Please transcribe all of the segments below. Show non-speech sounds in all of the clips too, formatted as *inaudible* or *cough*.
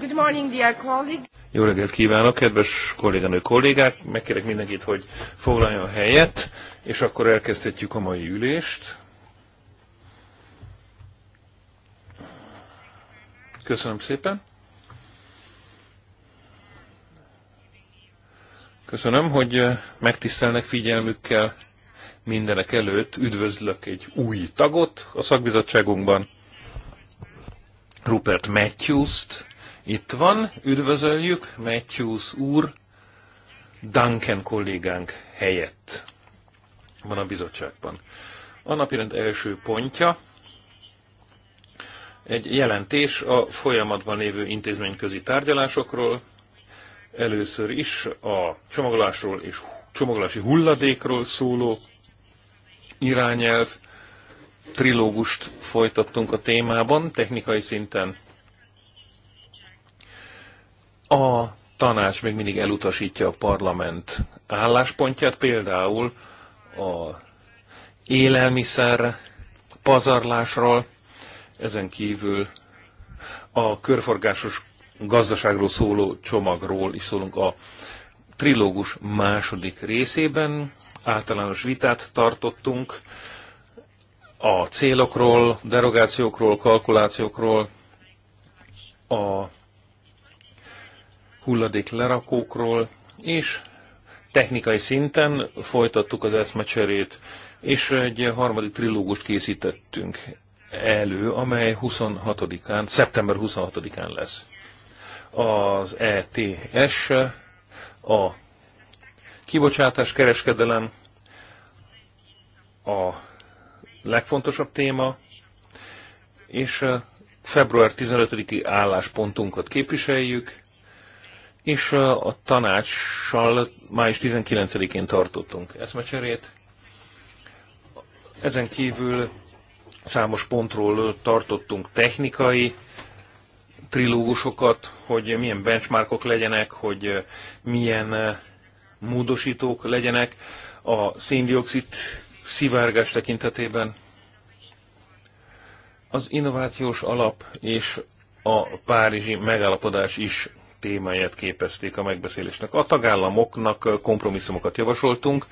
Good morning, dear colleague. Jó reggelt kívánok, kedves kolléganő kollégák! Megkérek mindenkit, hogy foglaljon helyet, és akkor elkezdhetjük a mai ülést. Köszönöm szépen. Köszönöm, hogy eh, megtisztelnek figyelmükkel. Mindenek előtt üdvözlök egy új tagot a szakbizottságunkban, Rupert Matthews-t, itt van, üdvözöljük Matthews úr, Duncan kollégánk helyett van a bizottságban. A napirend első pontja egy jelentés a folyamatban lévő intézményközi tárgyalásokról, először is a csomagolásról és csomagolási hulladékról szóló irányelv trilógust folytattunk a témában, technikai szinten a tanács még mindig elutasítja a parlament álláspontját, például a élelmiszer pazarlásról, ezen kívül a körforgásos gazdaságról szóló csomagról is szólunk a trilógus második részében. Általános vitát tartottunk a célokról, derogációkról, kalkulációkról, a hulladék lerakókról, és technikai szinten folytattuk az eszmecserét, és egy harmadik trilógust készítettünk elő, amely 26-án, szeptember 26-án lesz. Az ETS, a kibocsátás kereskedelem a legfontosabb téma, és február 15-i álláspontunkat képviseljük, és a tanácssal május 19-én tartottunk eszmecserét. Ezen kívül számos pontról tartottunk technikai trilógusokat, hogy milyen benchmarkok legyenek, hogy milyen módosítók legyenek a széndiokszid szivárgás tekintetében. Az innovációs alap és a párizsi megállapodás is témáját képezték a megbeszélésnek. A tagállamoknak kompromisszumokat javasoltunk,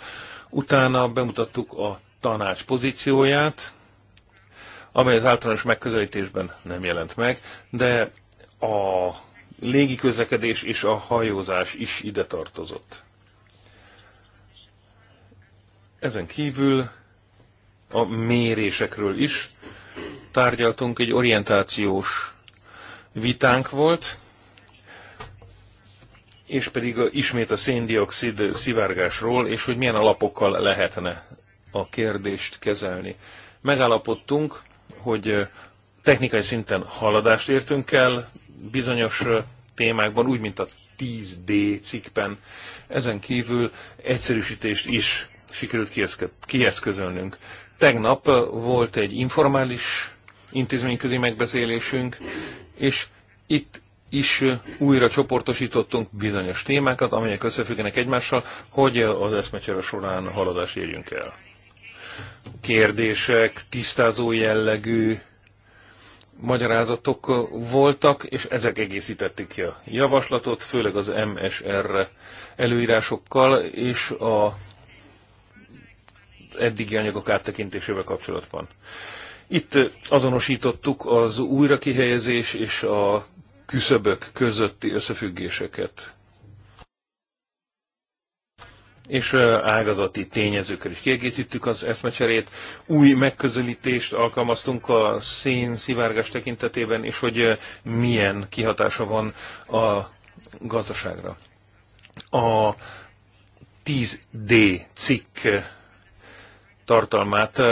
utána bemutattuk a tanács pozícióját, amely az általános megközelítésben nem jelent meg, de a közlekedés és a hajózás is ide tartozott. Ezen kívül a mérésekről is tárgyaltunk, egy orientációs vitánk volt, és pedig ismét a széndiokszid szivárgásról, és hogy milyen alapokkal lehetne a kérdést kezelni. Megállapodtunk, hogy technikai szinten haladást értünk el bizonyos témákban, úgy, mint a 10D cikkben. Ezen kívül egyszerűsítést is sikerült kieszközölnünk. Tegnap volt egy informális intézményközi megbeszélésünk, és itt is újra csoportosítottunk bizonyos témákat, amelyek összefüggenek egymással, hogy az eszmecsere során haladás érjünk el. Kérdések, tisztázó jellegű magyarázatok voltak, és ezek egészítették ki a javaslatot, főleg az MSR előírásokkal és a eddigi anyagok áttekintésével kapcsolatban. Itt azonosítottuk az újrakihelyezés és a küszöbök közötti összefüggéseket, és ágazati tényezőkkel is kiegészítük az eszmecserét. Új megközelítést alkalmaztunk a szén szivárgás tekintetében, és hogy milyen kihatása van a gazdaságra. A 10D cikk tartalmát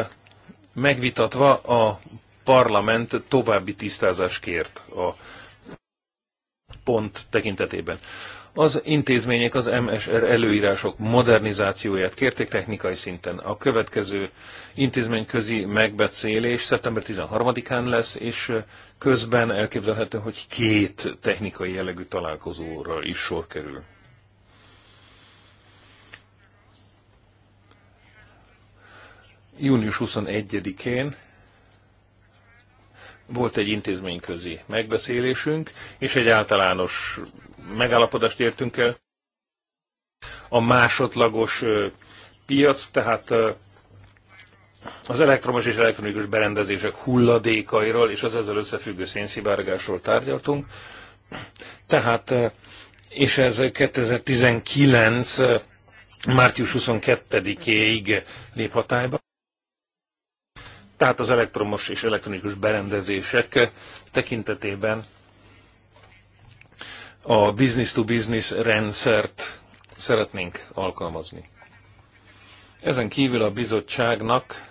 megvitatva a parlament további tisztázás kért a pont tekintetében. Az intézmények az MSR előírások modernizációját kérték technikai szinten. A következő intézményközi megbeszélés szeptember 13-án lesz, és közben elképzelhető, hogy két technikai jellegű találkozóra is sor kerül. Június 21-én volt egy intézményközi megbeszélésünk, és egy általános megállapodást értünk el. A másodlagos piac, tehát az elektromos és elektronikus berendezések hulladékairól és az ezzel összefüggő szénszivárgásról tárgyaltunk. Tehát, és ez 2019. március 22-éig lép hatályba. Tehát az elektromos és elektronikus berendezések tekintetében a business-to-business -business rendszert szeretnénk alkalmazni. Ezen kívül a bizottságnak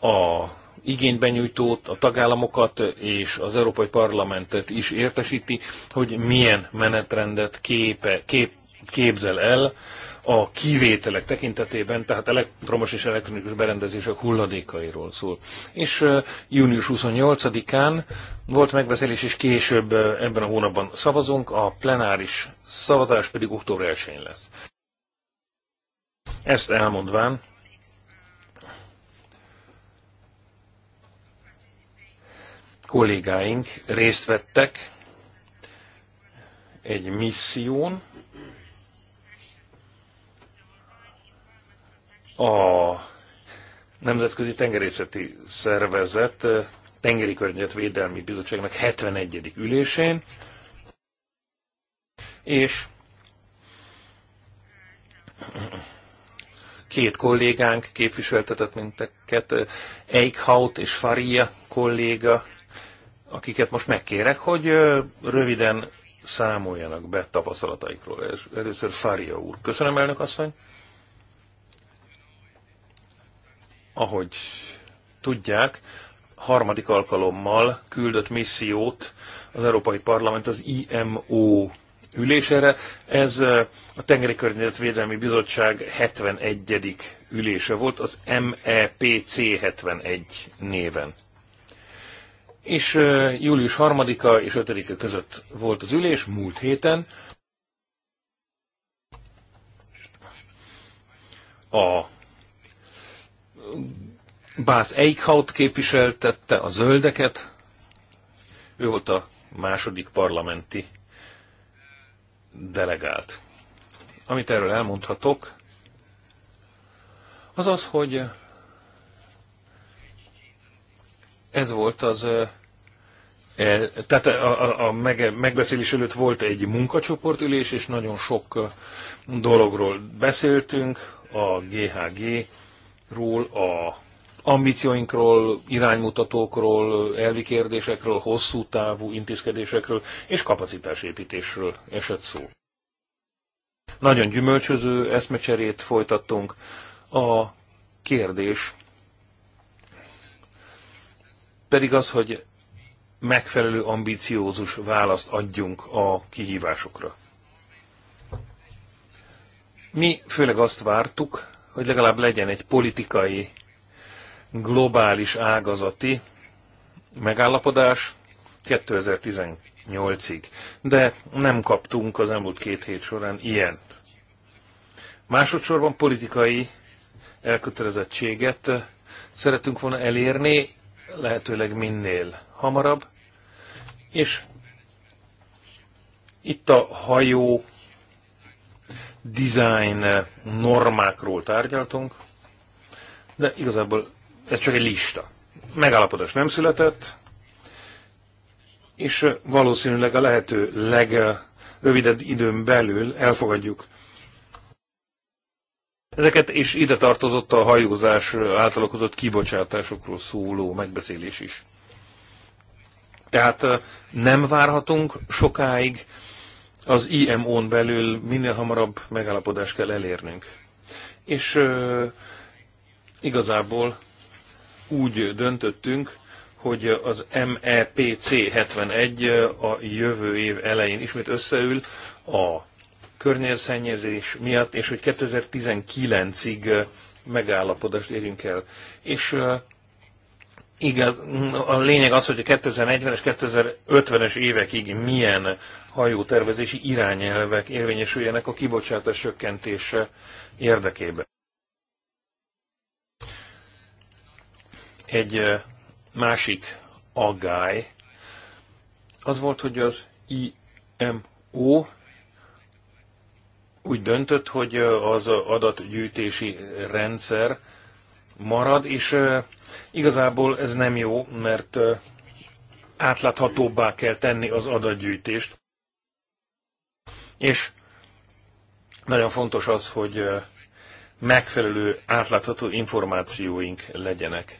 a igénybenyújtót, a tagállamokat és az Európai Parlamentet is értesíti, hogy milyen menetrendet képe, kép, képzel el a kivételek tekintetében, tehát elektromos és elektronikus berendezések hulladékairól szól. És június 28-án volt megbeszélés, és később ebben a hónapban szavazunk, a plenáris szavazás pedig október 1 lesz. Ezt elmondván, kollégáink részt vettek egy misszión, a Nemzetközi Tengerészeti Szervezet eh, Tengeri Környezetvédelmi Bizottságnak 71. ülésén, és két kollégánk képviseltetett minteket, eh, Eichhaut és Faria kolléga, akiket most megkérek, hogy eh, röviden számoljanak be tapasztalataikról. Először Faria úr. Köszönöm, elnök asszony. ahogy tudják, harmadik alkalommal küldött missziót az Európai Parlament az IMO ülésére. Ez a Tengeri Környezetvédelmi Bizottság 71. ülése volt, az MEPC 71 néven. És július 3-a és 5-a között volt az ülés, múlt héten. A Bász Eichhaut képviseltette a zöldeket, ő volt a második parlamenti delegált. Amit erről elmondhatok, az az, hogy ez volt az, e, tehát a, a, a megbeszélés előtt volt egy munkacsoportülés, és nagyon sok dologról beszéltünk, a GHG ról, a ambícióinkról, iránymutatókról, elvi kérdésekről, hosszú távú intézkedésekről és kapacitásépítésről esett szó. Nagyon gyümölcsöző eszmecserét folytattunk. A kérdés pedig az, hogy megfelelő ambíciózus választ adjunk a kihívásokra. Mi főleg azt vártuk, hogy legalább legyen egy politikai, globális ágazati megállapodás 2018-ig. De nem kaptunk az elmúlt két hét során ilyen. Másodszorban politikai elkötelezettséget szeretünk volna elérni, lehetőleg minél hamarabb, és itt a hajó design eh, normákról tárgyaltunk, de igazából ez csak egy lista. Megállapodás nem született, és eh, valószínűleg a lehető legrövidebb időn belül elfogadjuk Ezeket, és ide tartozott a hajózás által okozott kibocsátásokról szóló megbeszélés is. Tehát eh, nem várhatunk sokáig, az IMO-n belül minél hamarabb megállapodást kell elérnünk. És ö, igazából úgy döntöttünk, hogy az MEPC 71 a jövő év elején ismét összeül a környezetszennyezés miatt, és hogy 2019-ig megállapodást érjünk el. És uh, igen, a lényeg az, hogy a 2040-es, 2050-es évekig milyen hajótervezési irányelvek érvényesüljenek a kibocsátás csökkentése érdekében. Egy másik aggály az volt, hogy az IMO úgy döntött, hogy az adatgyűjtési rendszer marad, és igazából ez nem jó, mert átláthatóbbá kell tenni az adatgyűjtést. És nagyon fontos az, hogy megfelelő, átlátható információink legyenek.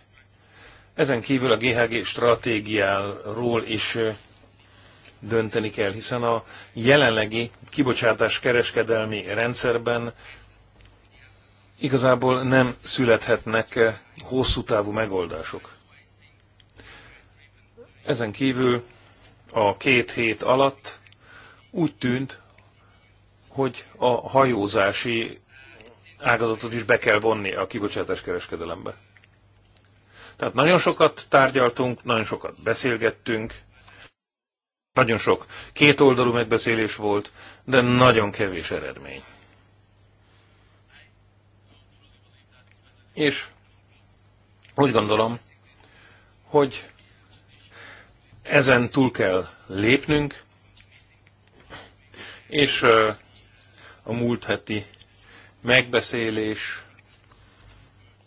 Ezen kívül a GHG stratégiáról is dönteni kell, hiszen a jelenlegi kibocsátás kereskedelmi rendszerben igazából nem születhetnek hosszú távú megoldások. Ezen kívül a két hét alatt úgy tűnt, hogy a hajózási ágazatot is be kell vonni a kibocsátás kereskedelembe. Tehát nagyon sokat tárgyaltunk, nagyon sokat beszélgettünk, nagyon sok kétoldalú megbeszélés volt, de nagyon kevés eredmény. És úgy gondolom, hogy ezen túl kell lépnünk, és a múlt heti megbeszélés,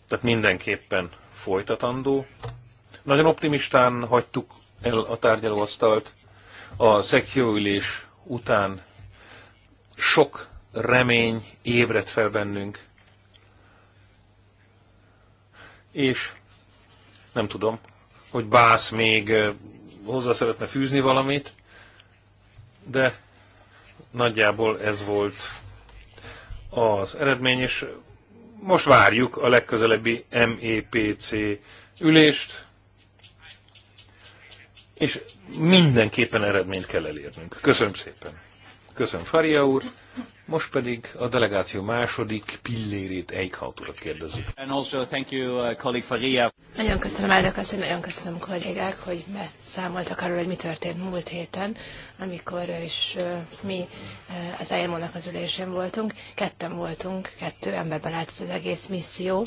tehát mindenképpen folytatandó. Nagyon optimistán hagytuk el a tárgyalóasztalt. A szekcióülés után sok remény ébredt fel bennünk. És nem tudom, hogy Bász még hozzá szeretne fűzni valamit, de nagyjából ez volt az eredmény, és most várjuk a legközelebbi MEPC ülést, és mindenképpen eredményt kell elérnünk. Köszönöm szépen. Köszönöm Faria úr, most pedig a delegáció második pillérét Eichhaut urat kérdezzük. And also thank you, uh, colleague Faria. Nagyon köszönöm, elnök asszony, nagyon köszönöm kollégák, hogy beszámoltak arról, hogy mi történt múlt héten, amikor is mi az imo az ülésén voltunk. Ketten voltunk, kettő emberben állt az egész misszió.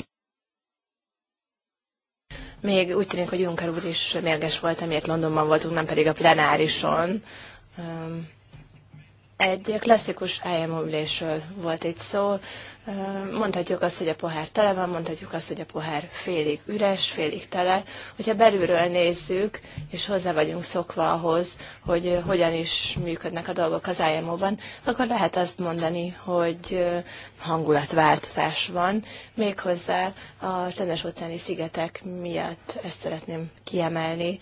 Még úgy tűnik, hogy Juncker úr is mérges volt, amiért Londonban voltunk, nem pedig a plenárison. Egy klasszikus IMO ülésről volt itt szó. Mondhatjuk azt, hogy a pohár tele van, mondhatjuk azt, hogy a pohár félig üres, félig tele. Hogyha belülről nézzük, és hozzá vagyunk szokva ahhoz, hogy hogyan is működnek a dolgok az IMO-ban, akkor lehet azt mondani, hogy hangulatváltozás van. Méghozzá a csendes óceáni szigetek miatt ezt szeretném kiemelni.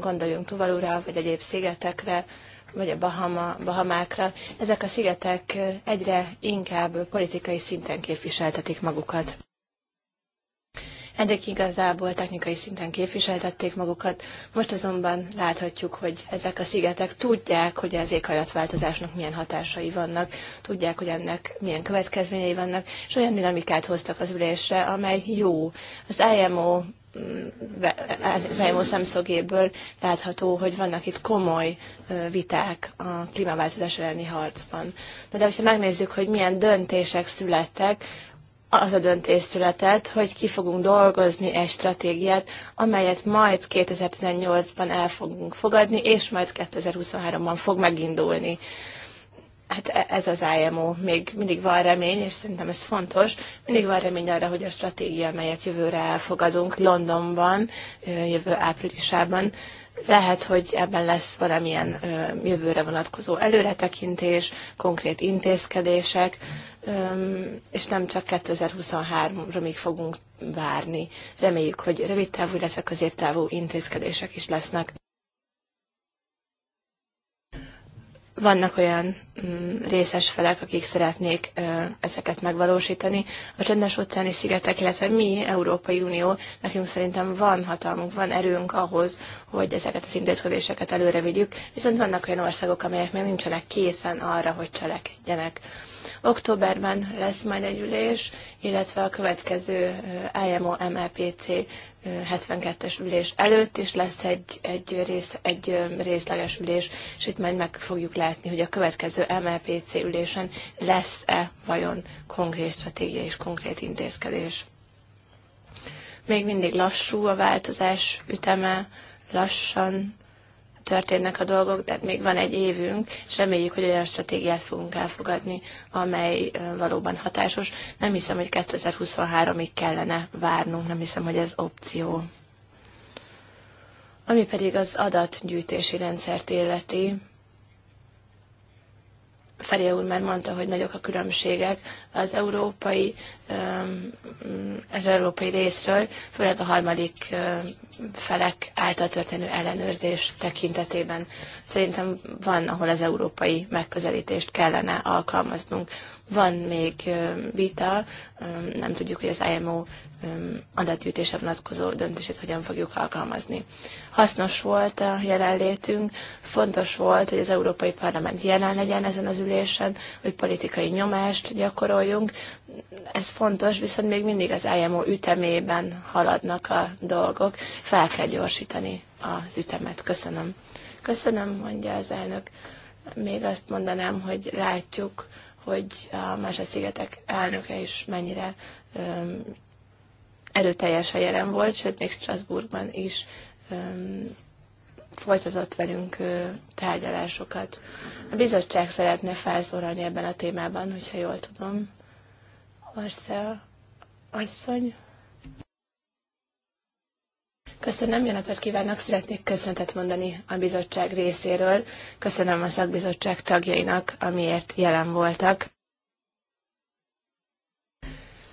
Gondoljunk Tuvalura, vagy egyéb szigetekre, vagy a Bahama, Bahamákra, ezek a szigetek egyre inkább politikai szinten képviseltetik magukat. Eddig igazából technikai szinten képviseltették magukat, most azonban láthatjuk, hogy ezek a szigetek tudják, hogy az éghajlatváltozásnak milyen hatásai vannak, tudják, hogy ennek milyen következményei vannak, és olyan dinamikát hoztak az ülésre, amely jó. Az IMO az elmúlt szemszögéből látható, hogy vannak itt komoly viták a klímaváltozás elleni harcban. Na de ha megnézzük, hogy milyen döntések születtek, az a döntés született, hogy ki fogunk dolgozni egy stratégiát, amelyet majd 2018-ban el fogunk fogadni, és majd 2023-ban fog megindulni hát e- ez az IMO, még mindig van remény, és szerintem ez fontos, mindig van remény arra, hogy a stratégia, melyet jövőre elfogadunk Londonban, jövő áprilisában, lehet, hogy ebben lesz valamilyen jövőre vonatkozó előretekintés, konkrét intézkedések, és nem csak 2023-ig fogunk várni. Reméljük, hogy rövidtávú, illetve középtávú intézkedések is lesznek. vannak olyan mm, részes felek, akik szeretnék ezeket megvalósítani. A csendes óceáni szigetek, illetve mi, Európai Unió, nekünk szerintem van hatalmunk, van erőnk ahhoz, hogy ezeket az intézkedéseket előre vigyük, viszont vannak olyan országok, amelyek még nincsenek készen arra, hogy cselekedjenek. Októberben lesz majd egy ülés, illetve a következő IMO MEPC 72-es ülés előtt is lesz egy, egy, rész, egy részleges ülés, és itt majd meg fogjuk látni, hogy a következő MEPC ülésen lesz-e vajon konkrét stratégia és konkrét intézkedés. Még mindig lassú a változás üteme, lassan történnek a dolgok, de még van egy évünk, és reméljük, hogy olyan stratégiát fogunk elfogadni, amely valóban hatásos. Nem hiszem, hogy 2023-ig kellene várnunk, nem hiszem, hogy ez opció. Ami pedig az adatgyűjtési rendszert illeti, Ferje úr már mondta, hogy nagyok a különbségek az európai Um, az európai részről, főleg a harmadik um, felek által történő ellenőrzés tekintetében. Szerintem van, ahol az európai megközelítést kellene alkalmaznunk. Van még um, vita, nem tudjuk, hogy az IMO adatgyűjtése vonatkozó döntését hogyan fogjuk alkalmazni. Hasznos volt a jelenlétünk, fontos volt, hogy az Európai Parlament jelen legyen ezen az ülésen, hogy politikai nyomást gyakoroljunk, ez fontos, viszont még mindig az IMO ütemében haladnak a dolgok, fel kell gyorsítani az ütemet. Köszönöm. Köszönöm, mondja az elnök. Még azt mondanám, hogy látjuk, hogy a Másra-szigetek elnöke is mennyire öm, erőteljesen jelen volt, sőt, még Strasbourgban is öm, folytatott velünk tárgyalásokat. A bizottság szeretne felszólalni ebben a témában, hogyha jól tudom. Marcel asszony. Köszönöm, jó napot kívánok! Szeretnék köszöntet mondani a bizottság részéről. Köszönöm a szakbizottság tagjainak, amiért jelen voltak.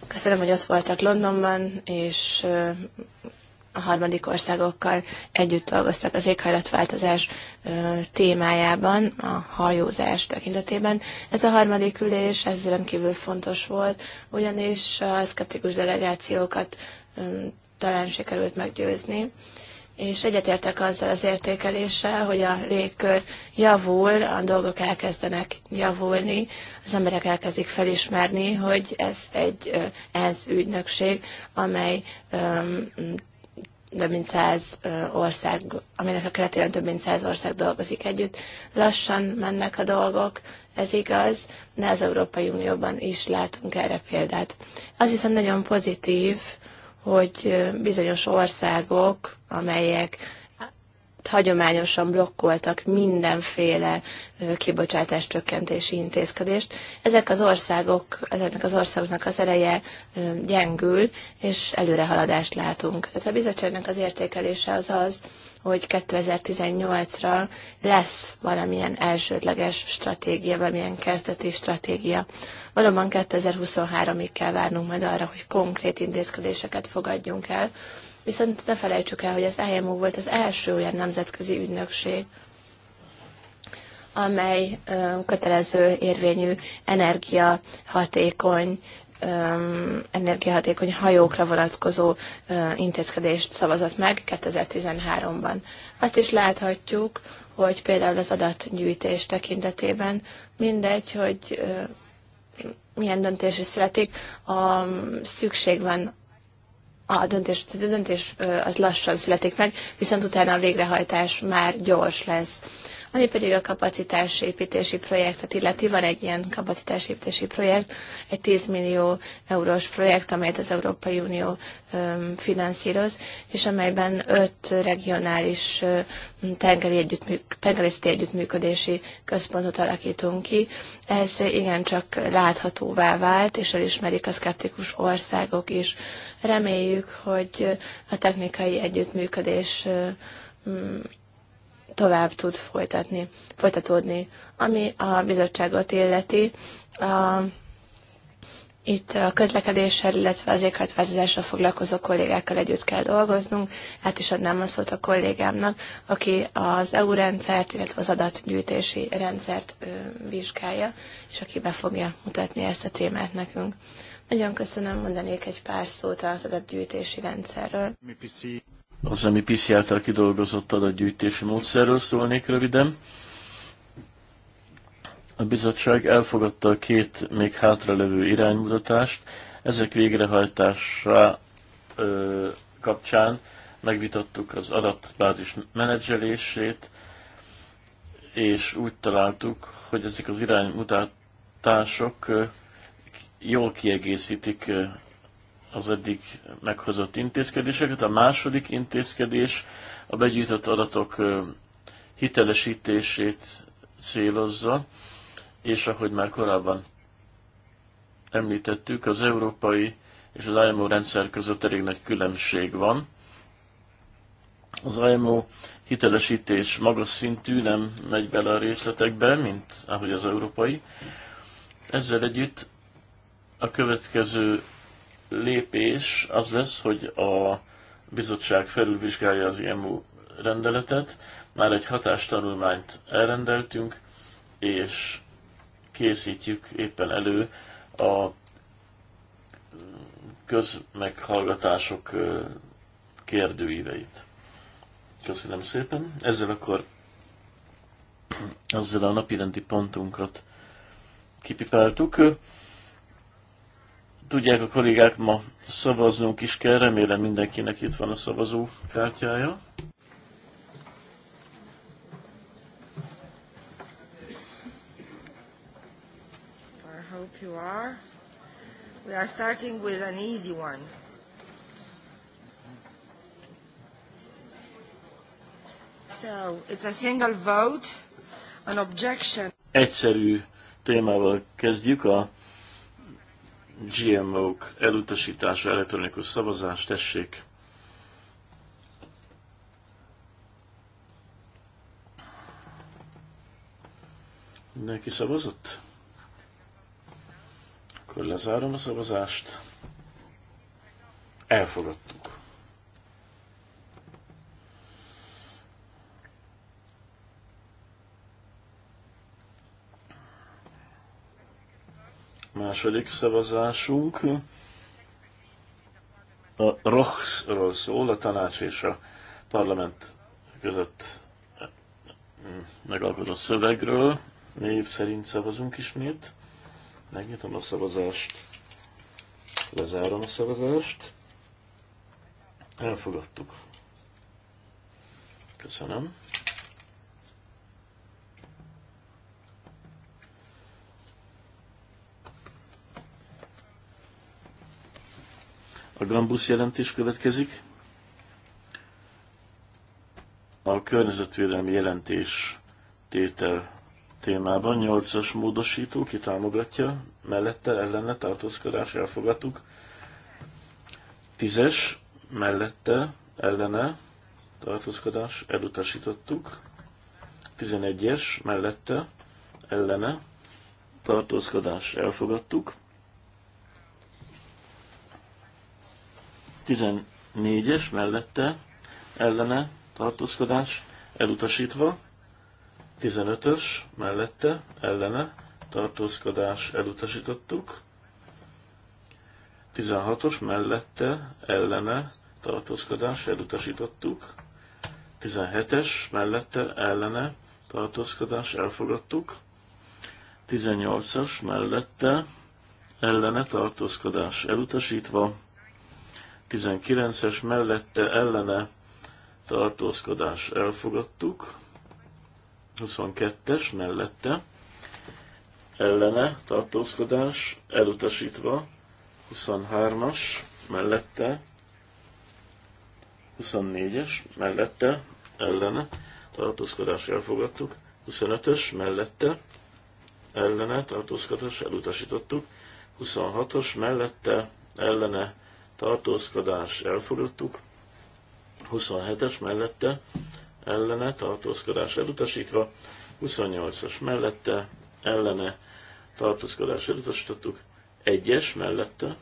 Köszönöm, hogy ott voltak Londonban, és a harmadik országokkal együtt dolgoztak az éghajlatváltozás témájában, a hajózás tekintetében. Ez a harmadik ülés, ez rendkívül fontos volt, ugyanis a szkeptikus delegációkat talán sikerült meggyőzni és egyetértek azzal az értékeléssel, hogy a légkör javul, a dolgok elkezdenek javulni, az emberek elkezdik felismerni, hogy ez egy ENSZ ügynökség, amely több mint száz ország, aminek a keretében több mint száz ország dolgozik együtt. Lassan mennek a dolgok, ez igaz, de az Európai Unióban is látunk erre példát. Az viszont nagyon pozitív, hogy bizonyos országok, amelyek hagyományosan blokkoltak mindenféle kibocsátás csökkentési intézkedést. Ezek az országok, ezeknek az országoknak az ereje gyengül, és előrehaladást látunk. Tehát a bizottságnak az értékelése az az, hogy 2018-ra lesz valamilyen elsődleges stratégia, valamilyen kezdeti stratégia. Valóban 2023-ig kell várnunk majd arra, hogy konkrét intézkedéseket fogadjunk el, Viszont ne felejtsük el, hogy az IMO e volt az első olyan nemzetközi ügynökség, amely kötelező érvényű energiahatékony energiahatékony hajókra vonatkozó intézkedést szavazott meg 2013-ban. Azt is láthatjuk, hogy például az adatgyűjtés tekintetében mindegy, hogy milyen döntés is születik, a szükség van a döntés, a döntés az lassan születik meg, viszont utána a végrehajtás már gyors lesz. Ami pedig a kapacitásépítési projektet illeti, van egy ilyen kapacitásépítési projekt, egy 10 millió eurós projekt, amelyet az Európai Unió finanszíroz, és amelyben öt regionális tengeri együttműk, tengerészeti együttműködési központot alakítunk ki. Ez igencsak láthatóvá vált, és elismerik a szkeptikus országok is. Reméljük, hogy a technikai együttműködés tovább tud folytatni, folytatódni. Ami a bizottságot illeti, a, itt a közlekedéssel, illetve az éghajlatváltozással foglalkozó kollégákkal együtt kell dolgoznunk. Hát is adnám a szót a kollégámnak, aki az EU rendszert, illetve az adatgyűjtési rendszert ö, vizsgálja, és aki be fogja mutatni ezt a témát nekünk. Nagyon köszönöm, mondanék egy pár szót az adatgyűjtési rendszerről az ami MEPC által kidolgozott adatgyűjtési módszerről szólnék röviden. A bizottság elfogadta a két még hátralevő iránymutatást, ezek végrehajtása ö, kapcsán megvitattuk az adatbázis menedzselését, és úgy találtuk, hogy ezek az iránymutatások jól kiegészítik az eddig meghozott intézkedéseket. A második intézkedés a begyűjtött adatok hitelesítését célozza, és ahogy már korábban említettük, az európai és az IMO rendszer között elég nagy különbség van. Az IMO hitelesítés magas szintű, nem megy bele a részletekbe, mint ahogy az európai. Ezzel együtt a következő lépés az lesz, hogy a bizottság felülvizsgálja az IMU rendeletet, már egy hatástanulmányt elrendeltünk, és készítjük éppen elő a közmeghallgatások kérdőíveit. Köszönöm szépen. Ezzel akkor azzal a napirendi pontunkat kipipáltuk tudják a kollégák, ma szavaznunk is kell. Remélem mindenkinek itt van a szavazókártyája. I hope you are. We are starting with an easy one. So, it's a single vote, an objection. Egyszerű témával kezdjük a GMO-k elutasítása, elektronikus szavazás, tessék. Mindenki szavazott? Akkor lezárom a szavazást. Elfogadtuk. Második szavazásunk a ROHS-ról szól, a tanács és a parlament között megalkotott szövegről. Név szerint szavazunk ismét. Megnyitom a szavazást, lezárom a szavazást. Elfogadtuk. Köszönöm. A gambusz jelentés következik. A környezetvédelmi jelentés tétel témában 8-as módosító, ki támogatja, mellette ellene tartózkodás elfogadtuk. 10-es, mellette ellene tartózkodás elutasítottuk. 11-es, mellette ellene tartózkodás elfogadtuk. 14-es mellette ellene tartózkodás elutasítva, 15-ös mellette ellene tartózkodás elutasítottuk, 16-os mellette ellene tartózkodás elutasítottuk, 17-es mellette ellene tartózkodás elfogadtuk, 18-as mellette ellene tartózkodás elutasítva, 19-es mellette ellene tartózkodás elfogadtuk. 22-es mellette ellene tartózkodás elutasítva. 23-as mellette 24-es mellette ellene tartózkodás elfogadtuk. 25-ös mellette ellene tartózkodás elutasítottuk. 26-os mellette ellene tartózkodás elfogadtuk, 27-es mellette ellene tartózkodás elutasítva, 28-as mellette ellene tartózkodás elutasítottuk, 1-es mellette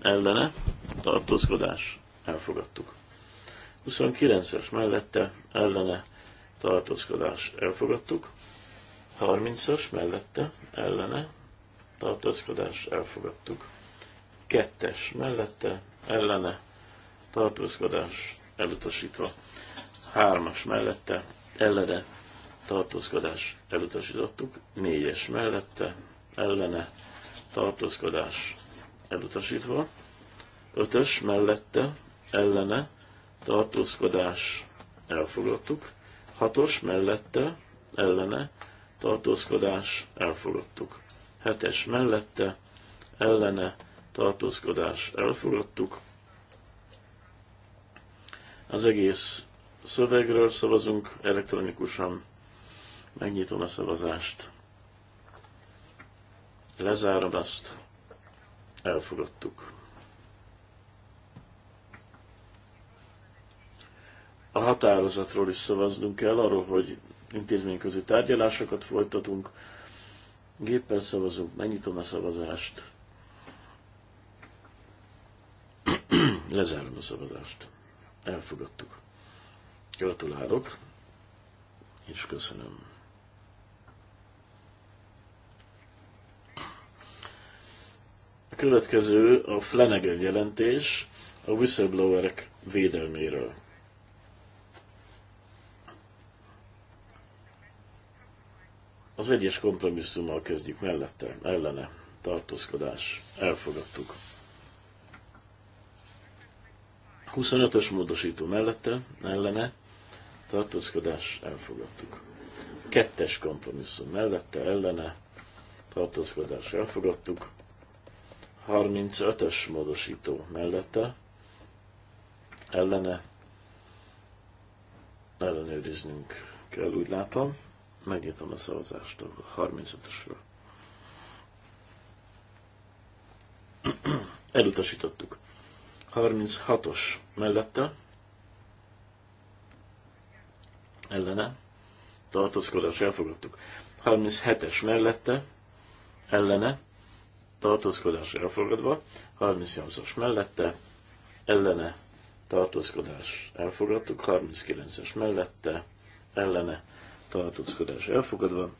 ellene tartózkodás elfogadtuk. 29-es mellette ellene tartózkodás elfogadtuk, 30-as mellette ellene tartózkodás elfogadtuk, 2-es mellette ellene tartózkodás elutasítva. Hármas mellette ellene tartózkodás elutasítottuk. Négyes mellette ellene tartózkodás elutasítva. Ötös mellette ellene tartózkodás elfogadtuk. Hatos mellette ellene tartózkodás elfogadtuk. Hetes mellette ellene tartózkodás elfogadtuk. Az egész szövegről szavazunk elektronikusan. Megnyitom a szavazást. Lezárom azt. Elfogadtuk. A határozatról is szavaznunk kell, arról, hogy intézményközi tárgyalásokat folytatunk. Géppel szavazunk, megnyitom a szavazást. Lezárom a szabadást. Elfogadtuk. Gratulálok, és köszönöm. A következő a Flanagan jelentés a whistleblowerek védelméről. Az egyes kompromisszummal kezdjük mellette, ellene, tartózkodás, elfogadtuk. 25-ös módosító mellette, ellene, tartózkodás elfogadtuk. Kettes kompromisszum mellette, ellene, tartózkodás elfogadtuk. 35-ös módosító mellette, ellene, ellenőriznünk kell, úgy látom. Megnyitom a szavazást a 35-ösről. *clears throat* Elutasítottuk. 36-os mellette ellene tartózkodás elfogadtuk. 37-es mellette ellene tartózkodás elfogadva, 38-as mellette ellene tartózkodás elfogadtuk, 39-es mellette ellene tartózkodás elfogadva,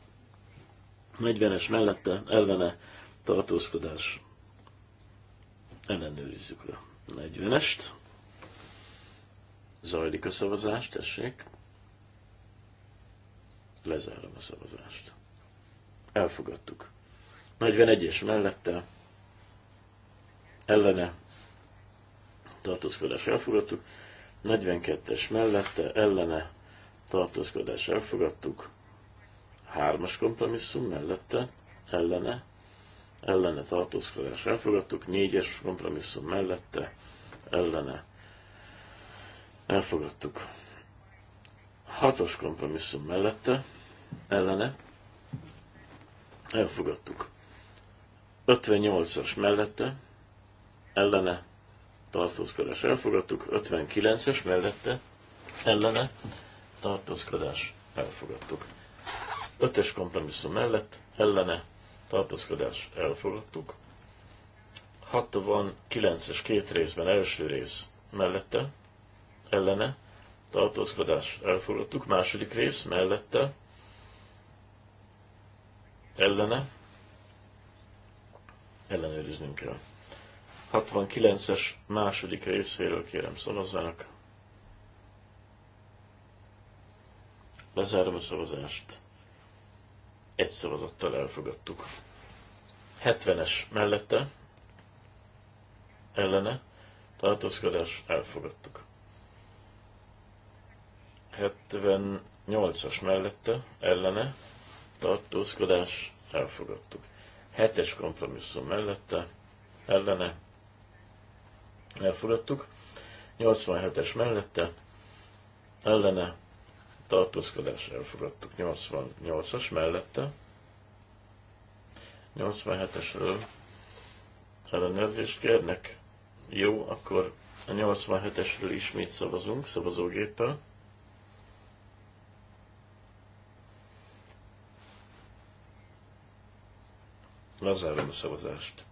40-es mellette ellene tartózkodás ellenőrizzük le. 40-est. Zajlik a szavazás, tessék. Lezárom a szavazást. Elfogadtuk. 41-es mellette, ellene, tartózkodás elfogadtuk. 42-es mellette, ellene, tartózkodás elfogadtuk. 3-as kompromisszum mellette, ellene, ellene tartózkodás elfogadtuk, négyes kompromisszum mellette ellene elfogadtuk. Hatos kompromisszum mellette ellene elfogadtuk. 58-as mellette ellene tartózkodás elfogadtuk, 59-es mellette ellene tartózkodás elfogadtuk. 5-es kompromisszum mellett ellene tartózkodás elfogadtuk. 69-es két részben első rész mellette, ellene, tartózkodás elfogadtuk, második rész mellette, ellene, ellenőriznünk kell. 69-es második részéről kérem szavazzanak. Lezárom a szavazást egy szavazattal elfogadtuk. 70-es mellette, ellene, tartózkodás, elfogadtuk. 78-as mellette, ellene, tartózkodás, elfogadtuk. 7-es kompromisszum mellette, ellene, elfogadtuk. 87-es mellette, ellene, tartózkodás elfogadtuk 88-as mellette. 87-esről ellenőrzést kérnek. Jó, akkor a 87-esről ismét szavazunk szavazógéppel. Lezárom a szavazást.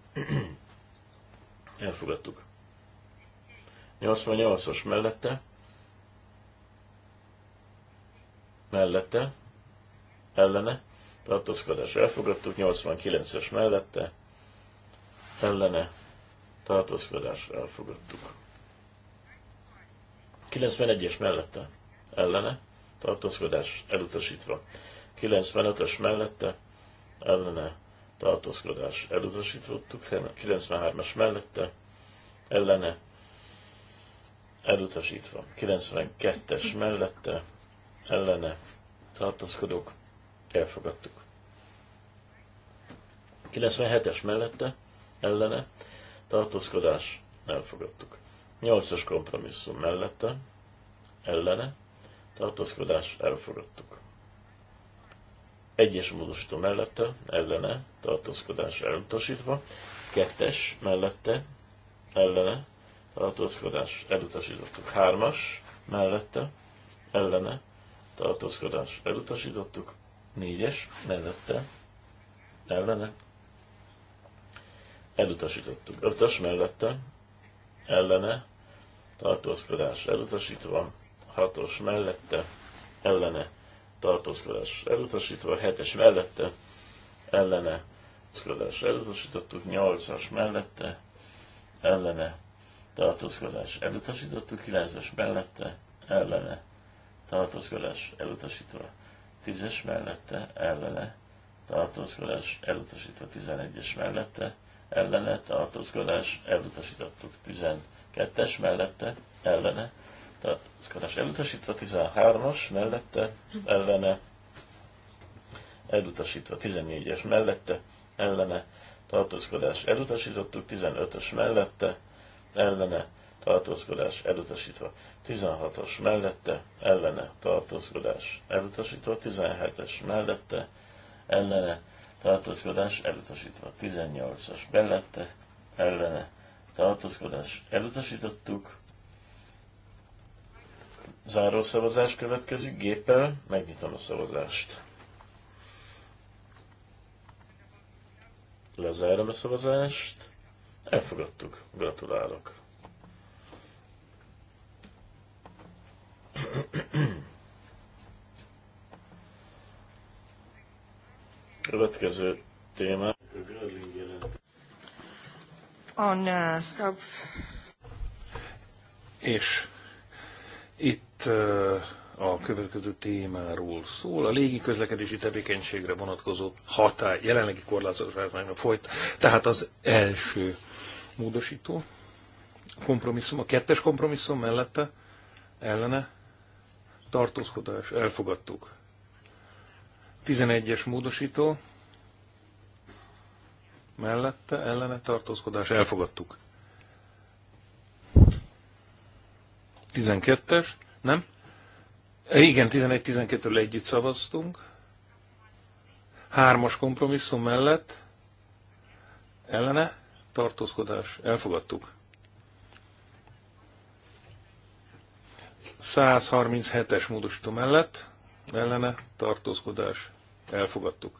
*clears throat* Elfogadtuk. 88-as mellette. mellette, ellene, tartózkodás elfogadtuk, 89-es mellette, ellene, tartózkodás elfogadtuk. 91-es mellette, ellene, tartózkodás elutasítva. 95 es mellette, ellene, tartózkodás elutasítottuk, 93 es mellette, ellene, elutasítva. 92-es mellette, ellene tartózkodók elfogadtuk. 97-es mellette ellene tartózkodás elfogadtuk. 8-as kompromisszum mellette ellene tartózkodás elfogadtuk. Egyes módosító mellette ellene tartózkodás elutasítva, kettes mellette ellene tartózkodás elutasítottuk. Hármas mellette ellene tartózkodás elutasítottuk, négyes mellette, ellene, elutasítottuk, ötös mellette, ellene, tartózkodás elutasítva, hatos mellette, ellene, tartózkodás elutasítva, hetes mellette, ellene, tartózkodás elutasítottuk, nyolcas mellette, ellene, tartózkodás elutasítottuk, kilences mellette, ellene, tartózkodás elutasítva. 10-es mellette ellene tartózkodás elutasítva. 11-es mellette ellene tartózkodás elutasítottuk. 12-es mellette ellene tartózkodás elutasítva. 13-as mellette ellene elutasítva. 14-es mellette ellene tartózkodás elutasítottuk. 15-ös mellette ellene tartózkodás elutasítva. 16-os mellette, ellene tartózkodás elutasítva. 17-es mellette, ellene tartózkodás elutasítva. 18-as mellette, ellene tartózkodás elutasítottuk. Záró szavazás következik géppel, megnyitom a szavazást. Lezárom a szavazást. Elfogadtuk. Gratulálok. Következő téma. On uh, scope. És itt uh, a következő témáról szól, a légi közlekedési tevékenységre vonatkozó hatály, jelenlegi a folyt. Tehát az első módosító, kompromisszum, a kettes kompromisszum mellette, ellene, tartózkodás, elfogadtuk. 11-es módosító, mellette, ellene, tartózkodás, elfogadtuk. 12-es, nem? E Igen, 11 12 től együtt szavaztunk. Hármas kompromisszum mellett, ellene, tartózkodás, elfogadtuk. 137-es módosító mellett ellene tartózkodás elfogadtuk.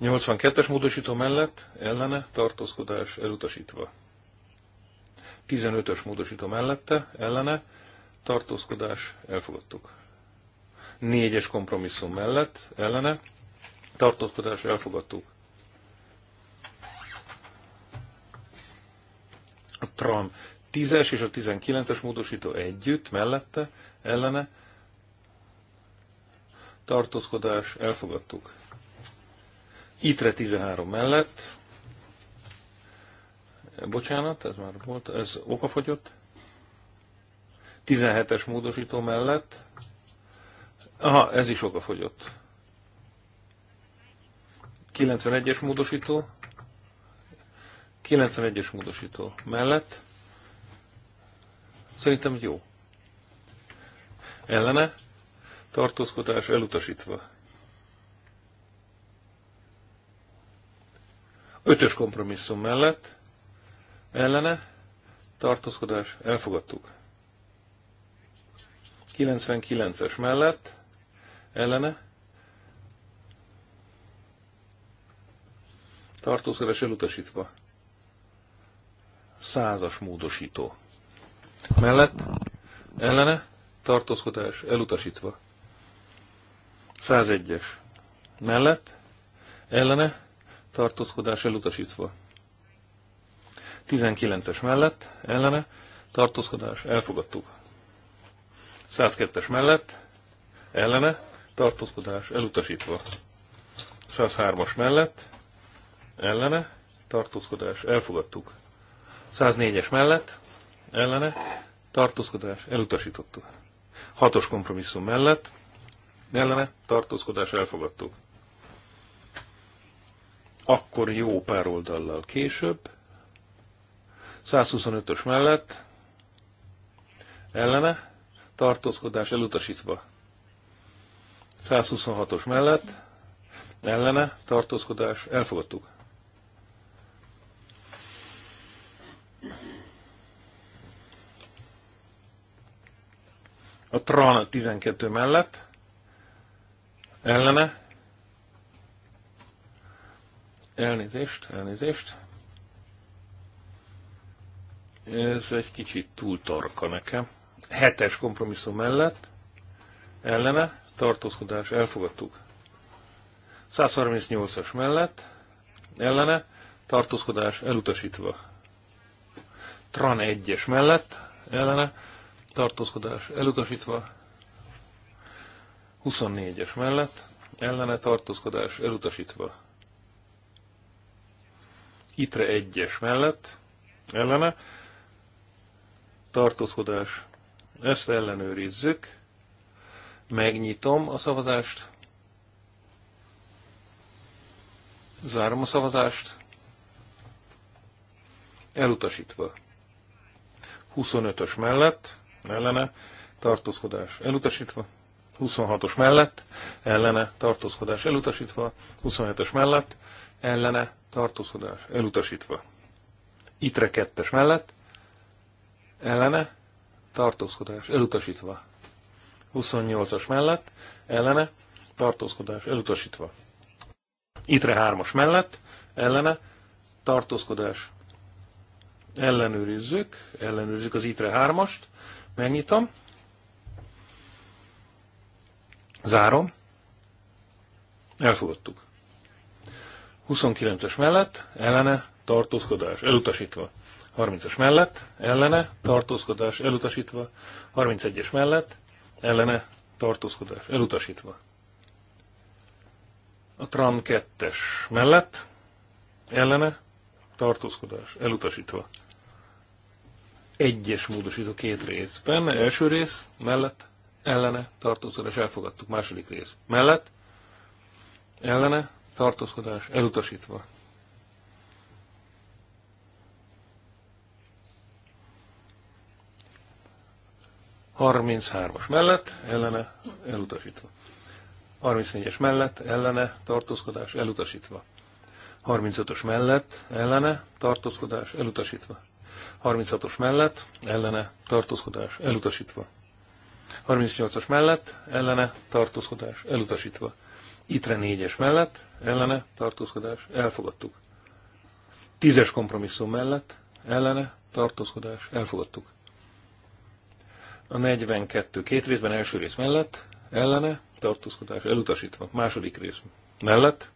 82-es módosító mellett ellene tartózkodás elutasítva. 15-ös módosító mellette ellene tartózkodás elfogadtuk. 4-es kompromisszum mellett ellene tartózkodás elfogadtuk. A TRAM 10-es és a 19-es módosító együtt, mellette, ellene, tartózkodás, elfogadtuk. Itre 13 mellett, bocsánat, ez már volt, ez okafogyott, 17-es módosító mellett, aha, ez is okafogyott. 91-es módosító, 91-es módosító mellett, Szerintem jó. Ellene tartózkodás elutasítva. Ötös kompromisszum mellett ellene tartózkodás elfogadtuk. 99-es mellett ellene tartózkodás elutasítva. Százas módosító mellett ellene tartózkodás elutasítva. 101-es mellett ellene tartózkodás elutasítva. 19-es mellett ellene tartózkodás elfogadtuk. 102-es mellett ellene tartózkodás elutasítva. 103-as mellett ellene tartózkodás elfogadtuk. 104-es mellett ellene, tartózkodás, elutasítottuk. Hatos kompromisszum mellett, ellene, tartózkodás, elfogadtuk. Akkor jó pár oldallal később, 125-ös mellett, ellene, tartózkodás elutasítva. 126-os mellett, ellene, tartózkodás, elfogadtuk. A TRAN 12 mellett ellene elnézést, elnézést. Ez egy kicsit túl tarka nekem. Hetes kompromisszum mellett ellene tartózkodás elfogadtuk. 138-as mellett ellene tartózkodás elutasítva. TRAN 1-es mellett ellene tartózkodás elutasítva, 24-es mellett, ellene tartózkodás elutasítva. Itre 1-es mellett, ellene, tartózkodás, ezt ellenőrizzük, megnyitom a szavazást, zárom a szavazást, elutasítva. 25-ös mellett, ellene tartózkodás elutasítva, 26-os mellett ellene tartózkodás elutasítva, 27-es mellett ellene tartózkodás elutasítva. Itre kettes mellett ellene tartózkodás elutasítva. 28-as mellett ellene tartózkodás elutasítva. Itre hármas mellett ellene tartózkodás ellenőrizzük, ellenőrizzük az ITRE hármast. Megnyitom. Zárom. Elfogadtuk. 29-es mellett, ellene, tartózkodás, elutasítva. 30-as mellett, ellene, tartózkodás, elutasítva. 31-es mellett, ellene, tartózkodás, elutasítva. A tram 2-es mellett, ellene, tartózkodás, elutasítva egyes módosító két részben. Első rész mellett, ellene, tartózkodás, elfogadtuk. Második rész mellett, ellene, tartózkodás, elutasítva. Harminchármas mellett, ellene, elutasítva. 34-es mellett, ellene, tartózkodás, elutasítva. 35-ös mellett, ellene, tartózkodás, elutasítva. 36-os mellett, ellene tartózkodás elutasítva. 38-as mellett, ellene tartózkodás elutasítva. Itre 4-es mellett, ellene tartózkodás elfogadtuk. 10-es kompromisszum mellett, ellene tartózkodás elfogadtuk. A 42 két részben első rész mellett, ellene tartózkodás elutasítva. Második rész mellett,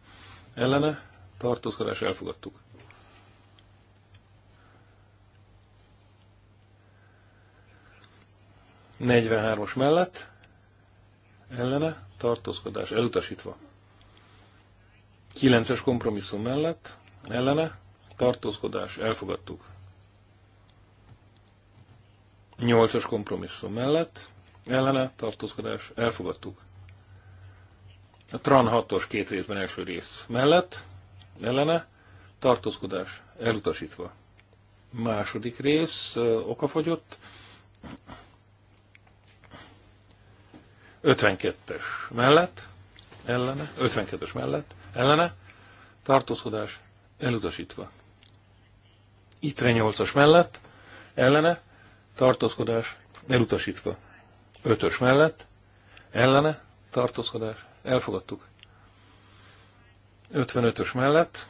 ellene tartózkodás elfogadtuk. 43-os mellett ellene tartózkodás elutasítva. 9-es kompromisszum mellett ellene tartózkodás elfogadtuk. 8-as kompromisszum mellett ellene tartózkodás elfogadtuk. A TRAN 6-os két részben első rész mellett ellene tartózkodás elutasítva. Második rész okafogyott. 52-es mellett, ellene, 52-es mellett, ellene, tartózkodás elutasítva. Itre 8-as mellett, ellene, tartózkodás elutasítva. 5-ös mellett, ellene, tartózkodás, elfogadtuk. 55-ös mellett,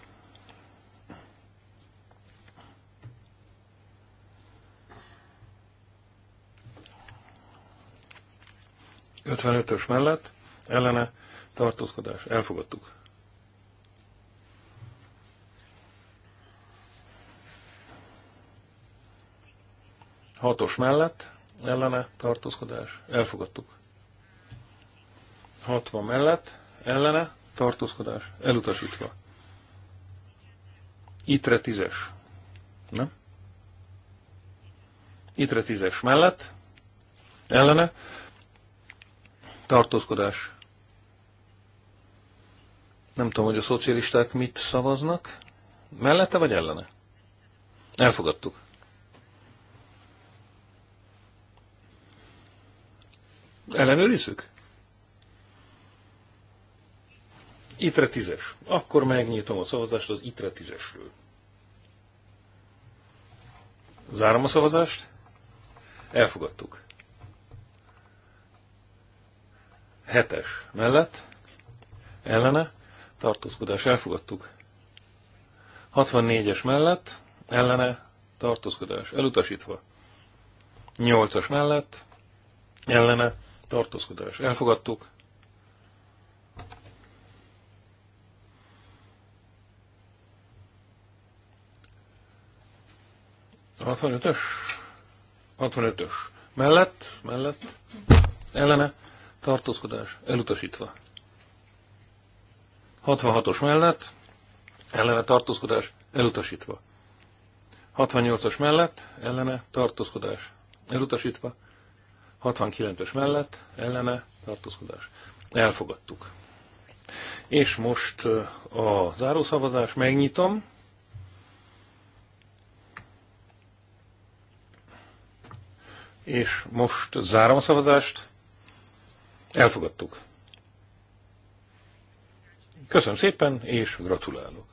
55-ös mellett ellene tartózkodás. Elfogadtuk. Hatos mellett ellene tartózkodás. Elfogadtuk. 60 mellett ellene tartózkodás. Elutasítva. Itre tízes. Nem? Itre tízes mellett ellene tartózkodás. Nem tudom, hogy a szocialisták mit szavaznak. Mellette vagy ellene? Elfogadtuk. Ellenőrizzük? ITRE tízes. Akkor megnyitom a szavazást az ITRE tízesről. Zárom a szavazást. Elfogadtuk. hetes mellett, ellene, tartózkodás elfogadtuk. 64-es mellett, ellene, tartózkodás elutasítva. 8-as mellett, ellene, tartózkodás elfogadtuk. A 65-ös? 65-ös. Mellett, mellett, ellene, tartózkodás elutasítva. 66-os mellett ellene tartózkodás elutasítva. 68 os mellett ellene tartózkodás elutasítva. 69 ös mellett ellene tartózkodás. Elfogadtuk. És most a zárószavazás megnyitom. És most zárom a szavazást. Elfogadtuk. Köszönöm szépen, és gratulálok.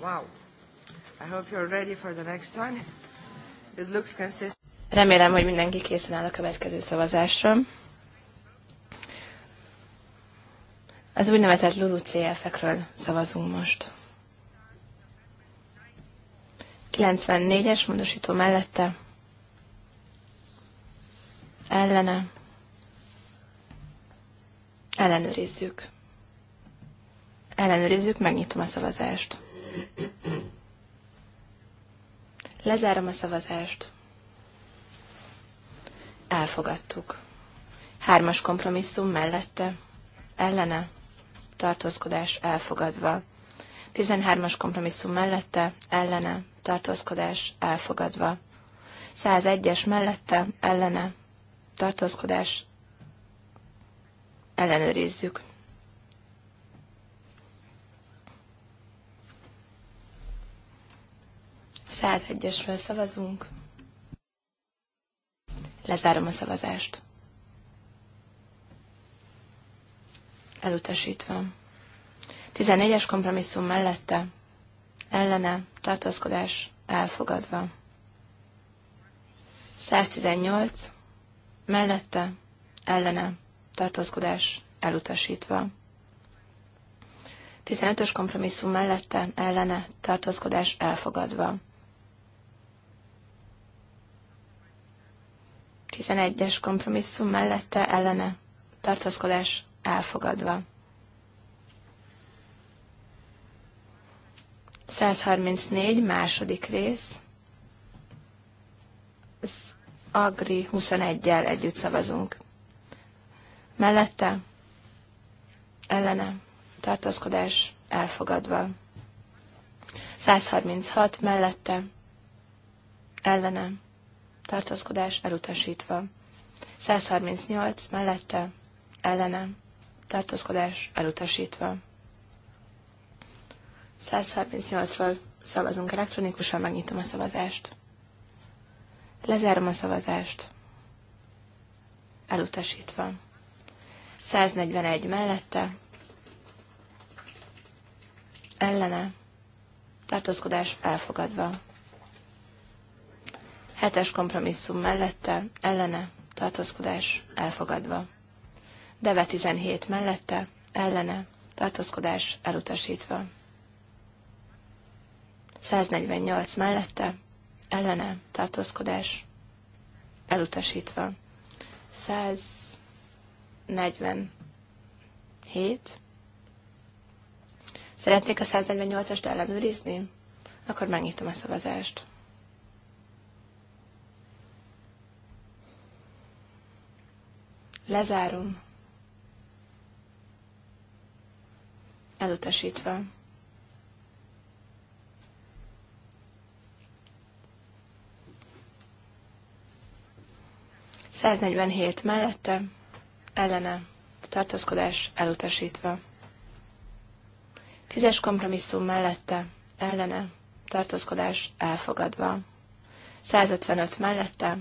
Wow. I hope you're ready for the next one. It looks consistent. Remélem, hogy mindenki készen áll a következő szavazásra. Az úgynevezett LULU CF-ekről szavazunk most. 94-es módosító mellette ellene ellenőrizzük. Ellenőrizzük, megnyitom a szavazást. Lezárom a szavazást. Elfogadtuk. Hármas kompromisszum mellette, ellene, tartózkodás elfogadva. 13-as kompromisszum mellette, ellene, tartózkodás elfogadva. 101-es mellette ellene tartózkodás ellenőrizzük. egyesről szavazunk. Lezárom a szavazást. Elutasítva. 14-es kompromisszum mellette, ellene, tartózkodás elfogadva. 118 mellette, ellene, tartózkodás elutasítva. 15-ös kompromisszum mellette, ellene, tartózkodás elfogadva. 11-es kompromisszum mellette, ellene, tartózkodás elfogadva. 134. második rész. Az Agri 21-jel együtt szavazunk. Mellette ellene tartózkodás elfogadva. 136 mellette ellene tartózkodás elutasítva. 138 mellette ellene tartózkodás elutasítva. 138-ról szavazunk elektronikusan, megnyitom a szavazást. Lezárom a szavazást. Elutasítva. 141 mellette. Ellene. Tartózkodás elfogadva. Hetes kompromisszum mellette, ellene, tartózkodás elfogadva. Deve 17 mellette, ellene, tartózkodás elutasítva. 148 mellette, ellene, tartózkodás, elutasítva. 147. Szeretnék a 148 est ellenőrizni? Akkor megnyitom a szavazást. Lezárom. Elutasítva. 147 mellette, ellene, tartózkodás elutasítva. Tízes kompromisszum mellette, ellene, tartózkodás elfogadva. 155 mellette,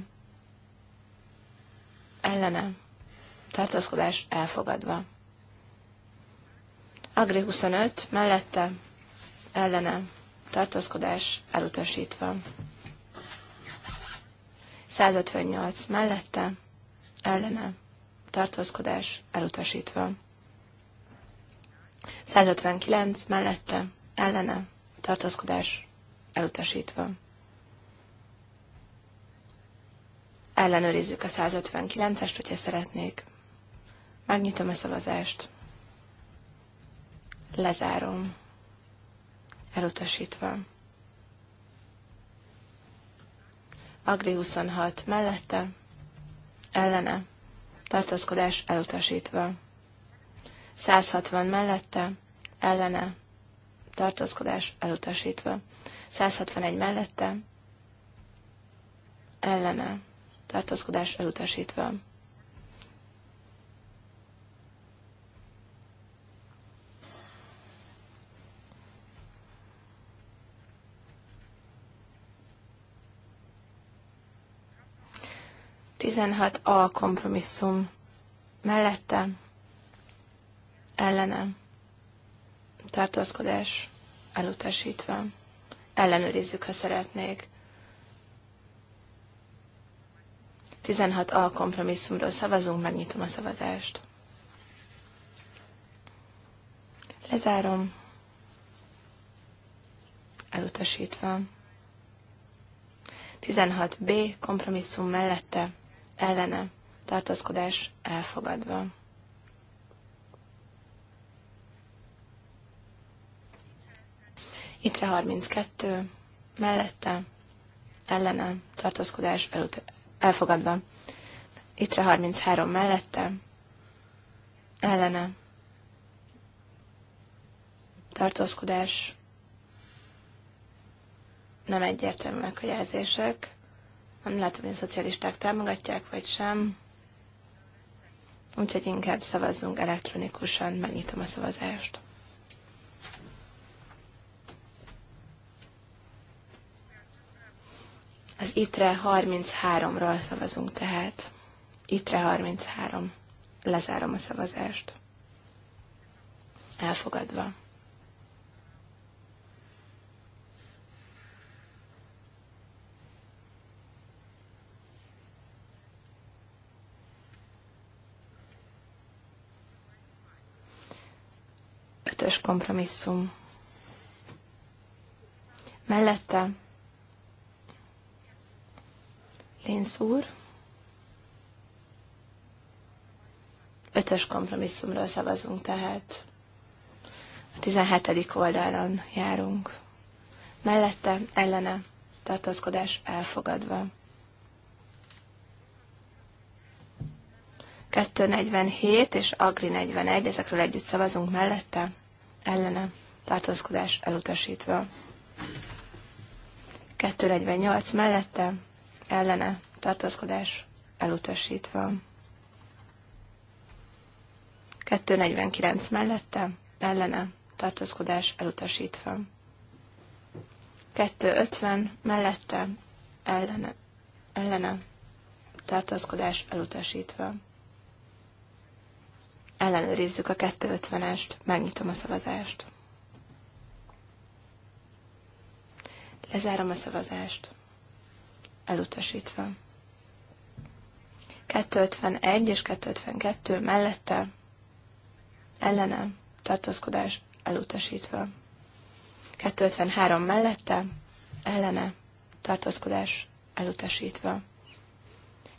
ellene, tartózkodás elfogadva. Agri 25 mellette, ellene, tartózkodás elutasítva. 158 mellette, ellene, tartózkodás elutasítva. 159 mellette, ellene, tartózkodás elutasítva. Ellenőrizzük a 159-est, hogyha szeretnék. Megnyitom a szavazást. Lezárom. Elutasítva. Agri 26 mellette, ellene, tartózkodás elutasítva. 160 mellette, ellene, tartózkodás elutasítva. 161 mellette, ellene, tartózkodás elutasítva. 16a kompromisszum mellette ellenem tartózkodás elutasítva. Ellenőrizzük, ha szeretnék. 16a kompromisszumról szavazunk, megnyitom a szavazást. Lezárom. Elutasítva. 16b kompromisszum mellette ellene tartózkodás elfogadva. Ittre 32, mellette, ellene, tartózkodás elut- elfogadva. Ittre 33, mellette, ellene, tartózkodás, nem egyértelműek a jelzések. Nem látom, hogy a szocialisták támogatják, vagy sem. Úgyhogy inkább szavazzunk elektronikusan, megnyitom a szavazást. Az ITRE 33-ról szavazunk tehát. ITRE 33. Lezárom a szavazást. Elfogadva. ötös kompromisszum. Mellette Lénz úr. Ötös kompromisszumról szavazunk tehát. A 17. oldalon járunk. Mellette ellene tartózkodás elfogadva. 247 és Agri 41, ezekről együtt szavazunk mellette ellene tartózkodás elutasítva. 248 mellette ellene tartózkodás elutasítva. 249 mellette ellene tartózkodás elutasítva. 250 mellette ellene, ellene tartózkodás elutasítva ellenőrizzük a 250-est, megnyitom a szavazást. Lezárom a szavazást. Elutasítva. 251 és 252 mellette, ellene tartózkodás elutasítva. 253 mellette, ellene, tartózkodás elutasítva.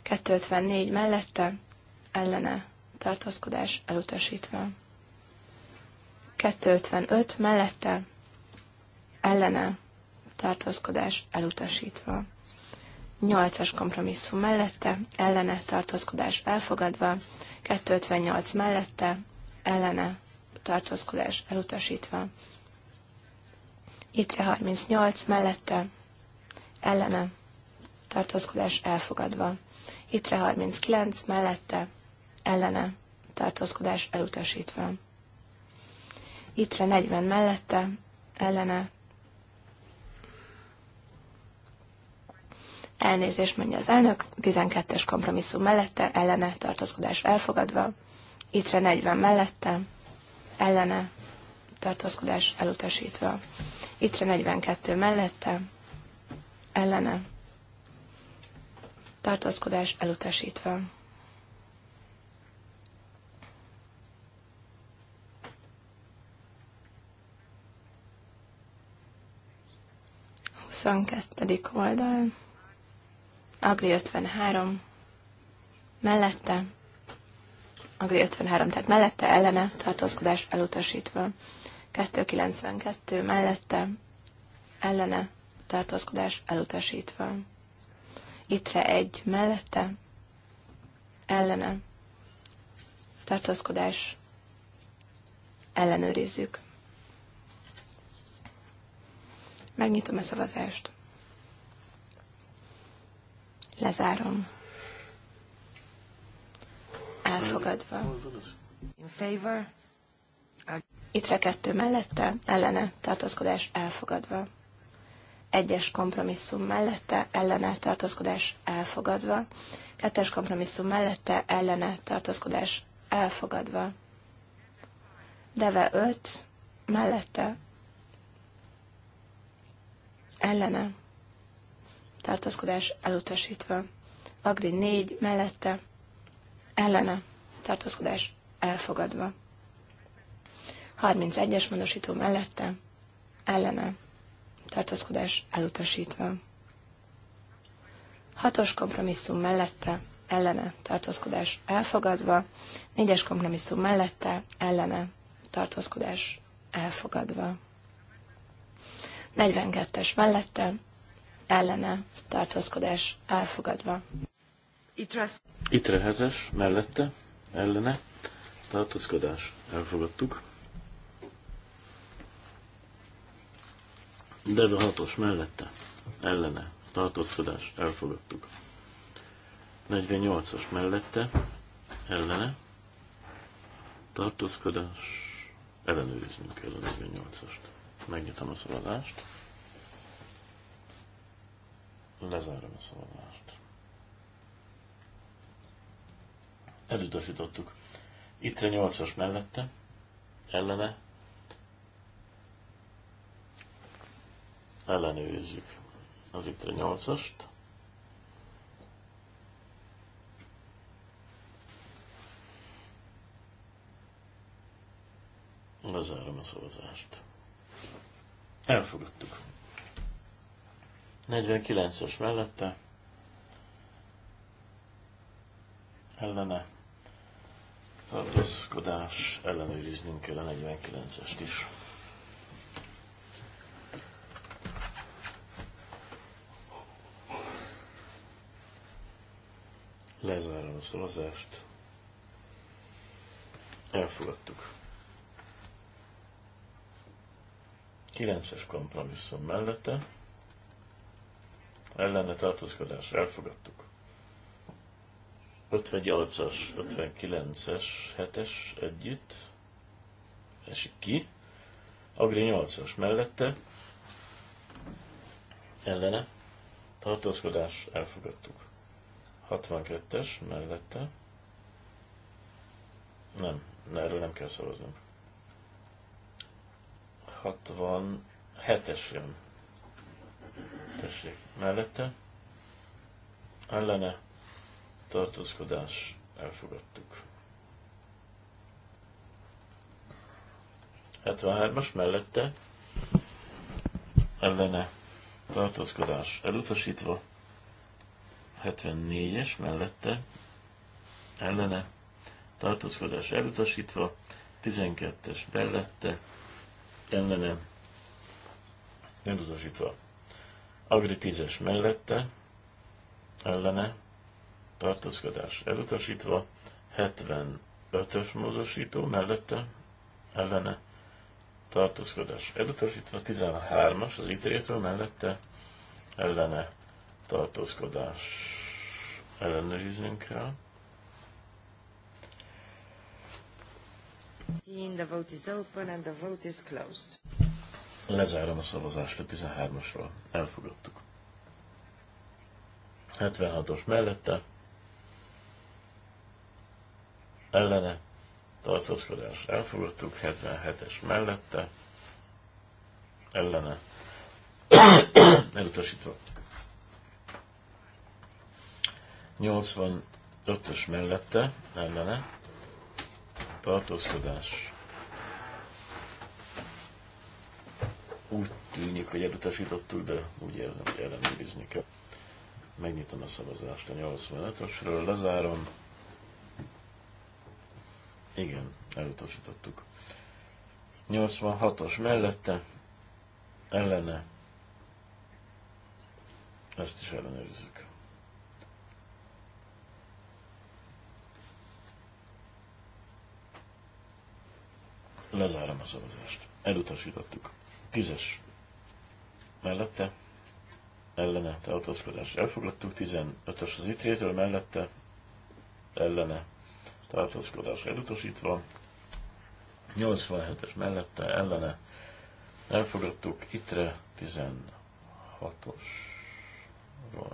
254 mellette, ellene, tartózkodás elutasítva. 255 mellette ellene tartózkodás elutasítva. 8-as kompromisszum mellette ellene tartózkodás elfogadva, 258 mellette ellene tartózkodás elutasítva. Itre 38 mellette ellene tartózkodás elfogadva. Itre 39 mellette ellene tartózkodás elutasítva. Ittre 40 mellette, ellene. Elnézést mondja az elnök, 12-es kompromisszum mellette, ellene tartózkodás elfogadva. Ittre 40 mellette, ellene tartózkodás elutasítva. Ittre 42 mellette, ellene tartózkodás elutasítva. 22. oldal, Agri 53, mellette, Agri 53, tehát mellette, ellene, tartózkodás elutasítva. 292 mellette, ellene, tartózkodás elutasítva. Itre 1 mellette, ellene, tartózkodás ellenőrizzük. Megnyitom a szavazást. Lezárom. Elfogadva. In favor. Itt kettő mellette, ellene, tartózkodás elfogadva. Egyes kompromisszum mellette, ellene, tartózkodás elfogadva. Kettes kompromisszum mellette, ellene, tartózkodás elfogadva. Deve 5, mellette, ellene, tartózkodás elutasítva. Agri 4 mellette, ellene, tartózkodás elfogadva. 31-es módosító mellette, ellene, tartózkodás elutasítva. 6-os kompromisszum mellette, ellene, tartózkodás elfogadva. 4-es kompromisszum mellette, ellene, tartózkodás elfogadva. 42-es mellette, ellene, tartózkodás elfogadva. Itre 7-es mellette, ellene, tartózkodás elfogadtuk. Deve 6-os mellette, ellene, tartózkodás elfogadtuk. 48-as mellette, ellene, tartózkodás, ellenőriznünk kell a 48-ast. Megnyitom a szavazást. Lezárom a szavazást. Elutasítottuk. Itt a nyolcas mellette, ellene. Ellenőrizzük az itt a nyolcast. Lezárom a szavazást. Elfogadtuk. 49-es mellette. Ellene. Tartózkodás. Ellenőriznünk kell a 49-est is. Lezárom a szavazást. Elfogadtuk. 9-es kompromisszum mellette ellene tartózkodás elfogadtuk. 58-as, 59-es, 7-es együtt esik ki. Agri 8-as mellette ellene tartózkodás elfogadtuk. 62-es mellette nem, erről nem kell szavaznunk. 67-es jön. Tessék, mellette. Ellene tartózkodás elfogadtuk. 73-as mellette ellene tartózkodás elutasítva, 74-es mellette ellene tartózkodás elutasítva, 12-es mellette kellene elutasítva. Agri 10 mellette ellene tartózkodás elutasítva. 75-ös módosító mellette ellene tartózkodás elutasítva. 13-as az ítélétől mellette ellene tartózkodás ellenőriznünk kell. Lezárom a szavazást a 13-asról. Elfogadtuk. 76-os mellette. Ellene. Tartózkodás. Elfogadtuk. 77-es mellette. Ellene. *coughs* Elutasítva. 85-ös mellette. Ellene tartózkodás. Úgy tűnik, hogy elutasítottuk, de úgy érzem, hogy ellenőrizni kell. Megnyitom a szavazást a 85-ösről, lezárom. Igen, elutasítottuk. 86-os mellette, ellene, ezt is ellenőrizzük. Lezárom a szavazást. Elutasítottuk. Tízes. Mellette. Ellene. Tartózkodás. Elfogadtuk. tizenötös az itrétől. Mellette. Ellene. Tartózkodás. Elutasítva. 87-es mellette. Ellene. Elfogadtuk. Itre. 16-os.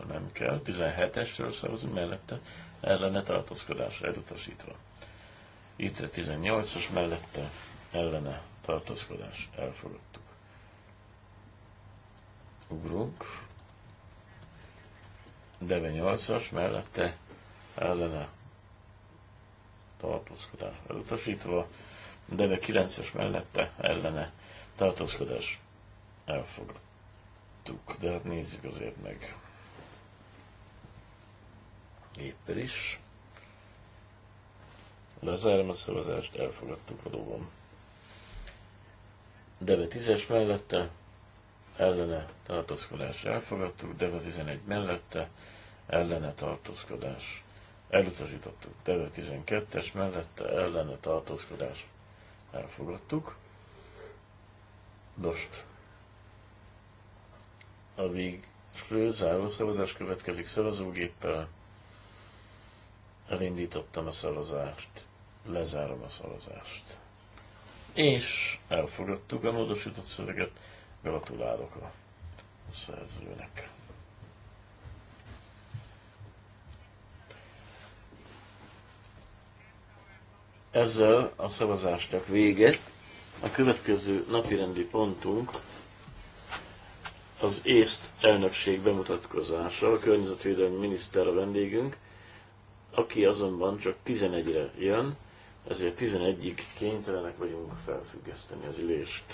nem kell. 17-esről szavazunk mellette. Ellene tartózkodásra elutasítva. Itre 18-os mellette ellene tartózkodás elfogadtuk. Ugrunk. Deve 8-as mellette ellene tartózkodás elutasítva. Deve 9-es mellette ellene tartózkodás elfogadtuk. De hát nézzük azért meg Éppen is. Lezárom a szavazást, elfogadtuk valóban. Deve 10-es mellette, ellene tartózkodás elfogadtuk, Deve 11 mellette, ellene tartózkodás elutasítottuk, Deve 12-es mellette, ellene tartózkodás elfogadtuk. Most a végső zárószavazás következik szavazógéppel. Elindítottam a szavazást, lezárom a szavazást és elfogadtuk a módosított szöveget. Gratulálok a szerzőnek. Ezzel a szavazásnak vége. A következő napirendi pontunk az észt elnökség bemutatkozása. A környezetvédelmi miniszter a vendégünk, aki azonban csak 11-re jön, ezért 11-ig kénytelenek vagyunk felfüggeszteni az ülést.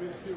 with you.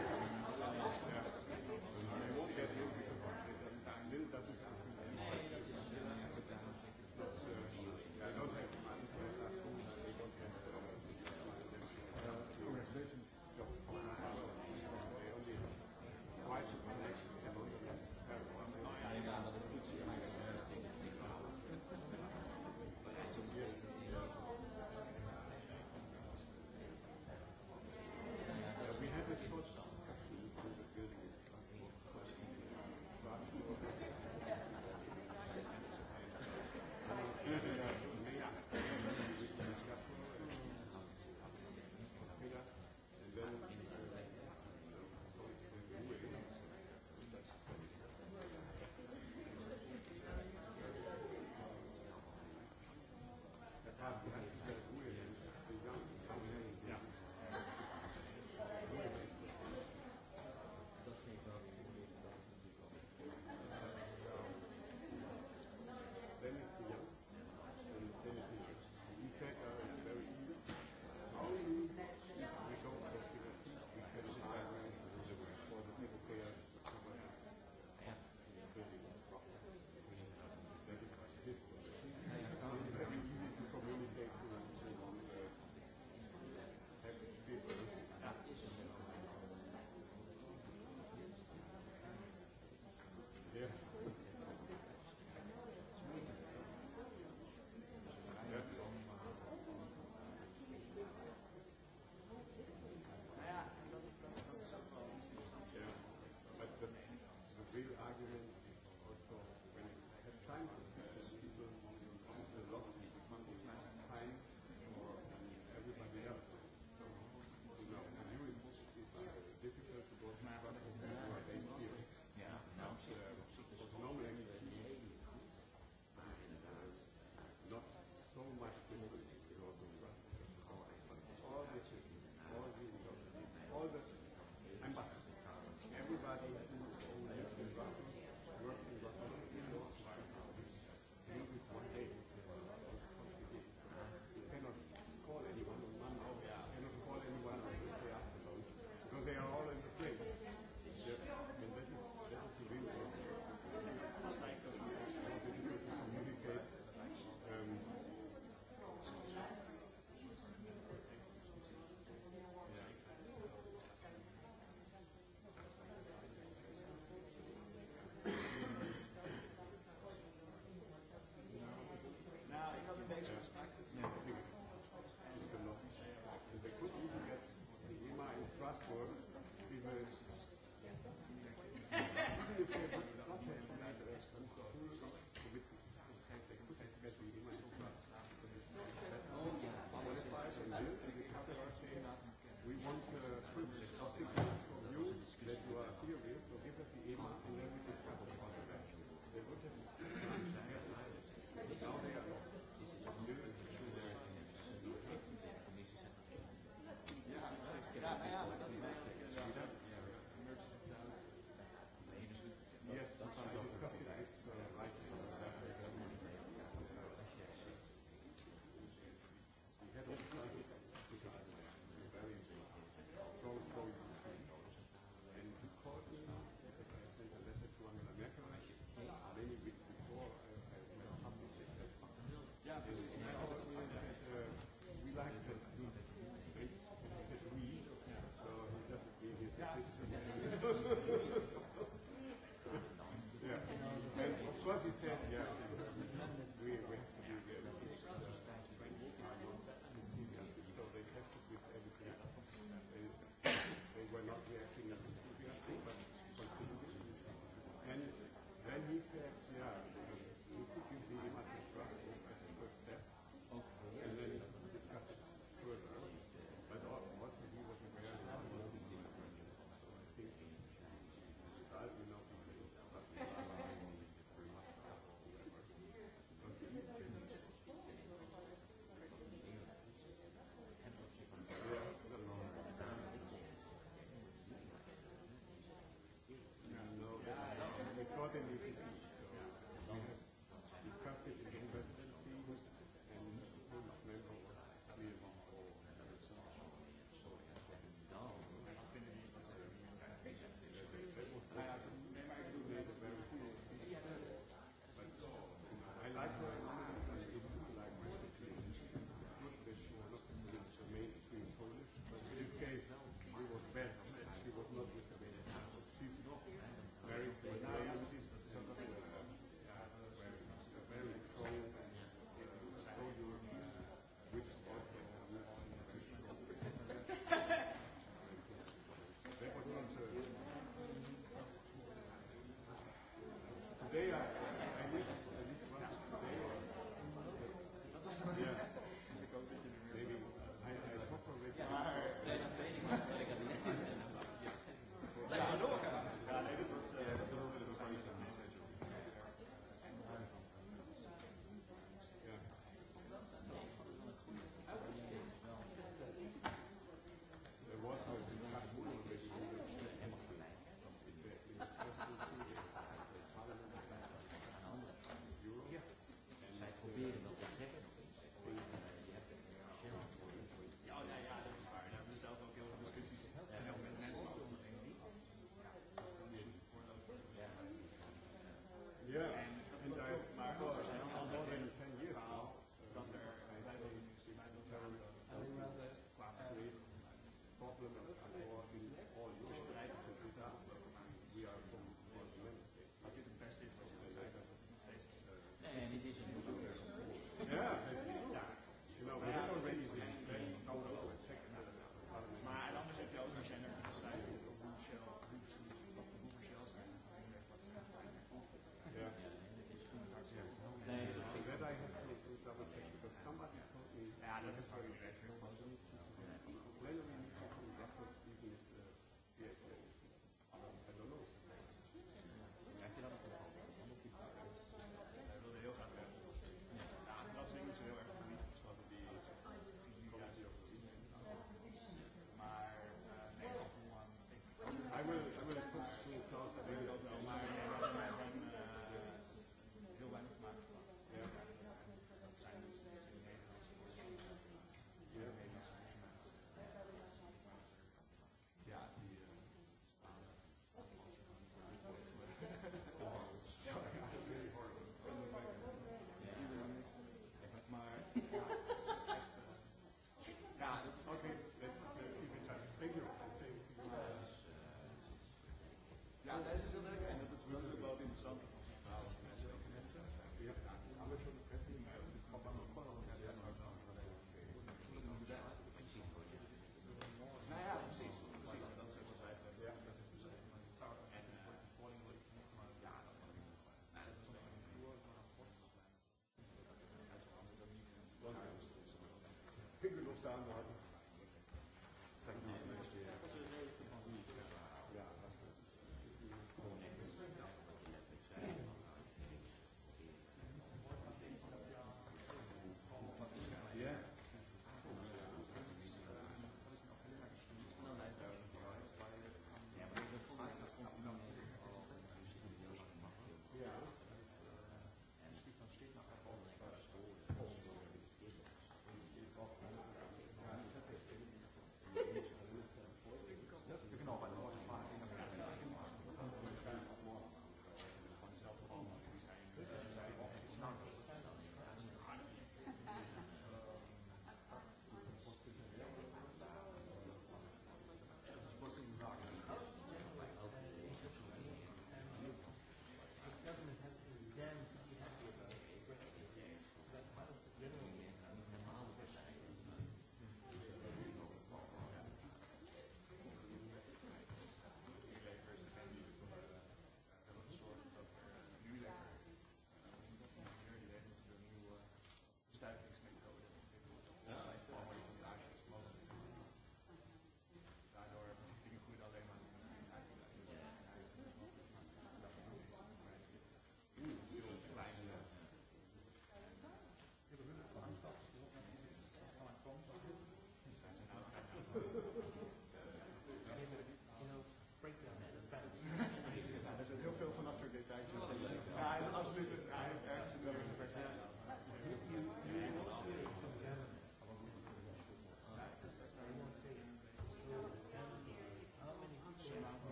számolhat.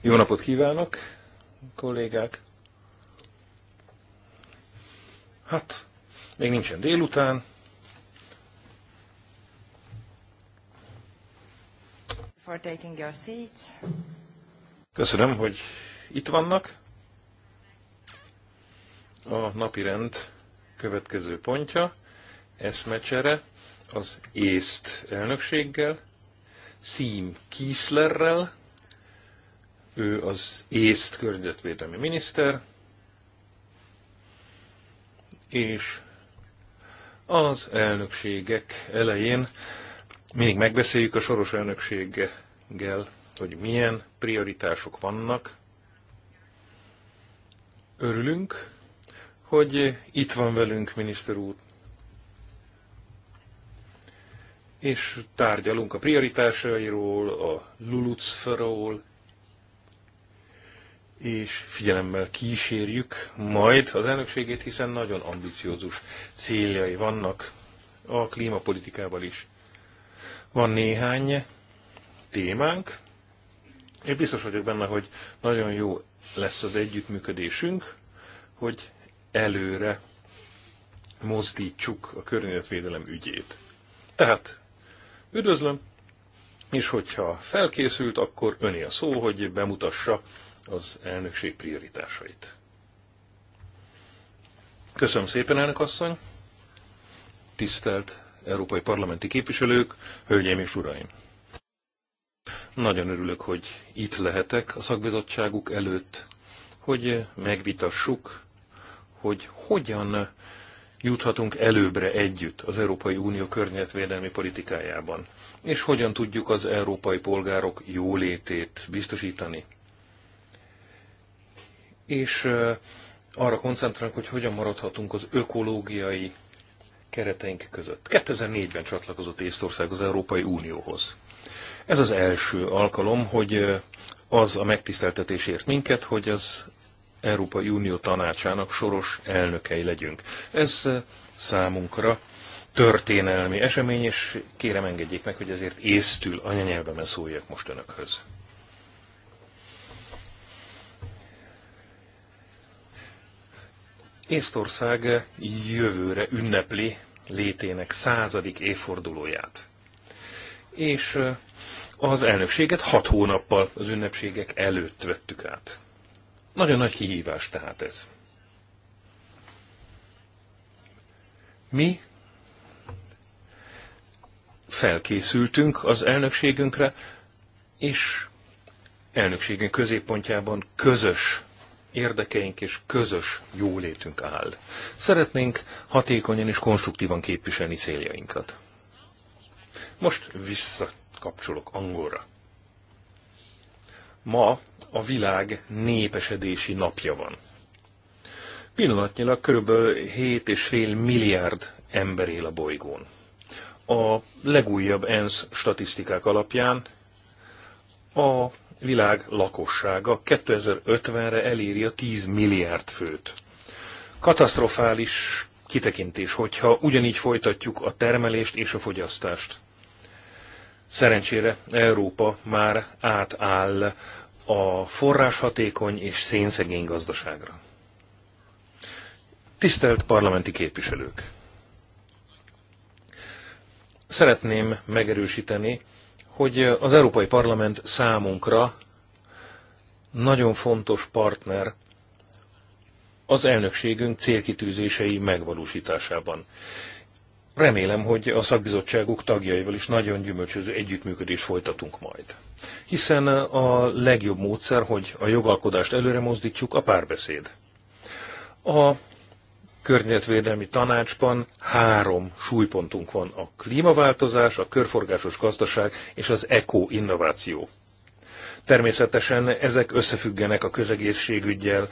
Jó napot kívánok, kollégák! Hát, még nincsen délután. Köszönöm, hogy itt vannak. A napi rend következő pontja, eszmecsere az észt elnökséggel, Szím Kieslerrel, ő az észt környezetvédelmi miniszter, és az elnökségek elején még megbeszéljük a soros elnökséggel, hogy milyen prioritások vannak. Örülünk, hogy itt van velünk miniszter úr, és tárgyalunk a prioritásairól, a lulucferról, és figyelemmel kísérjük majd az elnökségét, hiszen nagyon ambiciózus céljai vannak a klímapolitikával is. Van néhány témánk, én biztos vagyok benne, hogy nagyon jó lesz az együttműködésünk, hogy előre mozdítsuk a környezetvédelem ügyét. Tehát Üdvözlöm, és hogyha felkészült, akkor öné a szó, hogy bemutassa az elnökség prioritásait. Köszönöm szépen, elnök asszony! Tisztelt európai parlamenti képviselők, hölgyeim és uraim! Nagyon örülök, hogy itt lehetek a szakbizottságuk előtt, hogy megvitassuk, hogy hogyan juthatunk előbbre együtt az Európai Unió környezetvédelmi politikájában, és hogyan tudjuk az európai polgárok jólétét biztosítani. És arra koncentrálunk, hogy hogyan maradhatunk az ökológiai kereteink között. 2004-ben csatlakozott Észtország az Európai Unióhoz. Ez az első alkalom, hogy az a megtiszteltetésért minket, hogy az Európai Unió tanácsának soros elnökei legyünk. Ez eh, számunkra történelmi esemény, és kérem engedjék meg, hogy ezért észtül anyanyelvemen szóljak most önökhöz. Észtország eh, jövőre ünnepli létének századik évfordulóját. És eh, az elnökséget hat hónappal az ünnepségek előtt vettük át. Nagyon nagy kihívás tehát ez. Mi felkészültünk az elnökségünkre, és elnökségünk középpontjában közös érdekeink és közös jólétünk áll. Szeretnénk hatékonyan és konstruktívan képviselni céljainkat. Most visszakapcsolok angolra. Ma a világ népesedési napja van. Pillanatnyilag kb. 7,5 milliárd ember él a bolygón. A legújabb ENSZ statisztikák alapján a világ lakossága 2050-re eléri a 10 milliárd főt. Katasztrofális kitekintés, hogyha ugyanígy folytatjuk a termelést és a fogyasztást. Szerencsére Európa már átáll a forráshatékony és szénszegény gazdaságra. Tisztelt parlamenti képviselők! Szeretném megerősíteni, hogy az Európai Parlament számunkra nagyon fontos partner az elnökségünk célkitűzései megvalósításában remélem, hogy a szakbizottságuk tagjaival is nagyon gyümölcsöző együttműködést folytatunk majd. Hiszen a legjobb módszer, hogy a jogalkodást előre mozdítsuk, a párbeszéd. A környezetvédelmi tanácsban három súlypontunk van, a klímaváltozás, a körforgásos gazdaság és az eko-innováció. Természetesen ezek összefüggenek a közegészségügyjel,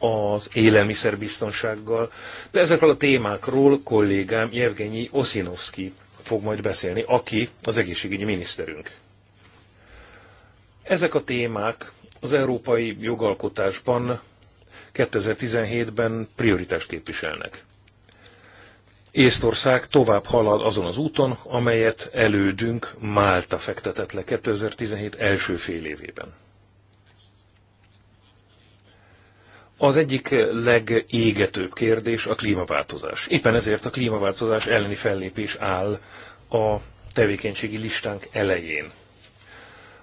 az élelmiszerbiztonsággal, de ezekről a témákról kollégám Jevgenyi Oszinovszki fog majd beszélni, aki az egészségügyi miniszterünk. Ezek a témák az európai jogalkotásban 2017-ben prioritást képviselnek. Észtország tovább halad azon az úton, amelyet elődünk Málta fektetett le 2017 első fél évében. Az egyik legégetőbb kérdés a klímaváltozás. Éppen ezért a klímaváltozás elleni fellépés áll a tevékenységi listánk elején.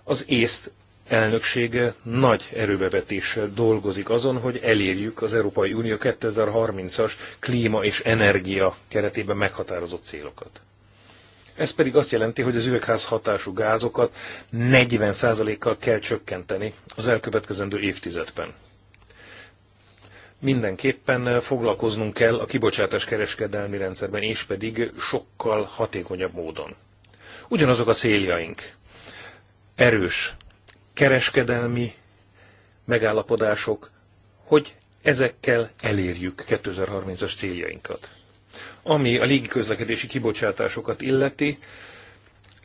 Az észt elnöksége nagy erőbevetéssel dolgozik azon, hogy elérjük az Európai Unió 2030-as klíma és energia keretében meghatározott célokat. Ez pedig azt jelenti, hogy az üvegházhatású gázokat 40%-kal kell csökkenteni az elkövetkezendő évtizedben mindenképpen foglalkoznunk kell a kibocsátás kereskedelmi rendszerben, és pedig sokkal hatékonyabb módon. Ugyanazok a céljaink. Erős kereskedelmi megállapodások, hogy ezekkel elérjük 2030-as céljainkat. Ami a légiközlekedési kibocsátásokat illeti,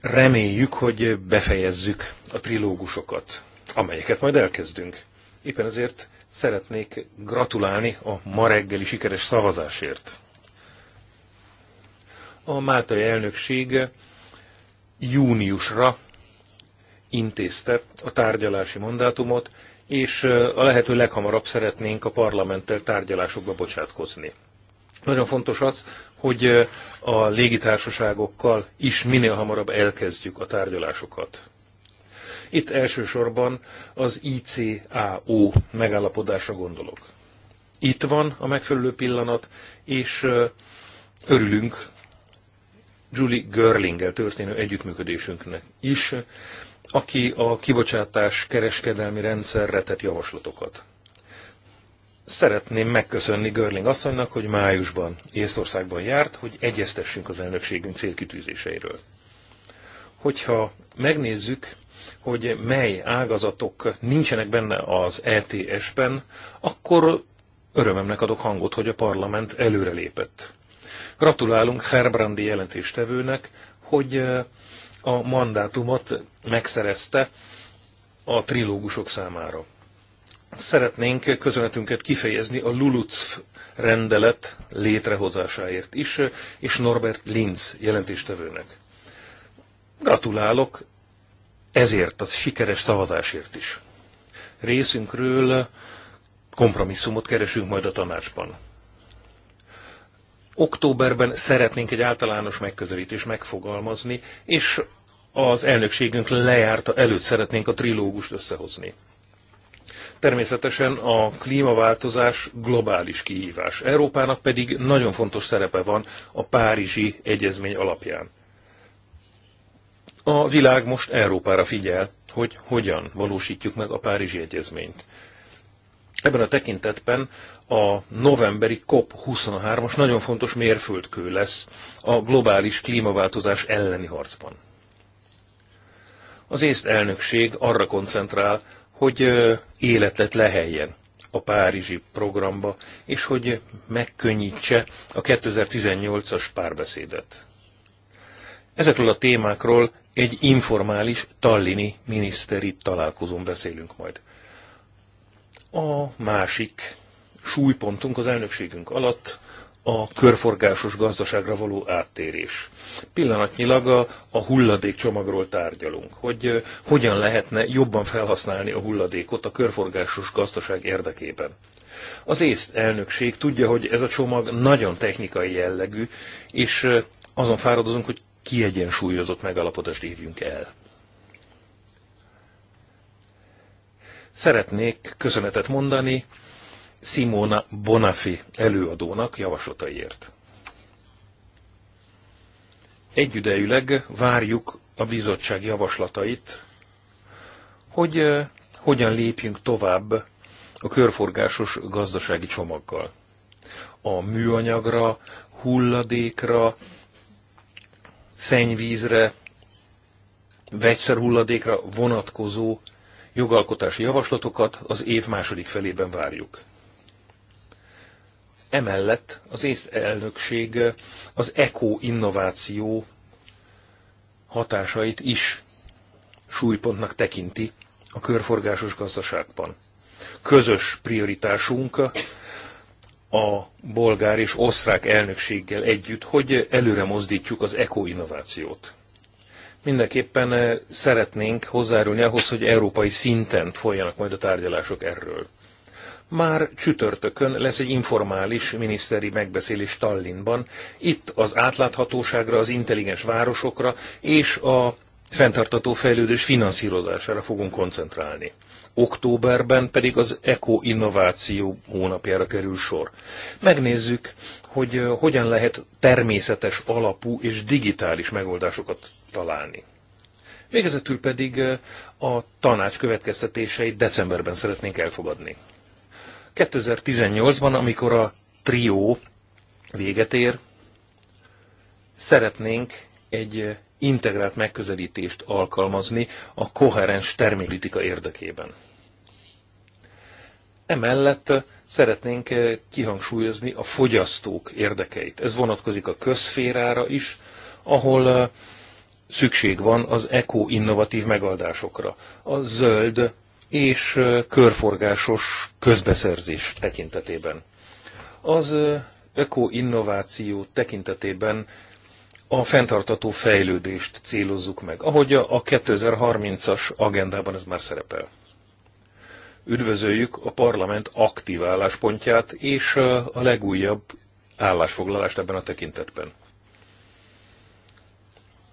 reméljük, hogy befejezzük a trilógusokat, amelyeket majd elkezdünk. Éppen ezért Szeretnék gratulálni a ma reggeli sikeres szavazásért. A Máltai elnökség júniusra intézte a tárgyalási mandátumot, és a lehető leghamarabb szeretnénk a parlamenttel tárgyalásokba bocsátkozni. Nagyon fontos az, hogy a légitársaságokkal is minél hamarabb elkezdjük a tárgyalásokat. Itt elsősorban az ICAO megállapodásra gondolok. Itt van a megfelelő pillanat, és örülünk Julie Görlingel történő együttműködésünknek is, aki a kibocsátás kereskedelmi rendszerre tett javaslatokat. Szeretném megköszönni Görling asszonynak, hogy májusban Észtországban járt, hogy egyeztessünk az elnökségünk célkitűzéseiről. Hogyha megnézzük hogy mely ágazatok nincsenek benne az ETS-ben, akkor örömemnek adok hangot, hogy a parlament előrelépett. Gratulálunk Herbrandi jelentéstevőnek, hogy eh, a mandátumot megszerezte a trilógusok számára. Szeretnénk közönetünket kifejezni a Lulutz rendelet létrehozásáért is, és Norbert Linz jelentéstevőnek. Gratulálok ezért a sikeres szavazásért is. Részünkről kompromisszumot keresünk majd a tanácsban. Októberben szeretnénk egy általános megközelítést megfogalmazni, és az elnökségünk lejárta előtt szeretnénk a trilógust összehozni. Természetesen a klímaváltozás globális kihívás. Európának pedig nagyon fontos szerepe van a Párizsi Egyezmény alapján. A világ most Európára figyel, hogy hogyan valósítjuk meg a Párizsi Egyezményt. Ebben a tekintetben a novemberi COP23-as nagyon fontos mérföldkő lesz a globális klímaváltozás elleni harcban. Az észt elnökség arra koncentrál, hogy életet leheljen a Párizsi programba, és hogy megkönnyítse a 2018-as párbeszédet. Ezekről a témákról egy informális tallini miniszteri találkozón beszélünk majd. A másik súlypontunk az elnökségünk alatt a körforgásos gazdaságra való áttérés. Pillanatnyilag a, a hulladékcsomagról tárgyalunk, hogy hogyan lehetne jobban felhasználni a hulladékot a körforgásos gazdaság érdekében. Az észt elnökség tudja, hogy ez a csomag nagyon technikai jellegű, és azon fáradozunk, hogy kiegyensúlyozott megalapodást írjunk el. Szeretnék köszönetet mondani Simona Bonafi előadónak javaslataiért. Együdejüleg várjuk a bizottság javaslatait, hogy hogyan lépjünk tovább a körforgásos gazdasági csomaggal. A műanyagra, hulladékra, szennyvízre, vegyszerhulladékra vonatkozó jogalkotási javaslatokat az év második felében várjuk. Emellett az észt elnökség az eko-innováció hatásait is súlypontnak tekinti a körforgásos gazdaságban. Közös prioritásunk a bolgár és osztrák elnökséggel együtt, hogy előre mozdítjuk az ekoinnovációt. Mindenképpen eh, szeretnénk hozzárulni ahhoz, hogy európai szinten folyjanak majd a tárgyalások erről. Már csütörtökön lesz egy informális miniszteri megbeszélés Tallinnban, itt az átláthatóságra, az intelligens városokra és a fenntartató fejlődés finanszírozására fogunk koncentrálni. Októberben pedig az Eko Innováció hónapjára kerül sor. Megnézzük, hogy hogyan lehet természetes alapú és digitális megoldásokat találni. Végezetül pedig a tanács következtetéseit decemberben szeretnénk elfogadni. 2018-ban, amikor a trió véget ér, szeretnénk egy integrált megközelítést alkalmazni a koherens termékpolitika érdekében. Emellett szeretnénk kihangsúlyozni a fogyasztók érdekeit. Ez vonatkozik a közférára is, ahol eh, szükség van az eko-innovatív megoldásokra. A zöld és eh, körforgásos közbeszerzés tekintetében. Az öko-innováció eh, tekintetében a fenntartató fejlődést célozzuk meg, ahogy a 2030-as agendában ez már szerepel. Üdvözöljük a parlament aktív álláspontját és a legújabb állásfoglalást ebben a tekintetben.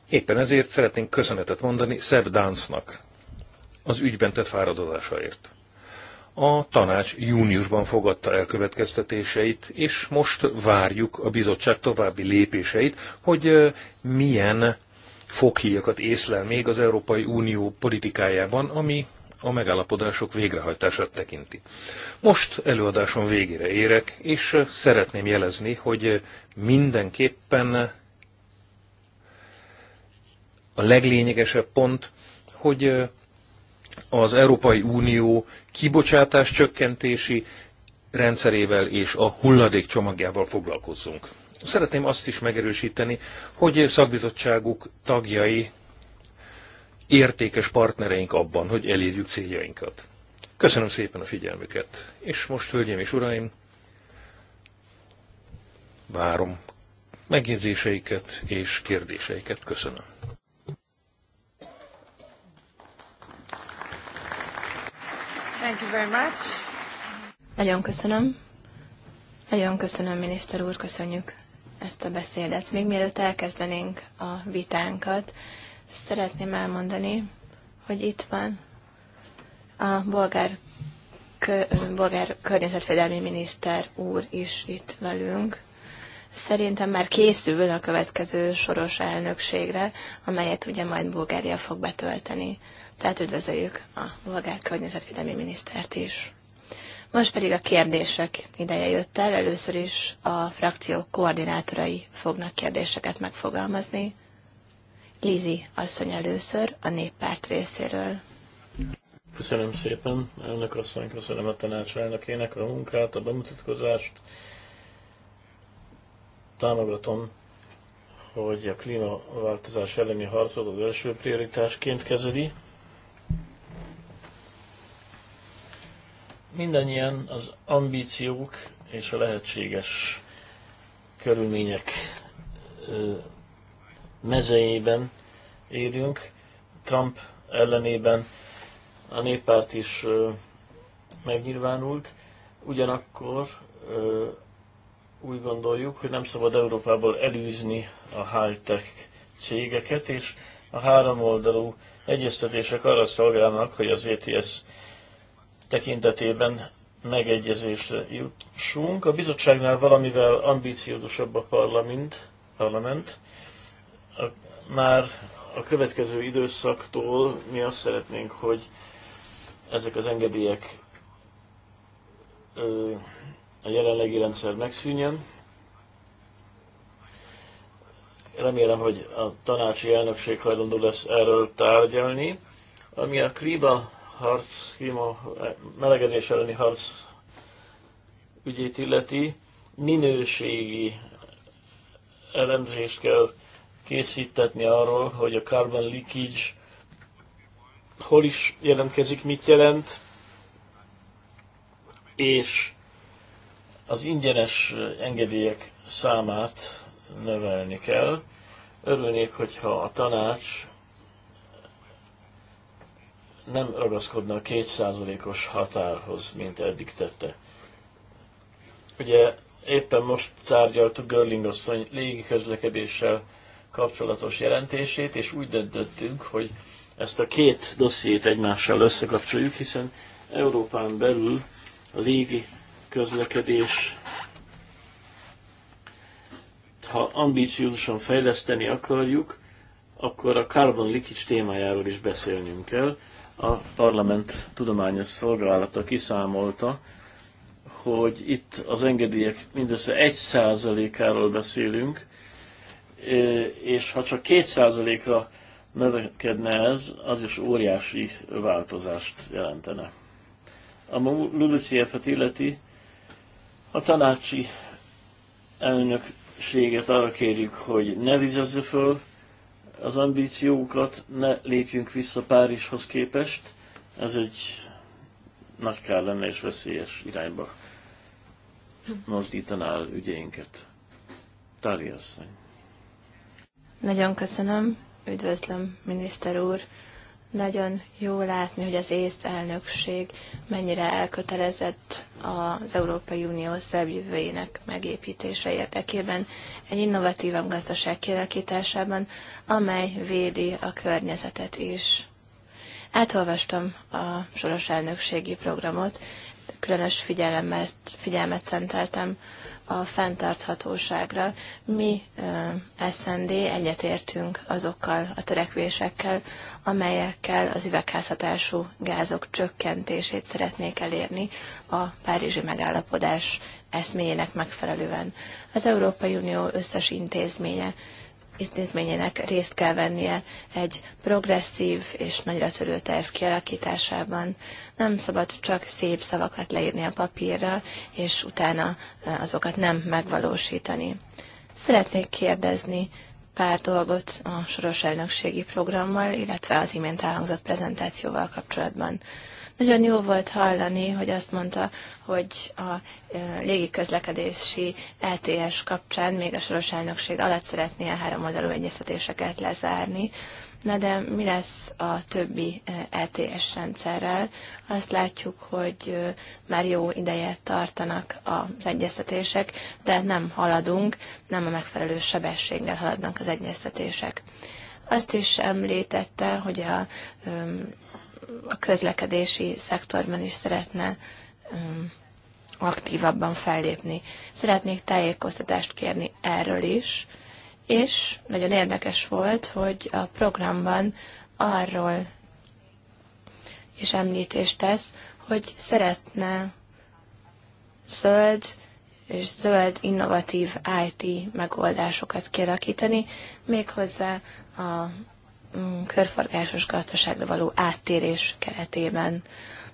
Éppen ezért szeretnénk köszönetet mondani Szebb Dánsznak az ügyben tett fáradozásaért. A tanács júniusban fogadta el következtetéseit, és most várjuk a bizottság további lépéseit, hogy milyen foghíjakat észlel még az Európai Unió politikájában, ami a megállapodások végrehajtását tekinti. Most előadásom végére érek, és szeretném jelezni, hogy mindenképpen a leglényegesebb pont, hogy az Európai Unió kibocsátás csökkentési rendszerével és a hulladék csomagjával foglalkozzunk. Szeretném azt is megerősíteni, hogy szakbizottságuk tagjai értékes partnereink abban, hogy elérjük céljainkat. Köszönöm szépen a figyelmüket, és most, hölgyeim és uraim, várom megjegyzéseiket és kérdéseiket. Köszönöm. Thank you very much. Nagyon köszönöm. Nagyon köszönöm, miniszter úr, köszönjük ezt a beszédet. Még mielőtt elkezdenénk a vitánkat, szeretném elmondani, hogy itt van a bolgár, kö, bolgár környezetvédelmi miniszter úr is itt velünk. Szerintem már készül a következő soros elnökségre, amelyet ugye majd Bulgária fog betölteni tehát üdvözöljük a bolgár környezetvédelmi minisztert is. Most pedig a kérdések ideje jött el. Először is a frakció koordinátorai fognak kérdéseket megfogalmazni. Lizi asszony először a néppárt részéről. Köszönöm szépen, elnök asszony, köszönöm a tanács elnökének a munkát, a bemutatkozást. Támogatom, hogy a klímaváltozás elleni harcot az első prioritásként kezeli. mindannyian az ambíciók és a lehetséges körülmények mezejében élünk. Trump ellenében a néppárt is megnyilvánult, ugyanakkor úgy gondoljuk, hogy nem szabad Európából elűzni a high-tech cégeket, és a háromoldalú egyeztetések arra szolgálnak, hogy az ETS tekintetében megegyezésre jutsunk. A bizottságnál valamivel ambíciódusabb a parlament, parlament. A, már a következő időszaktól mi azt szeretnénk, hogy ezek az engedélyek a jelenlegi rendszer megszűnjön. Remélem, hogy a tanácsi elnökség hajlandó lesz erről tárgyalni. Ami a kriba harc, klíma melegedés elleni harc ügyét illeti, minőségi elemzést kell készítetni arról, hogy a carbon leakage hol is jelentkezik, mit jelent, és az ingyenes engedélyek számát növelni kell. Örülnék, hogyha a tanács nem ragaszkodna a kétszázalékos határhoz, mint eddig tette. Ugye éppen most tárgyaltuk Görling asszony légiközlekedéssel kapcsolatos jelentését, és úgy döntöttünk, hogy ezt a két dossziét egymással összekapcsoljuk, hiszen Európán belül a légi közlekedés ha ambíciózusan fejleszteni akarjuk, akkor a carbon leakage témájáról is beszélnünk kell, a parlament tudományos szolgálata kiszámolta, hogy itt az engedélyek mindössze 1%-áról beszélünk, e, és ha csak 2%-ra növekedne ez, az is óriási változást jelentene. A Lulucieffet illeti a tanácsi elnökséget arra kérjük, hogy ne vizezze föl az ambíciókat, ne lépjünk vissza Párizshoz képest, ez egy nagy kár lenne és veszélyes irányba mozdítaná el ügyeinket. Tári asszony. Nagyon köszönöm, üdvözlöm, miniszter úr. Nagyon jó látni, hogy az ész elnökség mennyire elkötelezett az Európai Unió szebb jövőjének megépítése érdekében, egy innovatívabb gazdaság kialakításában, amely védi a környezetet is. Átolvastam a soros elnökségi programot, különös figyelmet, figyelmet szenteltem a fenntarthatóságra. Mi SND egyetértünk azokkal a törekvésekkel, amelyekkel az üvegházhatású gázok csökkentését szeretnék elérni a Párizsi megállapodás eszméjének megfelelően. Az Európai Unió összes intézménye intézményének részt kell vennie egy progresszív és nagyra törő terv kialakításában. Nem szabad csak szép szavakat leírni a papírra, és utána e, azokat nem megvalósítani. Szeretnék kérdezni pár dolgot a soros elnökségi programmal, illetve az imént elhangzott prezentációval kapcsolatban. Nagyon jó volt hallani, hogy azt mondta, hogy a e, légiközlekedési LTS e kapcsán még a soros elnökség alatt szeretné a három oldalú egyeztetéseket lezárni. Na de mi lesz a többi LTS e, rendszerrel? Azt látjuk, hogy már jó ideje tartanak az egyeztetések, de nem haladunk, nem a megfelelő sebességgel haladnak az egyeztetések. Azt is említette, hogy a a közlekedési szektorban is szeretne um, aktívabban fellépni. Szeretnék tájékoztatást kérni erről is, és nagyon érdekes volt, hogy a programban arról is említést tesz, hogy szeretne zöld és zöld innovatív IT megoldásokat kialakítani, méghozzá a Mm, körforgásos gazdaságra való áttérés keretében.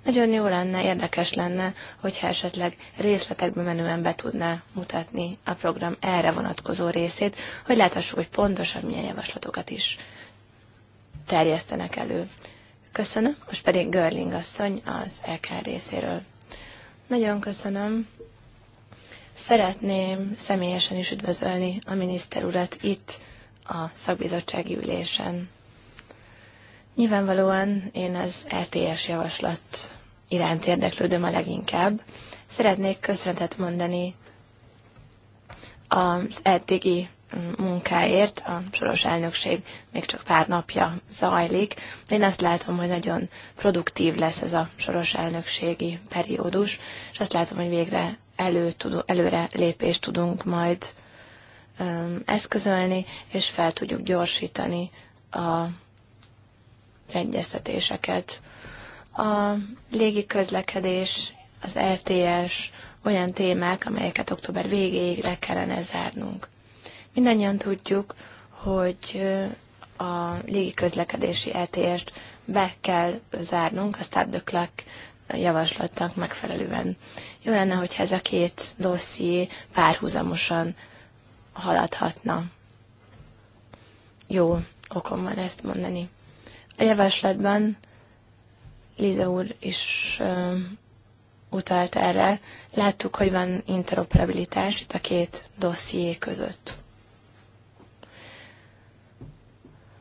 Nagyon jó lenne, érdekes lenne, hogyha esetleg részletekbe menően be tudná mutatni a program erre vonatkozó részét, hogy láthassuk, hogy pontosan milyen javaslatokat is terjesztenek elő. Köszönöm, most pedig Görling asszony az EK részéről. Nagyon köszönöm. Szeretném személyesen is üdvözölni a miniszter urat itt a szakbizottsági ülésen. Nyilvánvalóan én az RTS e javaslat iránt érdeklődöm a leginkább. Szeretnék köszönetet mondani az eddigi munkáért. A soros elnökség még csak pár napja zajlik. Én azt látom, hogy nagyon produktív lesz ez a soros elnökségi periódus, és azt látom, hogy végre elő, előre lépést tudunk majd eszközölni, és fel tudjuk gyorsítani a egyeztetéseket. A légi közlekedés, az LTS, er olyan témák, amelyeket október végéig le kellene zárnunk. Mindannyian tudjuk, hogy a légiközlekedési lts er t be kell zárnunk a Stop the Clock javaslatnak megfelelően. Jó lenne, hogyha ez a két dosszié párhuzamosan haladhatna. Jó okom van ezt mondani. A javaslatban Liza úr is uh, utalt erre. Láttuk, hogy van interoperabilitás itt a két dosszié között.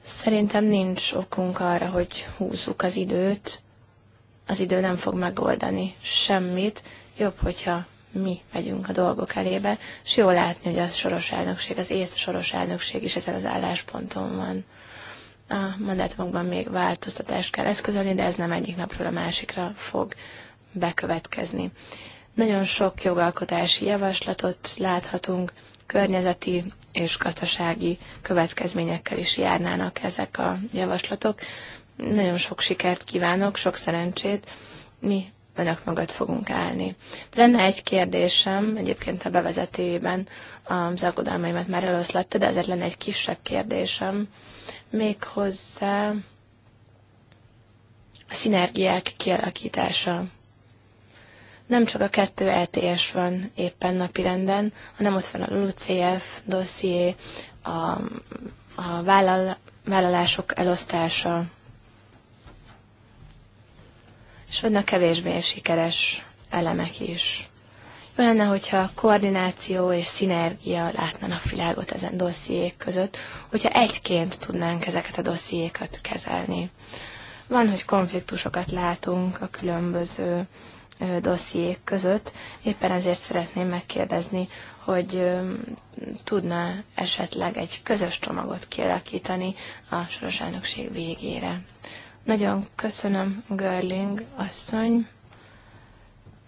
Szerintem nincs okunk arra, hogy húzzuk az időt. Az idő nem fog megoldani semmit. Jobb, hogyha mi megyünk a dolgok elébe, és jó látni, hogy a soros elnökség, az észt soros elnökség is ezen az állásponton van a mandátumokban még változtatást kell eszközölni, de ez nem egyik napról a másikra fog bekövetkezni. Nagyon sok jogalkotási javaslatot láthatunk, környezeti és gazdasági következményekkel is járnának ezek a javaslatok. Nagyon sok sikert kívánok, sok szerencsét. Mi önök mögött fogunk állni. De lenne egy kérdésem, egyébként a bevezetőjében az aggodalmaimat már eloszlatta, de ezért lenne egy kisebb kérdésem méghozzá a szinergiák kialakítása. Nem csak a kettő LTS e van éppen napirenden, hanem ott van a LUCF dosszié, a, a vállal, vállalások elosztása, és vannak kevésbé sikeres elemek is. Jó lenne, hogyha koordináció és szinergia látna világot ezen dossziék között, hogyha egyként tudnánk ezeket a dossziékat kezelni. Van, hogy konfliktusokat látunk a különböző dossziék között, éppen ezért szeretném megkérdezni, hogy tudna esetleg egy közös csomagot kialakítani a soros elnökség végére. Nagyon köszönöm, Görling asszony.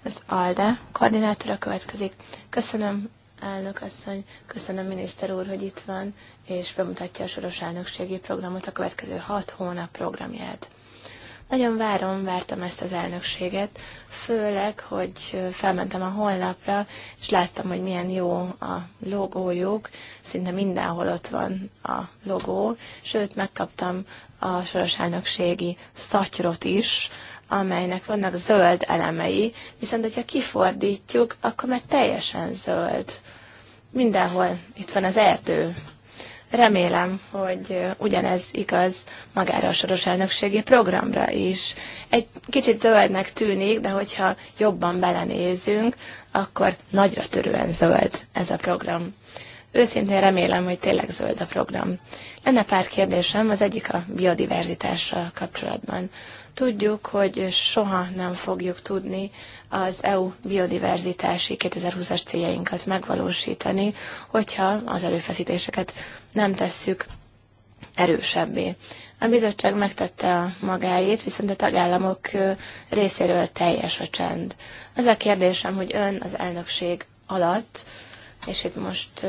Az ALDE koordinátora következik. Köszönöm, elnök asszony, köszönöm miniszter úr, hogy itt van, és bemutatja a soros elnökségi programot, a következő hat hónap programját. Nagyon várom, vártam ezt az elnökséget, főleg, hogy felmentem a honlapra, és láttam, hogy milyen jó a logójuk, szinte mindenhol ott van a logó, sőt, megkaptam a soros elnökségi szatyrot is, amelynek vannak zöld elemei, viszont hogyha kifordítjuk, akkor meg teljesen zöld. Mindenhol itt van az erdő. Remélem, hogy ugyanez igaz magára a soros elnökségi programra is. Egy kicsit zöldnek tűnik, de hogyha jobban belenézünk, akkor nagyra törően zöld ez a program. Őszintén remélem, hogy tényleg zöld a program. Lenne pár kérdésem, az egyik a biodiverzitással kapcsolatban. Tudjuk, hogy soha nem fogjuk tudni az EU biodiverzitási 2020-as céljainkat megvalósítani, hogyha az előfeszítéseket nem tesszük erősebbé. A bizottság megtette a magáét, viszont a tagállamok részéről teljes a csend. Az a kérdésem, hogy ön az elnökség alatt, és itt most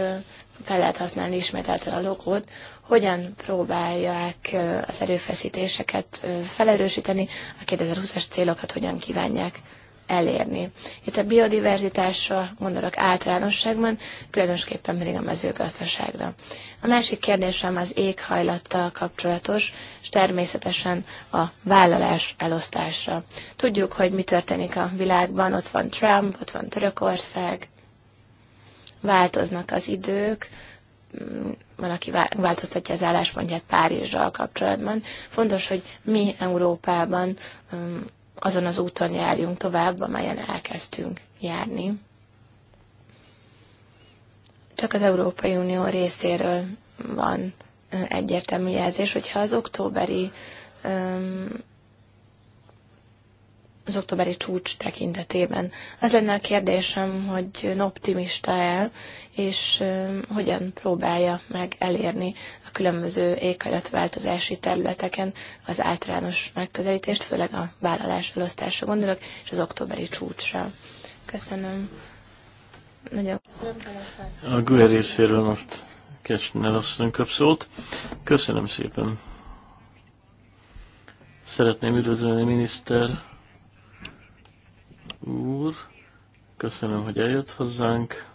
fel lehet használni ismételten a logót, hogyan próbálják az erőfeszítéseket felerősíteni, a 2020-as célokat hogyan kívánják elérni. Itt a biodiverzitásra gondolok általánosságban, különösképpen pedig a mezőgazdaságra. A másik kérdésem az éghajlattal kapcsolatos, és természetesen a vállalás elosztásra. Tudjuk, hogy mi történik a világban, ott van Trump, ott van Törökország, változnak az idők, valaki változtatja az álláspontját Párizsral kapcsolatban. Fontos, hogy mi Európában um, azon az úton járjunk tovább, amelyen elkezdtünk járni. Csak az Európai Unió részéről van uh, egyértelmű jelzés, hogyha az októberi um, az októberi csúcs tekintetében. Az lenne a kérdésem, hogy optimista-e, és hogyan próbálja meg elérni a különböző éghajlatváltozási területeken az általános megközelítést, főleg a vállalás elosztásra gondolok, és az októberi csúcsra. Köszönöm. Nagyon köszönöm. A GUE részéről most Kesner asszony kap szót. Köszönöm szépen. Szeretném üdvözölni miniszter úr, köszönöm, hogy eljött hozzánk.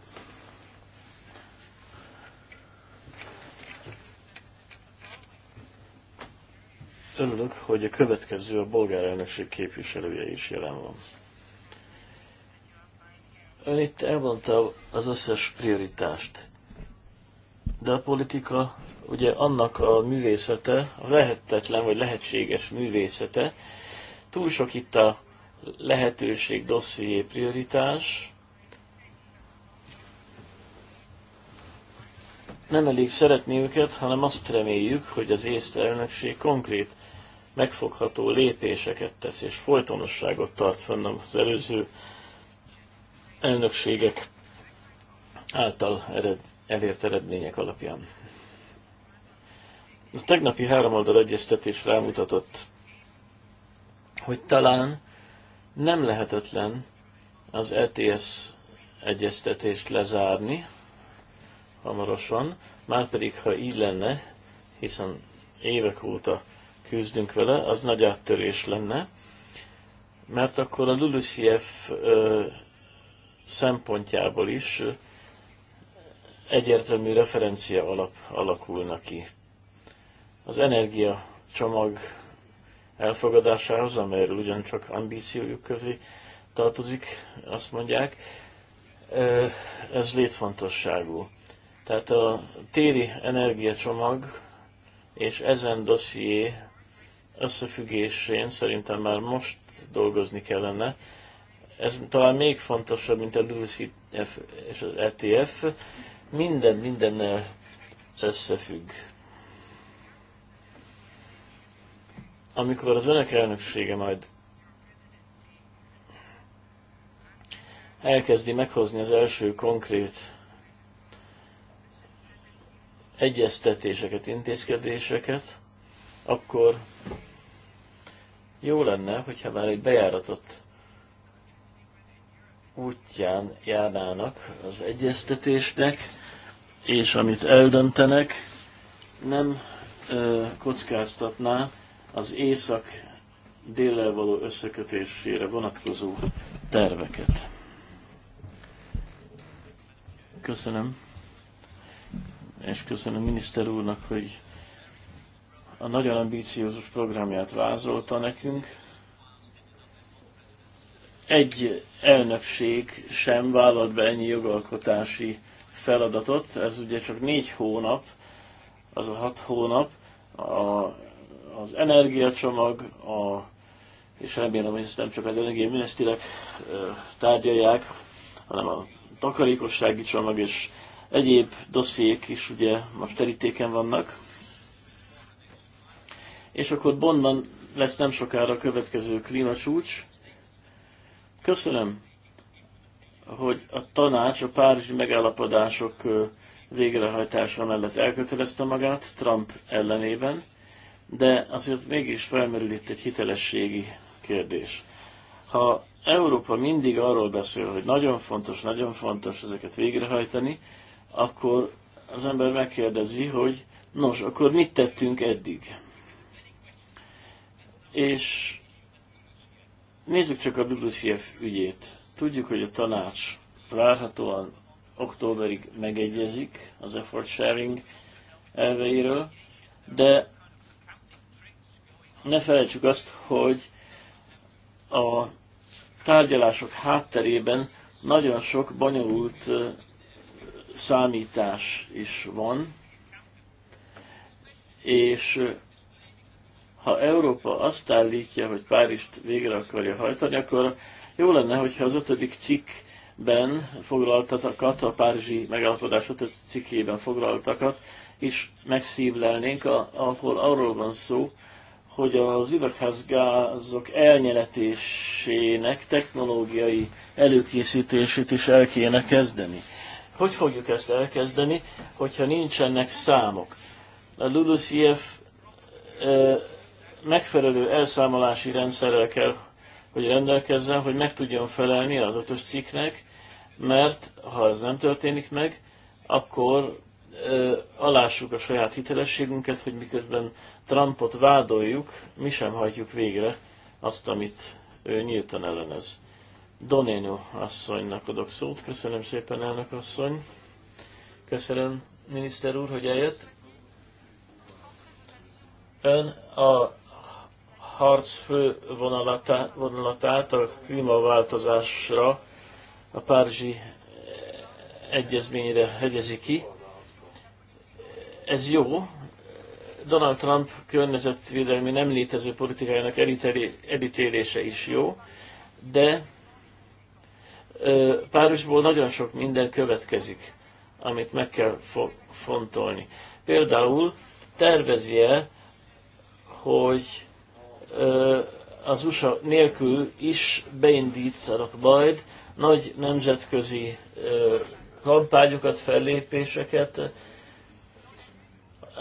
Örülök, hogy a következő a bolgár elnökség képviselője is jelen van. Ön itt elmondta az összes prioritást, de a politika ugye annak a művészete, a lehetetlen vagy lehetséges művészete, túl sok itt a lehetőség dosszié prioritás. Nem elég szeretni őket, hanem azt reméljük, hogy az észt elnökség konkrét, megfogható lépéseket tesz, és folytonosságot tart fenn az előző elnökségek által ered, elért eredmények alapján. A tegnapi háromoldal egyeztetés rámutatott, hogy talán nem lehetetlen az ETS egyeztetést lezárni hamarosan, márpedig ha így lenne, hiszen évek óta küzdünk vele, az nagy áttörés lenne, mert akkor a LULUCF szempontjából is egyértelmű referencia alap alakulna ki. Az energia csomag elfogadásához, amelyről ugyancsak ambíciójuk közé tartozik, azt mondják. Ez létfontosságú. Tehát a téli energiacsomag és ezen dosszié összefüggésén szerintem már most dolgozni kellene. Ez talán még fontosabb, mint a LULCF e és az ETF. Minden mindennel összefügg. amikor az önök elnöksége majd elkezdi meghozni az első konkrét egyeztetéseket, intézkedéseket, akkor jó lenne, hogyha már egy bejáratott útján járnának az egyeztetésnek, és amit eldöntenek, nem ö, kockáztatná az észak délel való összekötésére vonatkozó terveket. Köszönöm, és köszönöm miniszter úrnak, hogy a nagyon ambíciózus programját vázolta nekünk. Egy elnökség sem vállalt be ennyi jogalkotási feladatot, ez ugye csak négy hónap, az a hat hónap a az energiacsomag, a, és remélem, hogy ezt nem csak az energiaminiszterek tárgyalják, hanem a takarékossági csomag és egyéb dossziék is ugye most terítéken vannak. És akkor Bonnban lesz nem sokára a következő klímacsúcs. Köszönöm, hogy a tanács a párizsi megállapodások végrehajtása mellett elkötelezte magát Trump ellenében de azért mégis felmerül itt egy hitelességi kérdés. Ha Európa mindig arról beszél, hogy nagyon fontos, nagyon fontos ezeket végrehajtani, akkor az ember megkérdezi, hogy nos, akkor mit tettünk eddig? És nézzük csak a WCF ügyét. Tudjuk, hogy a tanács várhatóan októberig megegyezik az effort sharing elveiről, de ne felejtsük azt, hogy a tárgyalások hátterében nagyon sok bonyolult számítás is van, és ha Európa azt állítja, hogy Párizst végre akarja hajtani, akkor jó lenne, hogyha az ötödik cikkben foglaltatakat, a Párizsi megállapodás ötödik cikkében foglaltakat is megszívlelnénk, ahol arról van szó, hogy az üvegházgázok elnyeletésének technológiai előkészítését is el kéne kezdeni. Hogy fogjuk ezt elkezdeni, hogyha nincsenek számok? A LULUCF megfelelő elszámolási rendszerrel kell, hogy rendelkezzen, hogy meg tudjon felelni az ötös cikknek, mert ha ez nem történik meg, akkor alássuk a saját hitelességünket, hogy miközben Trumpot vádoljuk, mi sem hajtjuk végre azt, amit ő nyíltan ellenez. Donéno asszonynak adok szót. Köszönöm szépen, elnök asszony. Köszönöm, miniszter úr, hogy eljött. Ön a harc fő vonalatát a klímaváltozásra, a Párizsi egyezményre hegyezi ki ez jó. Donald Trump környezetvédelmi nem létező politikájának elítélése is jó, de Párizsból nagyon sok minden következik, amit meg kell fontolni. Például tervezi-e, hogy az USA nélkül is beindítanak majd nagy nemzetközi kampányokat, fellépéseket,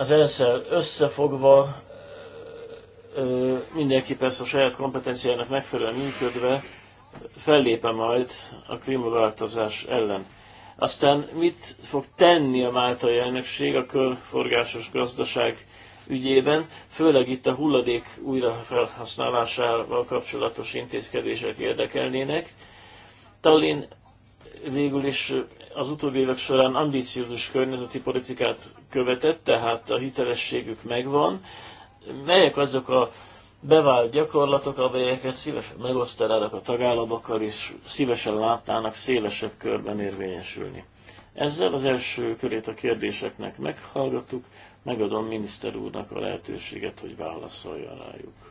az ensz összefogva mindenki persze a saját kompetenciának megfelelően működve fellépe majd a klímaváltozás ellen. Aztán mit fog tenni a máltai elnökség a körforgásos gazdaság ügyében, főleg itt a hulladék újrafelhasználásával kapcsolatos intézkedések érdekelnének. Tallinn végül is az utóbbi évek során ambíciózus környezeti politikát követett, tehát a hitelességük megvan. Melyek azok a bevált gyakorlatok, amelyeket szívesen megosztanának a tagállamokkal, és szívesen látnának szélesebb körben érvényesülni. Ezzel az első körét a kérdéseknek meghallgattuk, megadom miniszter úrnak a lehetőséget, hogy válaszoljon rájuk.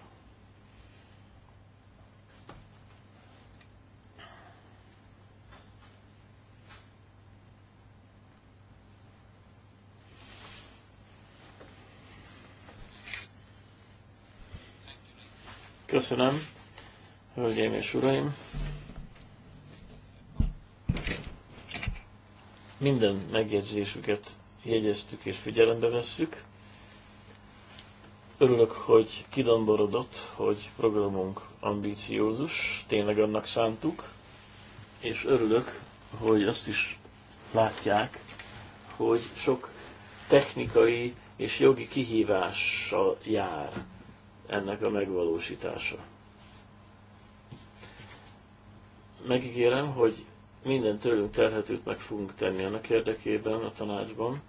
Köszönöm, hölgyeim és uraim! Minden megjegyzésüket jegyeztük és figyelembe vesszük. Örülök, hogy kidomborodott, hogy programunk ambíciózus, tényleg annak szántuk, és örülök, hogy azt is látják, hogy sok technikai és jogi kihívással jár ennek a megvalósítása. Megígérem, hogy minden tőlünk telhetőt meg fogunk tenni annak érdekében a tanácsban,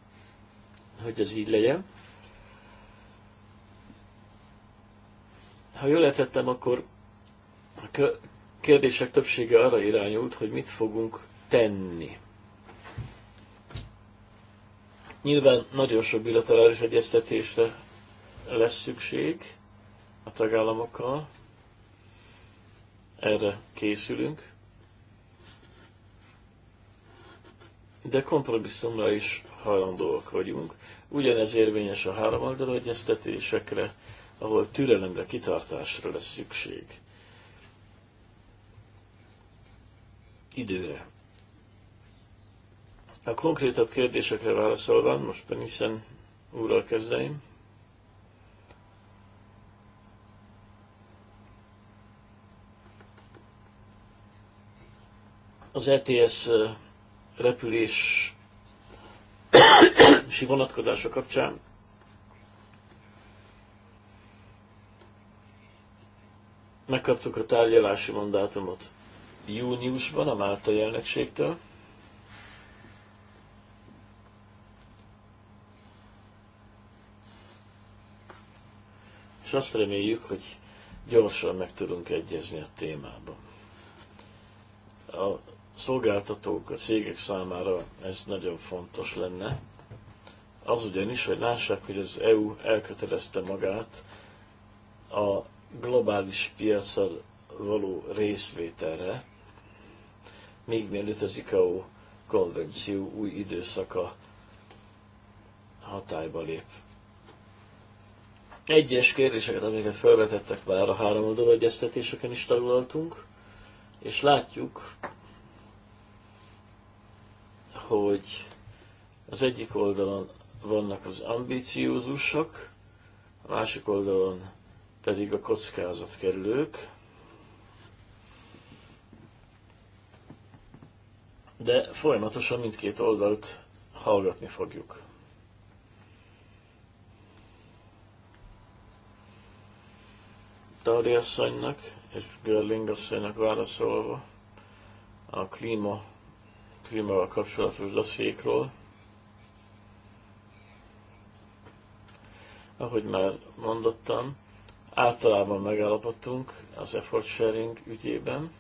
hogy ez így legyen. Ha jól értettem, akkor a kérdések többsége arra irányult, hogy mit fogunk tenni. Nyilván nagyon sok bilaterális egyeztetésre lesz szükség, a tagállamokkal. Erre készülünk. De kompromisszumra is hajlandóak vagyunk. Ugyanez érvényes a háromoldalú egyeztetésekre, ahol türelemre, kitartásra lesz szükség. Időre. A konkrétabb kérdésekre válaszolva, most hiszen úrral kezdeim. Az ETS repülési *coughs* vonatkozása kapcsán megkaptuk a tárgyalási mandátumot júniusban a Máltai jelnökségtől. És azt reméljük, hogy gyorsan meg tudunk egyezni a témában. A szolgáltatók, a cégek számára ez nagyon fontos lenne. Az ugyanis, hogy lássák, hogy az EU elkötelezte magát a globális piacsal való részvételre, még mielőtt az ICAO konvenció új időszaka hatályba lép. Egyes kérdéseket, amiket felvetettek már a három oldalú is taglaltunk, és látjuk, hogy az egyik oldalon vannak az ambíciózusok, a másik oldalon pedig a kockázatkerülők, de folyamatosan mindkét oldalt hallgatni fogjuk. Tauri asszonynak és Görling asszonynak válaszolva a klíma klímával kapcsolatos dosszékról. Ahogy már mondottam, általában megállapodtunk az effort sharing ügyében.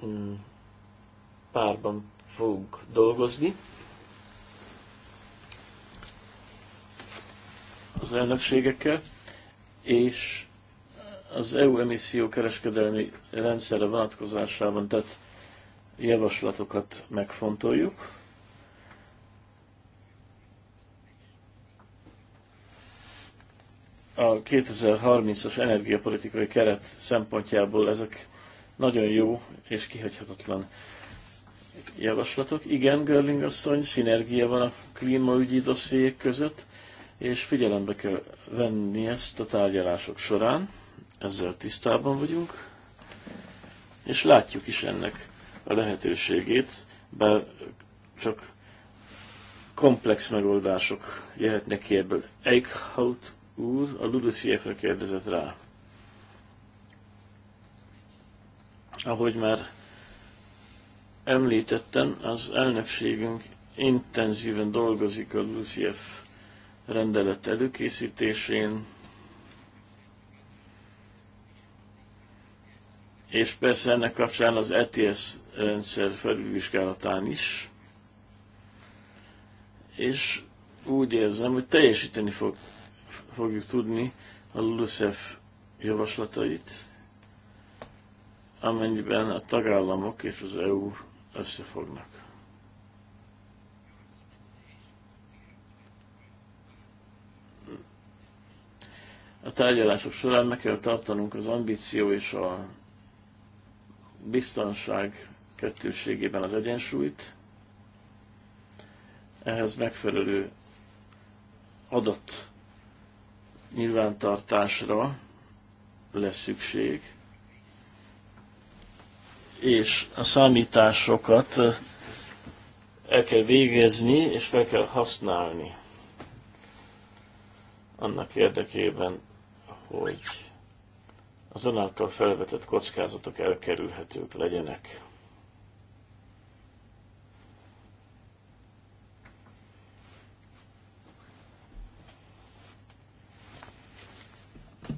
Hmm. Párban fogunk dolgozni. az elnökségekkel és az EU emisszió kereskedelmi rendszerre vonatkozásában tett javaslatokat megfontoljuk. A 2030-as energiapolitikai keret szempontjából ezek nagyon jó és kihagyhatatlan javaslatok. Igen, Görling asszony, szinergia van a klímaügyi dossziék között, és figyelembe kell venni ezt a tárgyalások során, ezzel tisztában vagyunk, és látjuk is ennek a lehetőségét, bár csak komplex megoldások jöhetnek ki ebből. Eichhout úr a Ludusiefre kérdezett rá. Ahogy már említettem, az elnökségünk intenzíven dolgozik a Ludusief rendelet előkészítésén, és persze ennek kapcsán az ETS rendszer felülvizsgálatán is, és úgy érzem, hogy teljesíteni fog, fogjuk tudni a LULUSZEF javaslatait, amennyiben a tagállamok és az EU összefognak. a tárgyalások során meg kell tartanunk az ambíció és a biztonság kettőségében az egyensúlyt, ehhez megfelelő adat nyilvántartásra lesz szükség, és a számításokat el kell végezni, és fel kell használni annak érdekében, hogy az önáltal felvetett kockázatok elkerülhetők legyenek.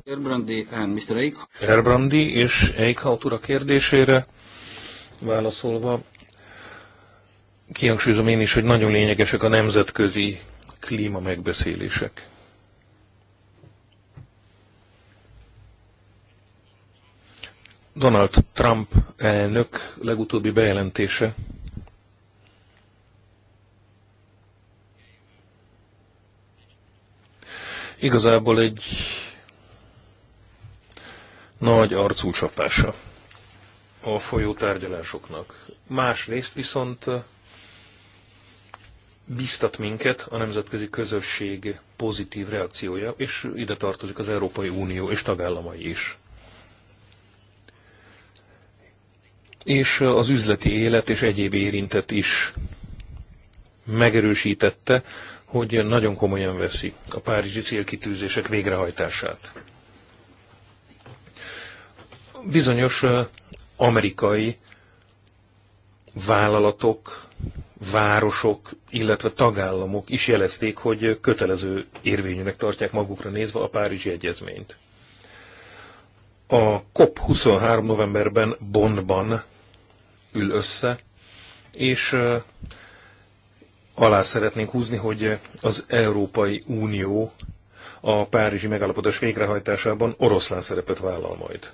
Erbrandi, and eh, Mr. Eich. Erbrandi és Eichhaut ura kérdésére válaszolva kihangsúlyozom én is, hogy nagyon lényegesek a nemzetközi klíma megbeszélések. Donald Trump elnök legutóbbi bejelentése igazából egy nagy arcú csapása a folyó tárgyalásoknak. Másrészt viszont eh, biztat minket a nemzetközi közösség pozitív reakciója, és ide tartozik az Európai Unió és tagállamai is. és az üzleti élet és egyéb érintett is megerősítette, hogy nagyon komolyan veszi a párizsi célkitűzések végrehajtását. Bizonyos amerikai vállalatok, városok, illetve tagállamok is jelezték, hogy kötelező érvényűnek tartják magukra nézve a Párizsi Egyezményt. A COP 23 novemberben Bonnban ül össze, és alá szeretnénk húzni, hogy az Európai Unió a Párizsi megállapodás végrehajtásában oroszlán szerepet vállal majd.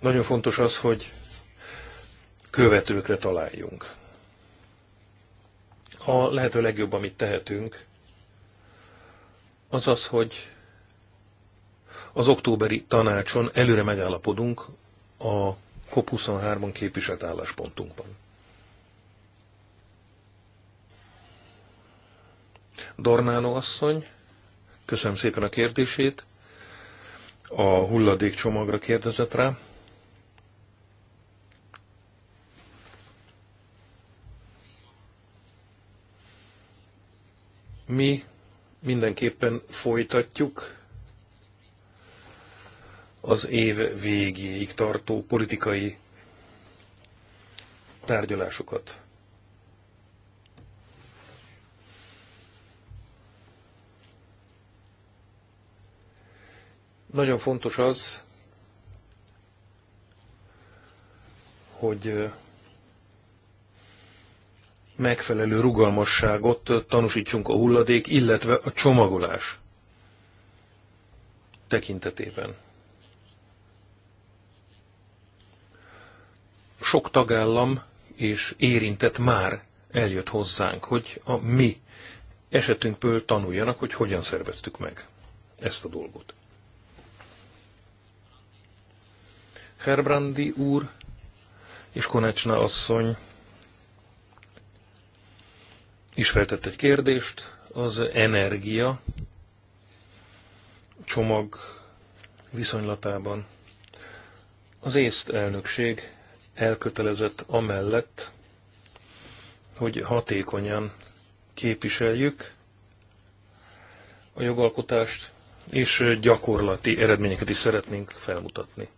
Nagyon fontos az, hogy követőkre találjunk. A lehető legjobb, amit tehetünk, az az, hogy az októberi tanácson előre megállapodunk a cop 23 on képviselt álláspontunkban. Dornáló asszony, köszönöm szépen a kérdését. A csomagra kérdezett rá. Mi mindenképpen folytatjuk az év végéig tartó politikai tárgyalásokat. Nagyon fontos az, hogy megfelelő rugalmasságot tanúsítsunk a hulladék, illetve a csomagolás tekintetében. Sok tagállam és érintett már eljött hozzánk, hogy a mi esetünkből tanuljanak, hogy hogyan szerveztük meg ezt a dolgot. Herbrandi úr és Konecsna asszony is feltett egy kérdést, az energia csomag viszonylatában. Az észt elnökség elkötelezett amellett, hogy hatékonyan képviseljük a jogalkotást, és gyakorlati eredményeket is szeretnénk felmutatni.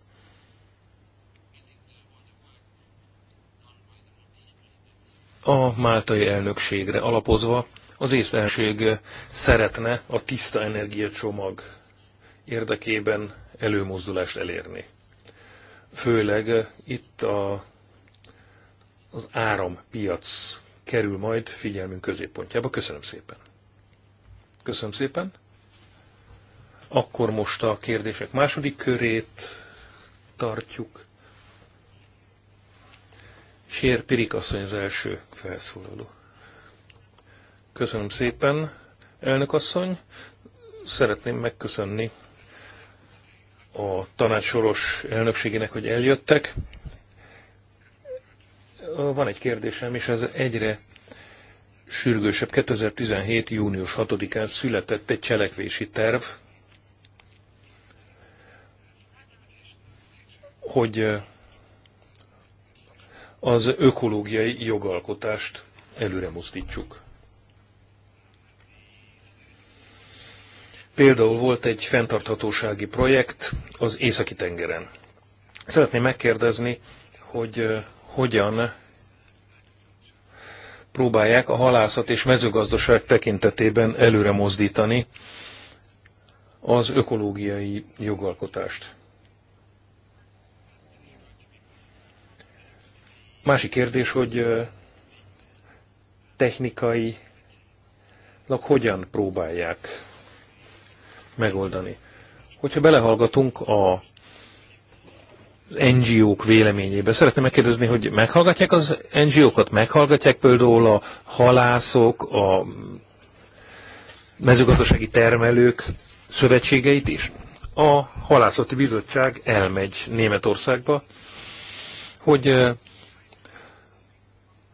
A máltai elnökségre alapozva az észenség szeretne a tiszta energiacsomag érdekében előmozdulást elérni. Főleg eh, itt a, az árampiac kerül majd figyelmünk középpontjába. Köszönöm szépen. Köszönöm szépen. Akkor most a kérdések második körét tartjuk. Sér Pirik asszony az első felszólaló. Köszönöm szépen, elnök asszony. Szeretném megköszönni a tanács soros elnökségének, hogy eljöttek. Van egy kérdésem, és ez egyre sürgősebb. 2017. június 6-án született egy cselekvési terv, hogy az ökológiai jogalkotást előre mozdítsuk. Például volt egy fenntarthatósági projekt az északi tengeren. Szeretném megkérdezni, hogy hogyan próbálják a halászat és mezőgazdaság tekintetében előre mozdítani az ökológiai jogalkotást. Másik kérdés, hogy technikai hogyan próbálják megoldani. Hogyha belehallgatunk a NGO-k véleményébe. Szeretném megkérdezni, hogy meghallgatják az NGO-kat? Meghallgatják például a halászok, a mezőgazdasági termelők szövetségeit is? A halászati bizottság elmegy Németországba, hogy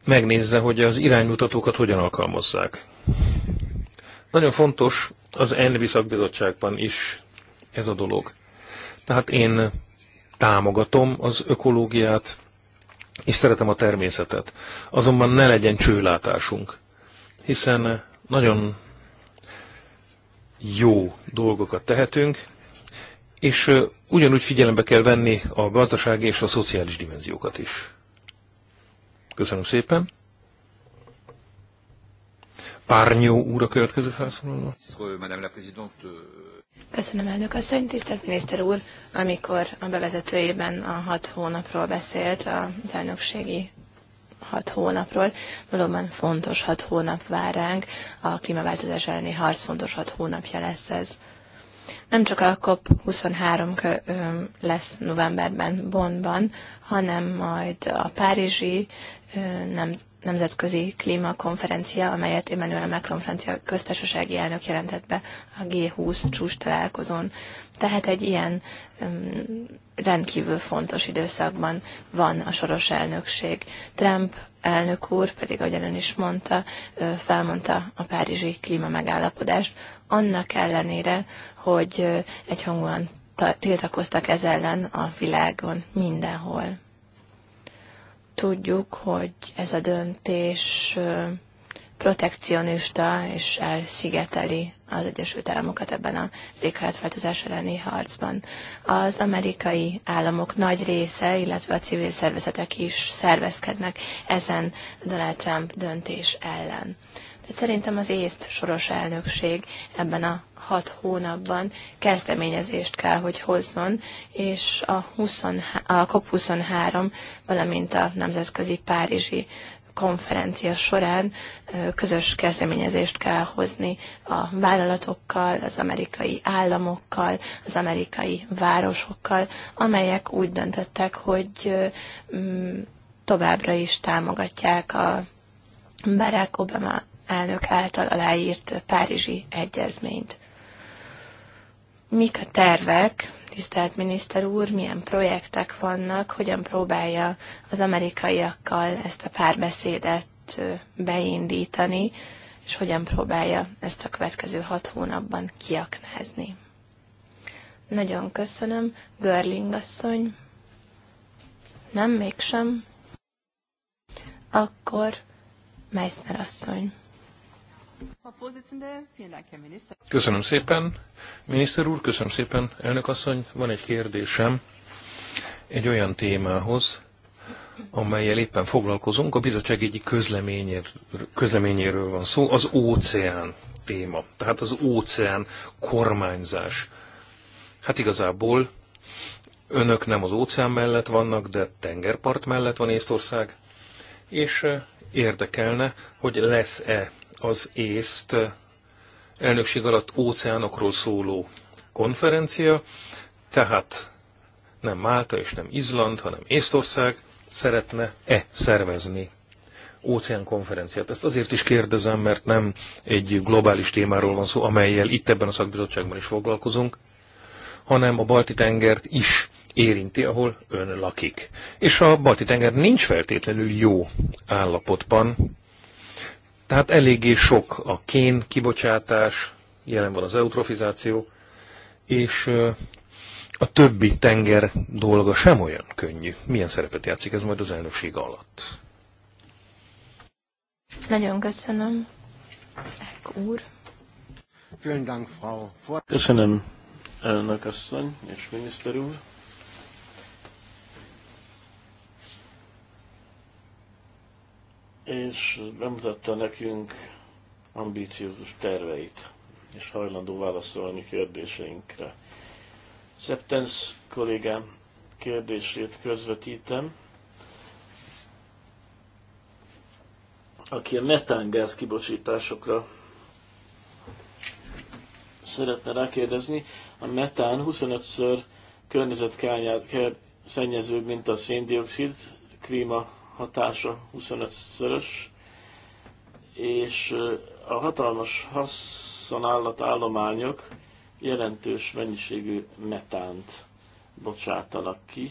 megnézze, hogy az iránymutatókat hogyan alkalmazzák. Nagyon fontos az ENVI szakbizottságban is ez a dolog. Tehát én támogatom az ökológiát, és szeretem a természetet. Azonban ne legyen csőlátásunk, hiszen nagyon jó dolgokat tehetünk, és ugyanúgy figyelembe kell venni a gazdasági és a szociális dimenziókat is. Köszönöm szépen. Párnyó úr a következő felszólaló. Köszönöm, elnök asszony. Tisztelt miniszter úr, amikor a bevezetőjében a hat hónapról beszélt, az elnökségi hat hónapról. Valóban fontos hat hónap vár ránk, a klímaváltozás elleni harc fontos hat hónapja lesz ez. Nem csak a COP23 lesz novemberben Bonnban, hanem majd a Párizsi nem, nemzetközi klímakonferencia, amelyet Emmanuel Macron francia köztársasági elnök jelentett be a G20 csúcs találkozón. Tehát egy ilyen um, rendkívül fontos időszakban van a soros elnökség. Trump elnök úr pedig, ahogy ön is mondta, felmondta a párizsi klíma megállapodást, annak ellenére, hogy egyhangúan tiltakoztak ez ellen a világon mindenhol. Tudjuk, hogy ez a döntés protekcionista és elszigeteli az Egyesült Államokat ebben az éghajlatváltozás elleni harcban. Az amerikai államok nagy része, illetve a civil szervezetek is szervezkednek ezen Donald Trump döntés ellen. De szerintem az észt soros elnökség ebben a hat hónapban kezdeményezést kell, hogy hozzon, és a, 20, a COP23, valamint a Nemzetközi Párizsi konferencia során közös kezdeményezést kell hozni a vállalatokkal, az amerikai államokkal, az amerikai városokkal, amelyek úgy döntöttek, hogy mm, továbbra is támogatják a Barack Obama elnök által aláírt Párizsi egyezményt. Mik a tervek, tisztelt miniszter úr, milyen projektek vannak, hogyan próbálja az amerikaiakkal ezt a párbeszédet beindítani, és hogyan próbálja ezt a következő hat hónapban kiaknázni. Nagyon köszönöm, Görling asszony. Nem, mégsem. Akkor Meissner asszony. Köszönöm szépen, miniszter úr, köszönöm szépen, elnök asszony. Van egy kérdésem egy olyan témához, amelyel éppen foglalkozunk. A bizottság egyik közleményéről van szó, az óceán téma. Tehát az óceán kormányzás. Hát igazából önök nem az óceán mellett vannak, de tengerpart mellett van Észtország, és eh, érdekelne, hogy lesz-e az észt elnökség alatt óceánokról szóló konferencia, tehát nem Málta és nem Izland, hanem Észtország szeretne-e szervezni konferenciát. Ezt azért is kérdezem, mert nem egy globális témáról van szó, amelyel itt ebben a szakbizottságban is foglalkozunk, hanem a Balti-tengert is érinti, ahol ön lakik. És a Balti-tenger nincs feltétlenül jó állapotban, tehát eléggé sok a kén kibocsátás, jelen van az eutrofizáció, és a többi tenger dolga sem olyan könnyű. Milyen szerepet játszik ez majd az elnökség alatt? Nagyon köszönöm, Ek úr. Köszönöm, elnök asszony és miniszter úr. és bemutatta nekünk ambíciózus terveit, és hajlandó válaszolni kérdéseinkre. Szeptens kollégám kérdését közvetítem, aki a metángáz kibocsításokra szeretne rákérdezni. A metán 25-ször környezetkárnyád szennyezőbb, mint a széndiokszid, klíma hatása 25-szörös, és a hatalmas haszonállat állományok jelentős mennyiségű metánt bocsátanak ki.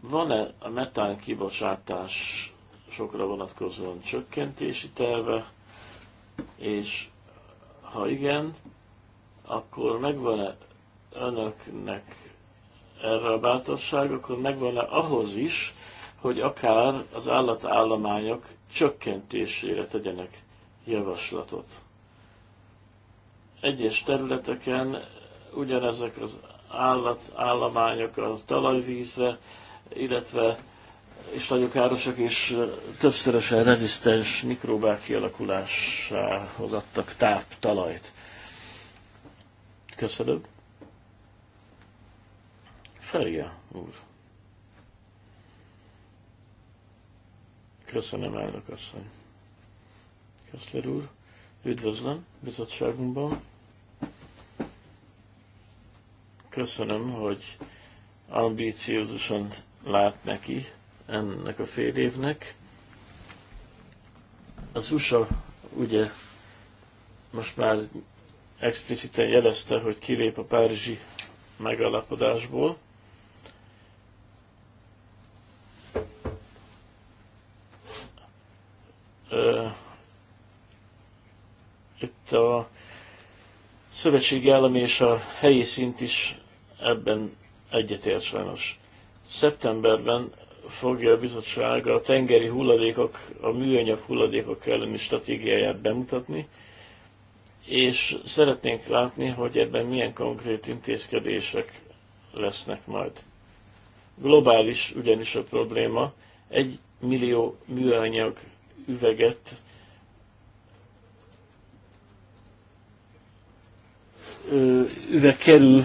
Van-e a metán kibocsátás sokra vonatkozóan csökkentési terve, és ha igen, akkor megvan-e önöknek erre a bátorság, akkor megvan-e ahhoz is, hogy akár az állatállományok csökkentésére tegyenek javaslatot. Egyes területeken ugyanezek az állatállományok a talajvízre, illetve és nagyon károsak, és többszörösen rezisztens mikróbák kialakulásához adtak táptalajt. Köszönöm. Feria úr. Köszönöm, elnök asszony. Keszler úr, üdvözlöm bizottságunkban. Köszönöm, hogy ambíciózusan lát neki ennek a fél évnek. Az USA ugye most már expliciten jelezte, hogy kilép a párizsi megállapodásból, uh, itt a szövetségi állam és a helyi szint is ebben egyetért sajnos. Szeptemberben fogja a bizottság a tengeri hulladékok, a műanyag hulladékok elleni stratégiáját bemutatni, és szeretnénk látni, hogy ebben milyen konkrét intézkedések lesznek majd. Globális ugyanis a probléma, egy millió műanyag üveget üveg kerül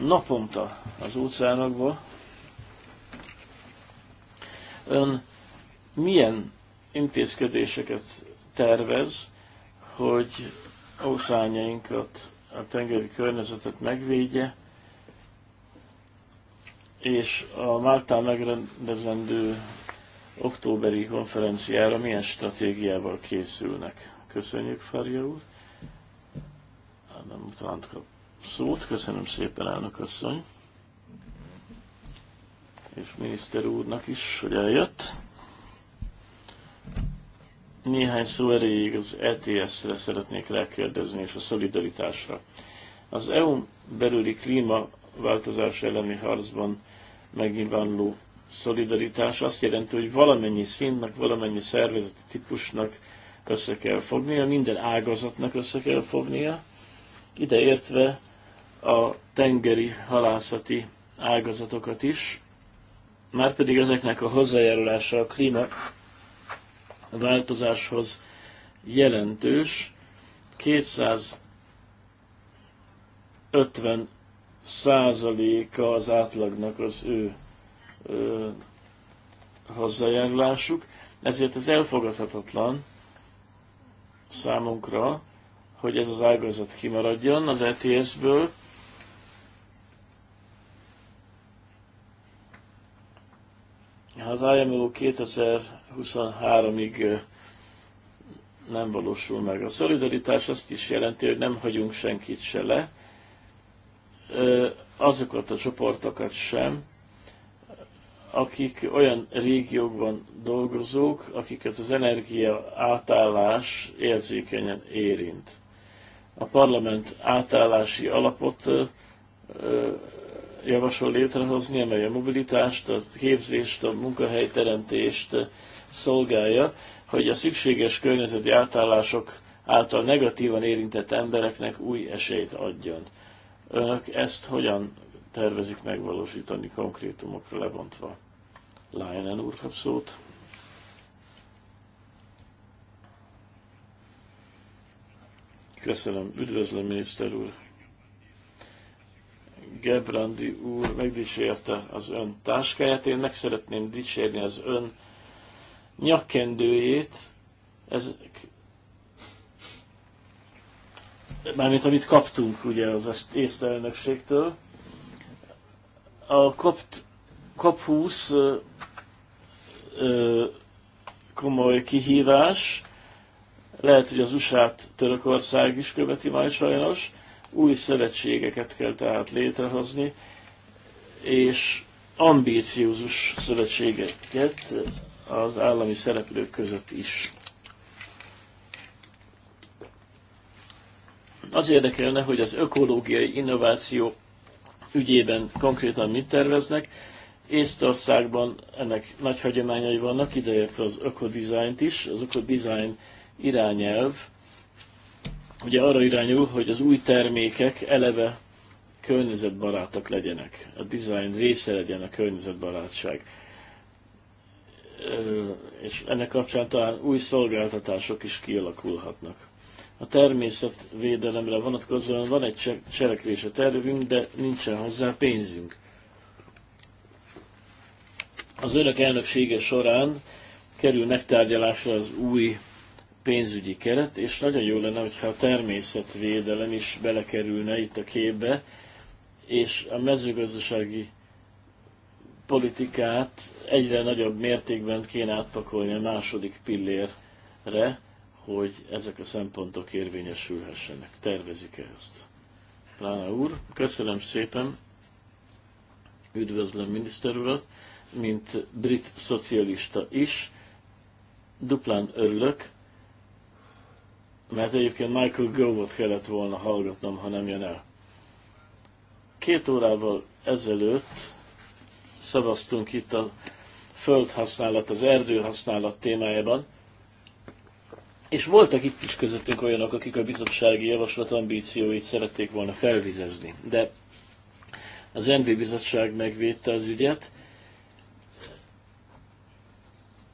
naponta az óceánokba. Ön milyen intézkedéseket tervez, hogy óceánjainkat, a tengeri környezetet megvédje, és a Máltán megrendezendő októberi konferenciára milyen stratégiával készülnek. Köszönjük, Farja úr. Nem Utránt szót. Köszönöm szépen, elnök asszony. És miniszter úrnak is, hogy eljött. Néhány szó erejéig az ETS-re szeretnék rákérdezni, és a szolidaritásra. Az EU belüli klímaváltozás elleni harcban megnyilvánuló szolidaritás azt jelenti, hogy valamennyi színnek, valamennyi szervezeti típusnak össze kell fognia, minden ágazatnak össze kell fognia, ideértve a tengeri halászati ágazatokat is, márpedig ezeknek a hozzájárulása a klíma változáshoz jelentős, 250 százaléka az átlagnak az ő hozzájárulásuk, ezért ez elfogadhatatlan számunkra, hogy ez az ágazat kimaradjon az ETS-ből, ha az IMO 2023-ig nem valósul meg. A szolidaritás azt is jelenti, hogy nem hagyunk senkit se le, azokat a csoportokat sem, akik olyan régiókban dolgozók, akiket az energia átállás érzékenyen érint. A parlament átállási alapot javasol létrehozni, amely a mobilitást, a képzést, a munkahelyteremtést szolgálja, hogy a szükséges környezeti átállások által negatívan érintett embereknek új esélyt adjon. Önök ezt hogyan tervezik megvalósítani konkrétumokra lebontva. Lionel úr kap szót. Köszönöm, üdvözlöm miniszter úr. Gebrandi úr megdicsérte az ön táskáját, én meg szeretném dicsérni az ön nyakkendőjét, ez mármint amit kaptunk ugye az ezt észtelnökségtől, a kop 20 ö, komoly kihívás, lehet, hogy az USA-t Törökország is követi majd sajnos, új szövetségeket kell tehát létrehozni, és ambíciózus szövetségeket az állami szereplők között is. Az érdekelne, hogy az ökológiai innováció ügyében konkrétan mit terveznek. Észtországban ennek nagy hagyományai vannak, ideértve az ökodizájnt is. Az ökodizájn irányelv ugye arra irányul, hogy az új termékek eleve környezetbarátak legyenek. A design része legyen a környezetbarátság. És ennek kapcsán talán új szolgáltatások is kialakulhatnak. A természetvédelemre vonatkozóan van egy cselekvés a tervünk, de nincsen hozzá pénzünk. Az önök elnöksége során kerül megtárgyalásra az új pénzügyi keret, és nagyon jó lenne, hogyha a természetvédelem is belekerülne itt a képbe, és a mezőgazdasági politikát egyre nagyobb mértékben kéne átpakolni a második pillérre, hogy ezek a szempontok érvényesülhessenek. Tervezik-e ezt? Plána úr, köszönöm szépen, üdvözlöm miniszter urat, mint brit szocialista is. Duplán örülök, mert egyébként Michael Gove-ot kellett volna hallgatnom, ha nem jön el. Két órával ezelőtt szavaztunk itt a földhasználat, az erdőhasználat témájában, és voltak itt is közöttünk olyanok, akik a bizottsági javaslat ambícióit szerették volna felvizezni. De az NV bizottság megvédte az ügyet.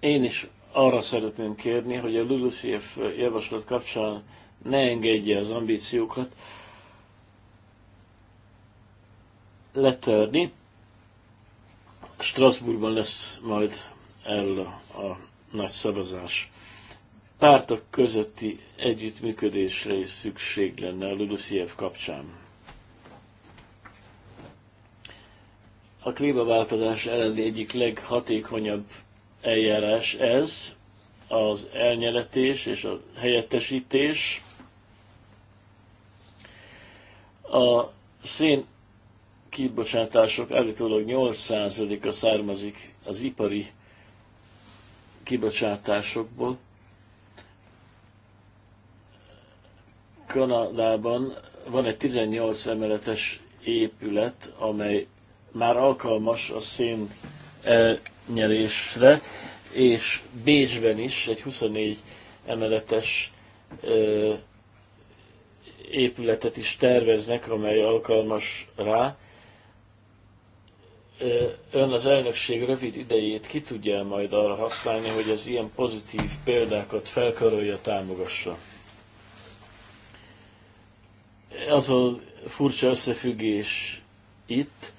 Én is arra szeretném kérni, hogy a LULUCF javaslat kapcsán ne engedje az ambíciókat letörni. Strasbourgban lesz majd erről a nagy szavazás pártok közötti együttműködésre is szükség lenne a LULUCF kapcsán. A klímaváltozás elleni egyik leghatékonyabb eljárás ez, az elnyeletés és a helyettesítés. A szén kibocsátások állítólag 8%-a származik az ipari kibocsátásokból, Kanadában van egy 18 emeletes épület, amely már alkalmas a szén elnyelésre, és Bécsben is egy 24 emeletes ö, épületet is terveznek, amely alkalmas rá. Ön az elnökség rövid idejét ki tudja majd arra használni, hogy az ilyen pozitív példákat felkarolja, támogassa? az a furcsa összefüggés itt,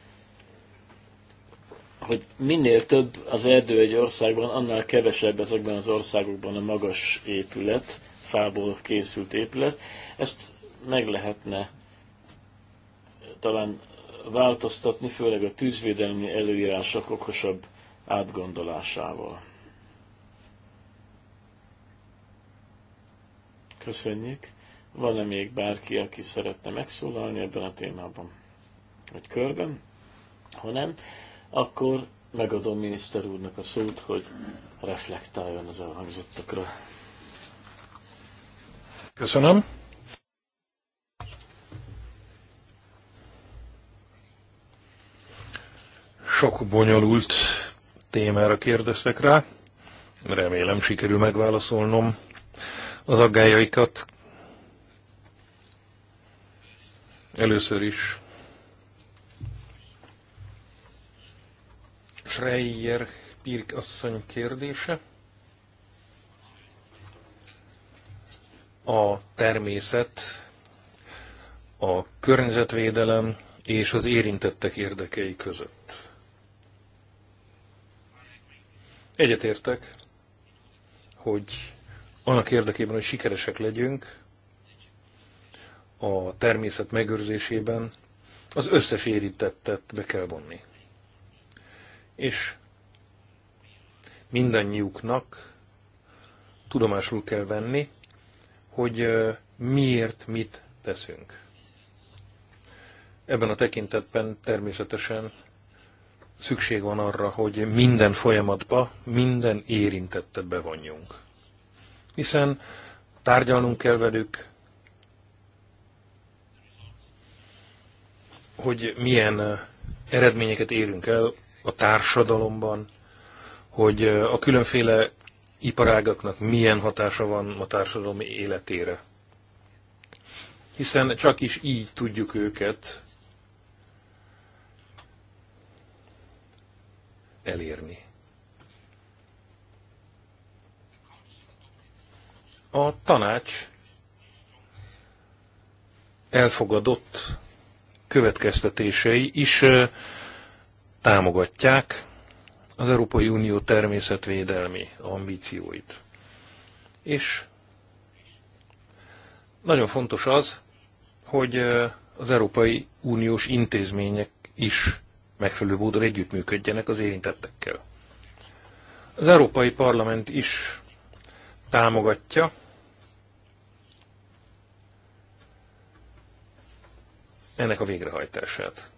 hogy minél több az erdő egy országban, annál kevesebb ezekben az országokban a magas épület, fából készült épület. Ezt meg lehetne talán változtatni, főleg a tűzvédelmi előírások okosabb átgondolásával. Köszönjük! Van-e még bárki, aki szeretne megszólalni ebben a témában? Vagy körben? Ha nem, akkor megadom miniszter úrnak a szót, hogy reflektáljon az elhangzottakra. Köszönöm. Sok bonyolult témára kérdeztek rá. Remélem sikerül megválaszolnom az aggájaikat. Először is Schreier Pirk asszony kérdése. A természet, a környezetvédelem és az érintettek érdekei között. Egyetértek, hogy annak érdekében, hogy sikeresek legyünk, a természet megőrzésében az összes érintettet be kell vonni. És mindannyiuknak tudomásul kell venni, hogy miért mit teszünk. Ebben a tekintetben természetesen szükség van arra, hogy minden folyamatba minden érintettet bevonjunk. Hiszen tárgyalnunk kell velük, hogy milyen eredményeket érünk el a társadalomban, hogy a különféle iparágaknak milyen hatása van a társadalom életére. Hiszen csak is így tudjuk őket elérni. A tanács elfogadott következtetései is támogatják az Európai Unió természetvédelmi ambícióit. És nagyon fontos az, hogy az Európai Uniós intézmények is megfelelő módon együttműködjenek az érintettekkel. Az Európai Parlament is támogatja ennek a végrehajtását.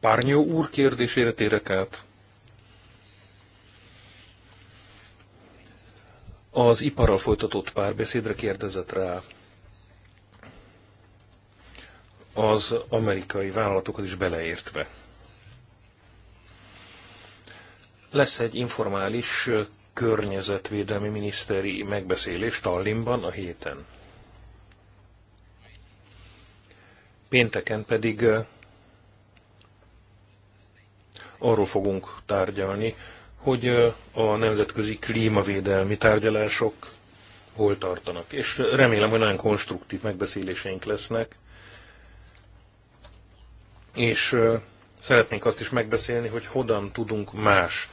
Párnyó úr kérdésére térek át. Az iparral folytatott párbeszédre kérdezett rá. Az amerikai vállalatokat is beleértve. Lesz egy informális környezetvédelmi miniszteri megbeszélés Tallinnban a héten. Pénteken pedig arról fogunk tárgyalni, hogy a nemzetközi klímavédelmi tárgyalások hol tartanak. És remélem, hogy nagyon konstruktív megbeszéléseink lesznek. És szeretnénk azt is megbeszélni, hogy hogyan tudunk más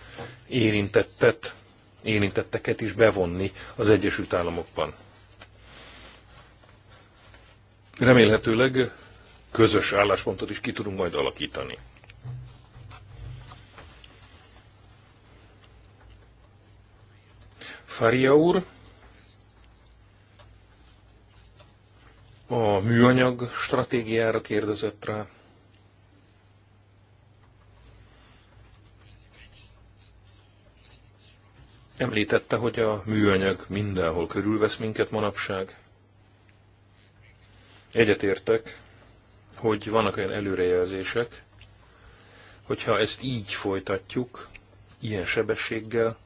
érintettet, érintetteket is bevonni az Egyesült Államokban. Remélhetőleg közös álláspontot is ki tudunk majd alakítani. Faria úr, a műanyag stratégiára kérdezett rá. Említette, hogy a műanyag mindenhol körülvesz minket manapság. Egyetértek, hogy vannak olyan előrejelzések, hogyha ezt így folytatjuk, ilyen sebességgel,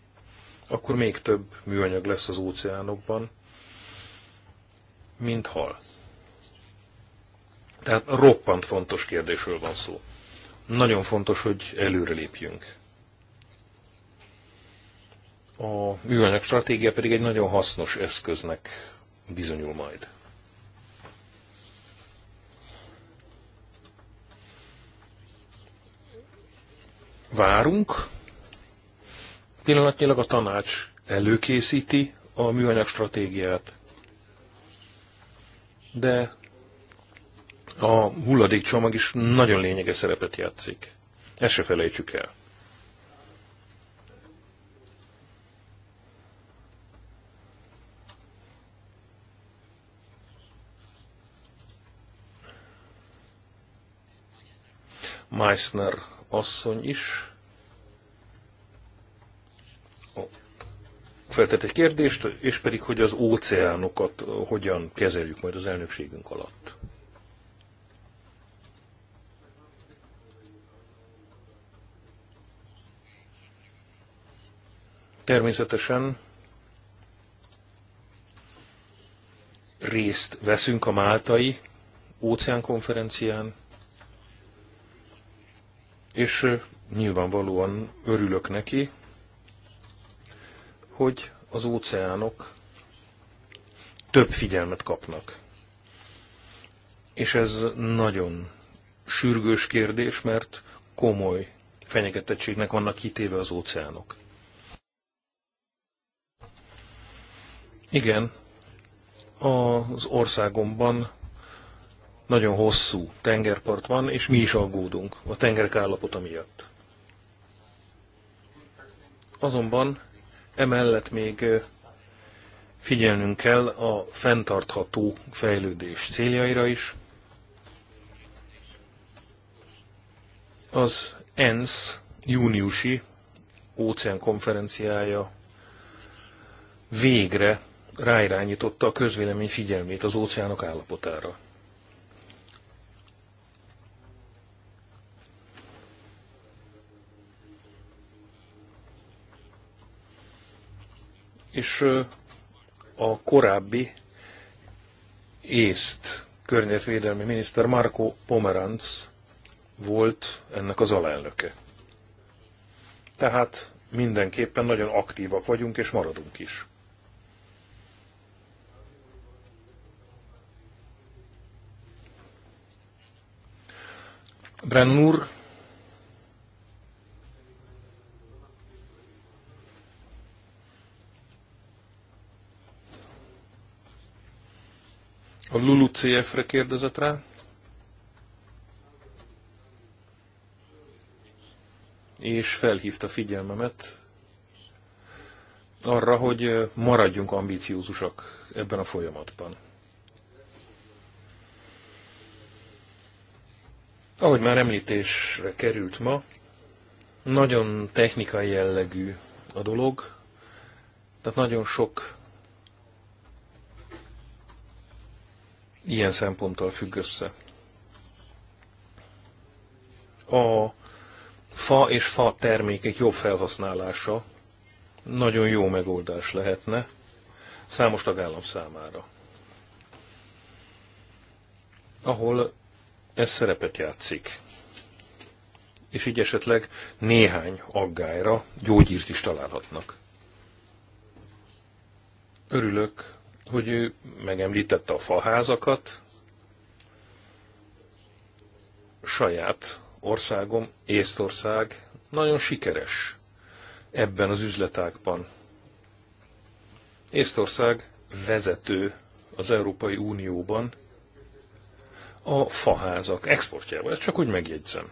akkor még több műanyag lesz az óceánokban, mint hal. Tehát roppant fontos kérdésről van szó. Nagyon fontos, hogy előre lépjünk a műanyag stratégia pedig egy nagyon hasznos eszköznek bizonyul majd. Várunk. Pillanatnyilag a tanács előkészíti a műanyag stratégiát, de a hulladékcsomag is nagyon lényeges szerepet játszik. Ezt se felejtsük el. Meissner asszony is feltett egy kérdést, és pedig, hogy az óceánokat hogyan kezeljük majd az elnökségünk alatt. Természetesen részt veszünk a Máltai óceánkonferencián, és nyilvánvalóan örülök neki, hogy az óceánok több figyelmet kapnak. És ez nagyon sürgős kérdés, mert komoly fenyegetettségnek vannak kitéve az óceánok. Igen, az országomban nagyon hosszú tengerpart van, és mi is aggódunk a tengerek állapota miatt. Azonban emellett még figyelnünk kell a fenntartható fejlődés céljaira is. Az ENSZ júniusi konferenciája végre ráirányította a közvélemény figyelmét az óceánok állapotára. és a korábbi észt környezetvédelmi miniszter Marco Pomeranz volt ennek az alelnöke. Tehát mindenképpen nagyon aktívak vagyunk, és maradunk is. Brennur A Lulu cf re kérdezett rá. És felhívta figyelmemet arra, hogy maradjunk ambíciózusak ebben a folyamatban. Ahogy már említésre került ma, nagyon technikai jellegű a dolog, tehát nagyon sok ilyen szemponttal függ össze. A fa és fa termékek jobb felhasználása nagyon jó megoldás lehetne számos tagállam számára, ahol ez szerepet játszik. És így esetleg néhány aggályra gyógyírt is találhatnak. Örülök, hogy ő megemlítette a faházakat, saját országom, Észtország nagyon sikeres ebben az üzletákban. Észtország vezető az Európai Unióban a faházak exportjával. Ezt csak úgy megjegyzem.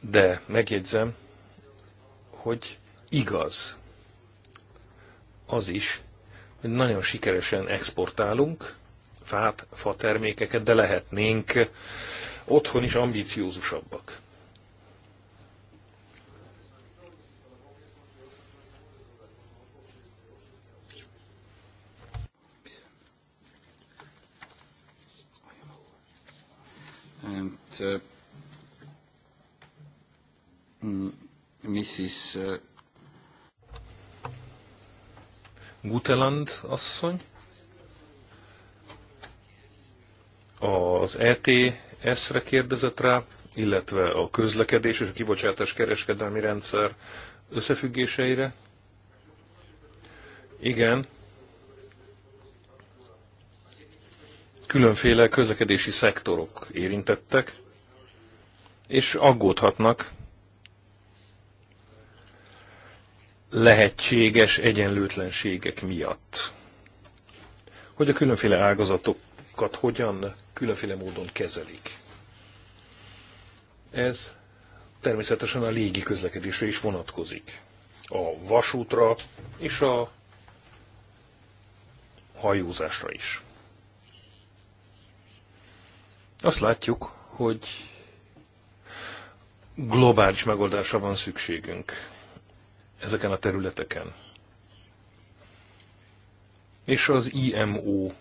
De megjegyzem, hogy igaz az is, nagyon sikeresen exportálunk fát, fa termékeket, de lehetnénk otthon is ambíciózusabbak. And uh, Mrs. Mm, uh, Guteland asszony, az ETS-re kérdezett rá, illetve a közlekedés és a kibocsátás kereskedelmi rendszer összefüggéseire. Igen, különféle közlekedési szektorok érintettek, és aggódhatnak, lehetséges egyenlőtlenségek miatt. Hogy a különféle ágazatokat hogyan különféle módon kezelik. Ez természetesen a légi közlekedésre is vonatkozik. A vasútra és a hajózásra is. Azt látjuk, hogy globális megoldásra van szükségünk ezeken a területeken. És az IMO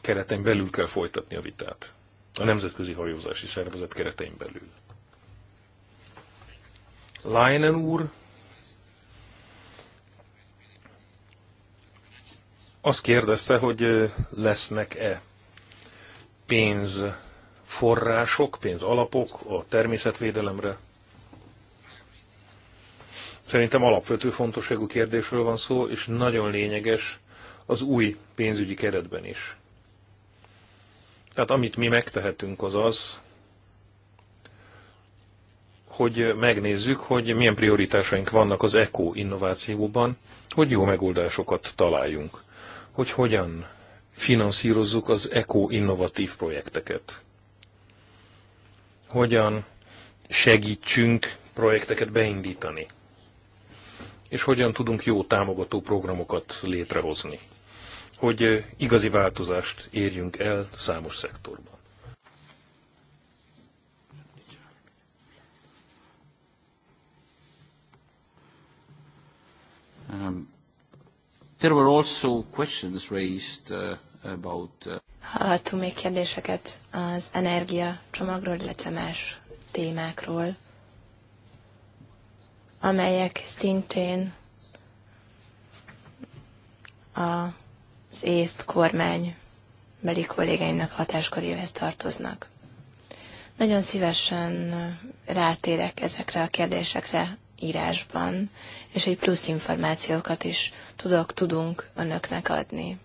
keretein belül kell folytatni a vitát. A Nemzetközi Hajózási Szervezet keretein belül. Leinen úr azt kérdezte, hogy lesznek-e pénzforrások, pénzalapok a természetvédelemre. Szerintem alapvető fontosságú kérdésről van szó, és nagyon lényeges az új pénzügyi keretben is. Tehát amit mi megtehetünk az az, hogy megnézzük, hogy milyen prioritásaink vannak az ECO innovációban, hogy jó megoldásokat találjunk, hogy hogyan finanszírozzuk az ECO innovatív projekteket, hogyan segítsünk projekteket beindítani és hogyan tudunk jó támogató programokat létrehozni, hogy igazi változást érjünk el számos szektorban. Um, there were also questions raised uh, about uh, Hallhattunk még kérdéseket az csomagról, illetve más témákról amelyek szintén az észt kormány beli kollégáimnak hatásköréhez tartoznak. Nagyon szívesen rátérek ezekre a kérdésekre írásban, és egy plusz információkat is tudok, tudunk önöknek adni.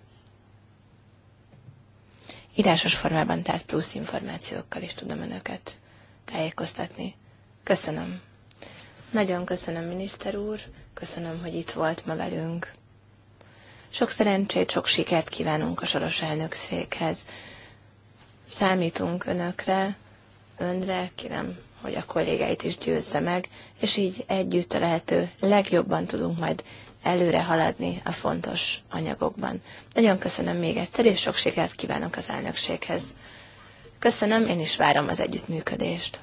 Írásos formában, tehát plusz információkkal is tudom önöket tájékoztatni. Köszönöm. Nagyon köszönöm, miniszter úr, köszönöm, hogy itt volt ma velünk. Sok szerencsét, sok sikert kívánunk a soros elnökséghez. Számítunk önökre, önre, kérem, hogy a kollégáit is győzze meg, és így együtt a lehető legjobban tudunk majd előre haladni a fontos anyagokban. Nagyon köszönöm még egyszer, és sok sikert kívánok az elnökséghez. Köszönöm, én is várom az együttműködést.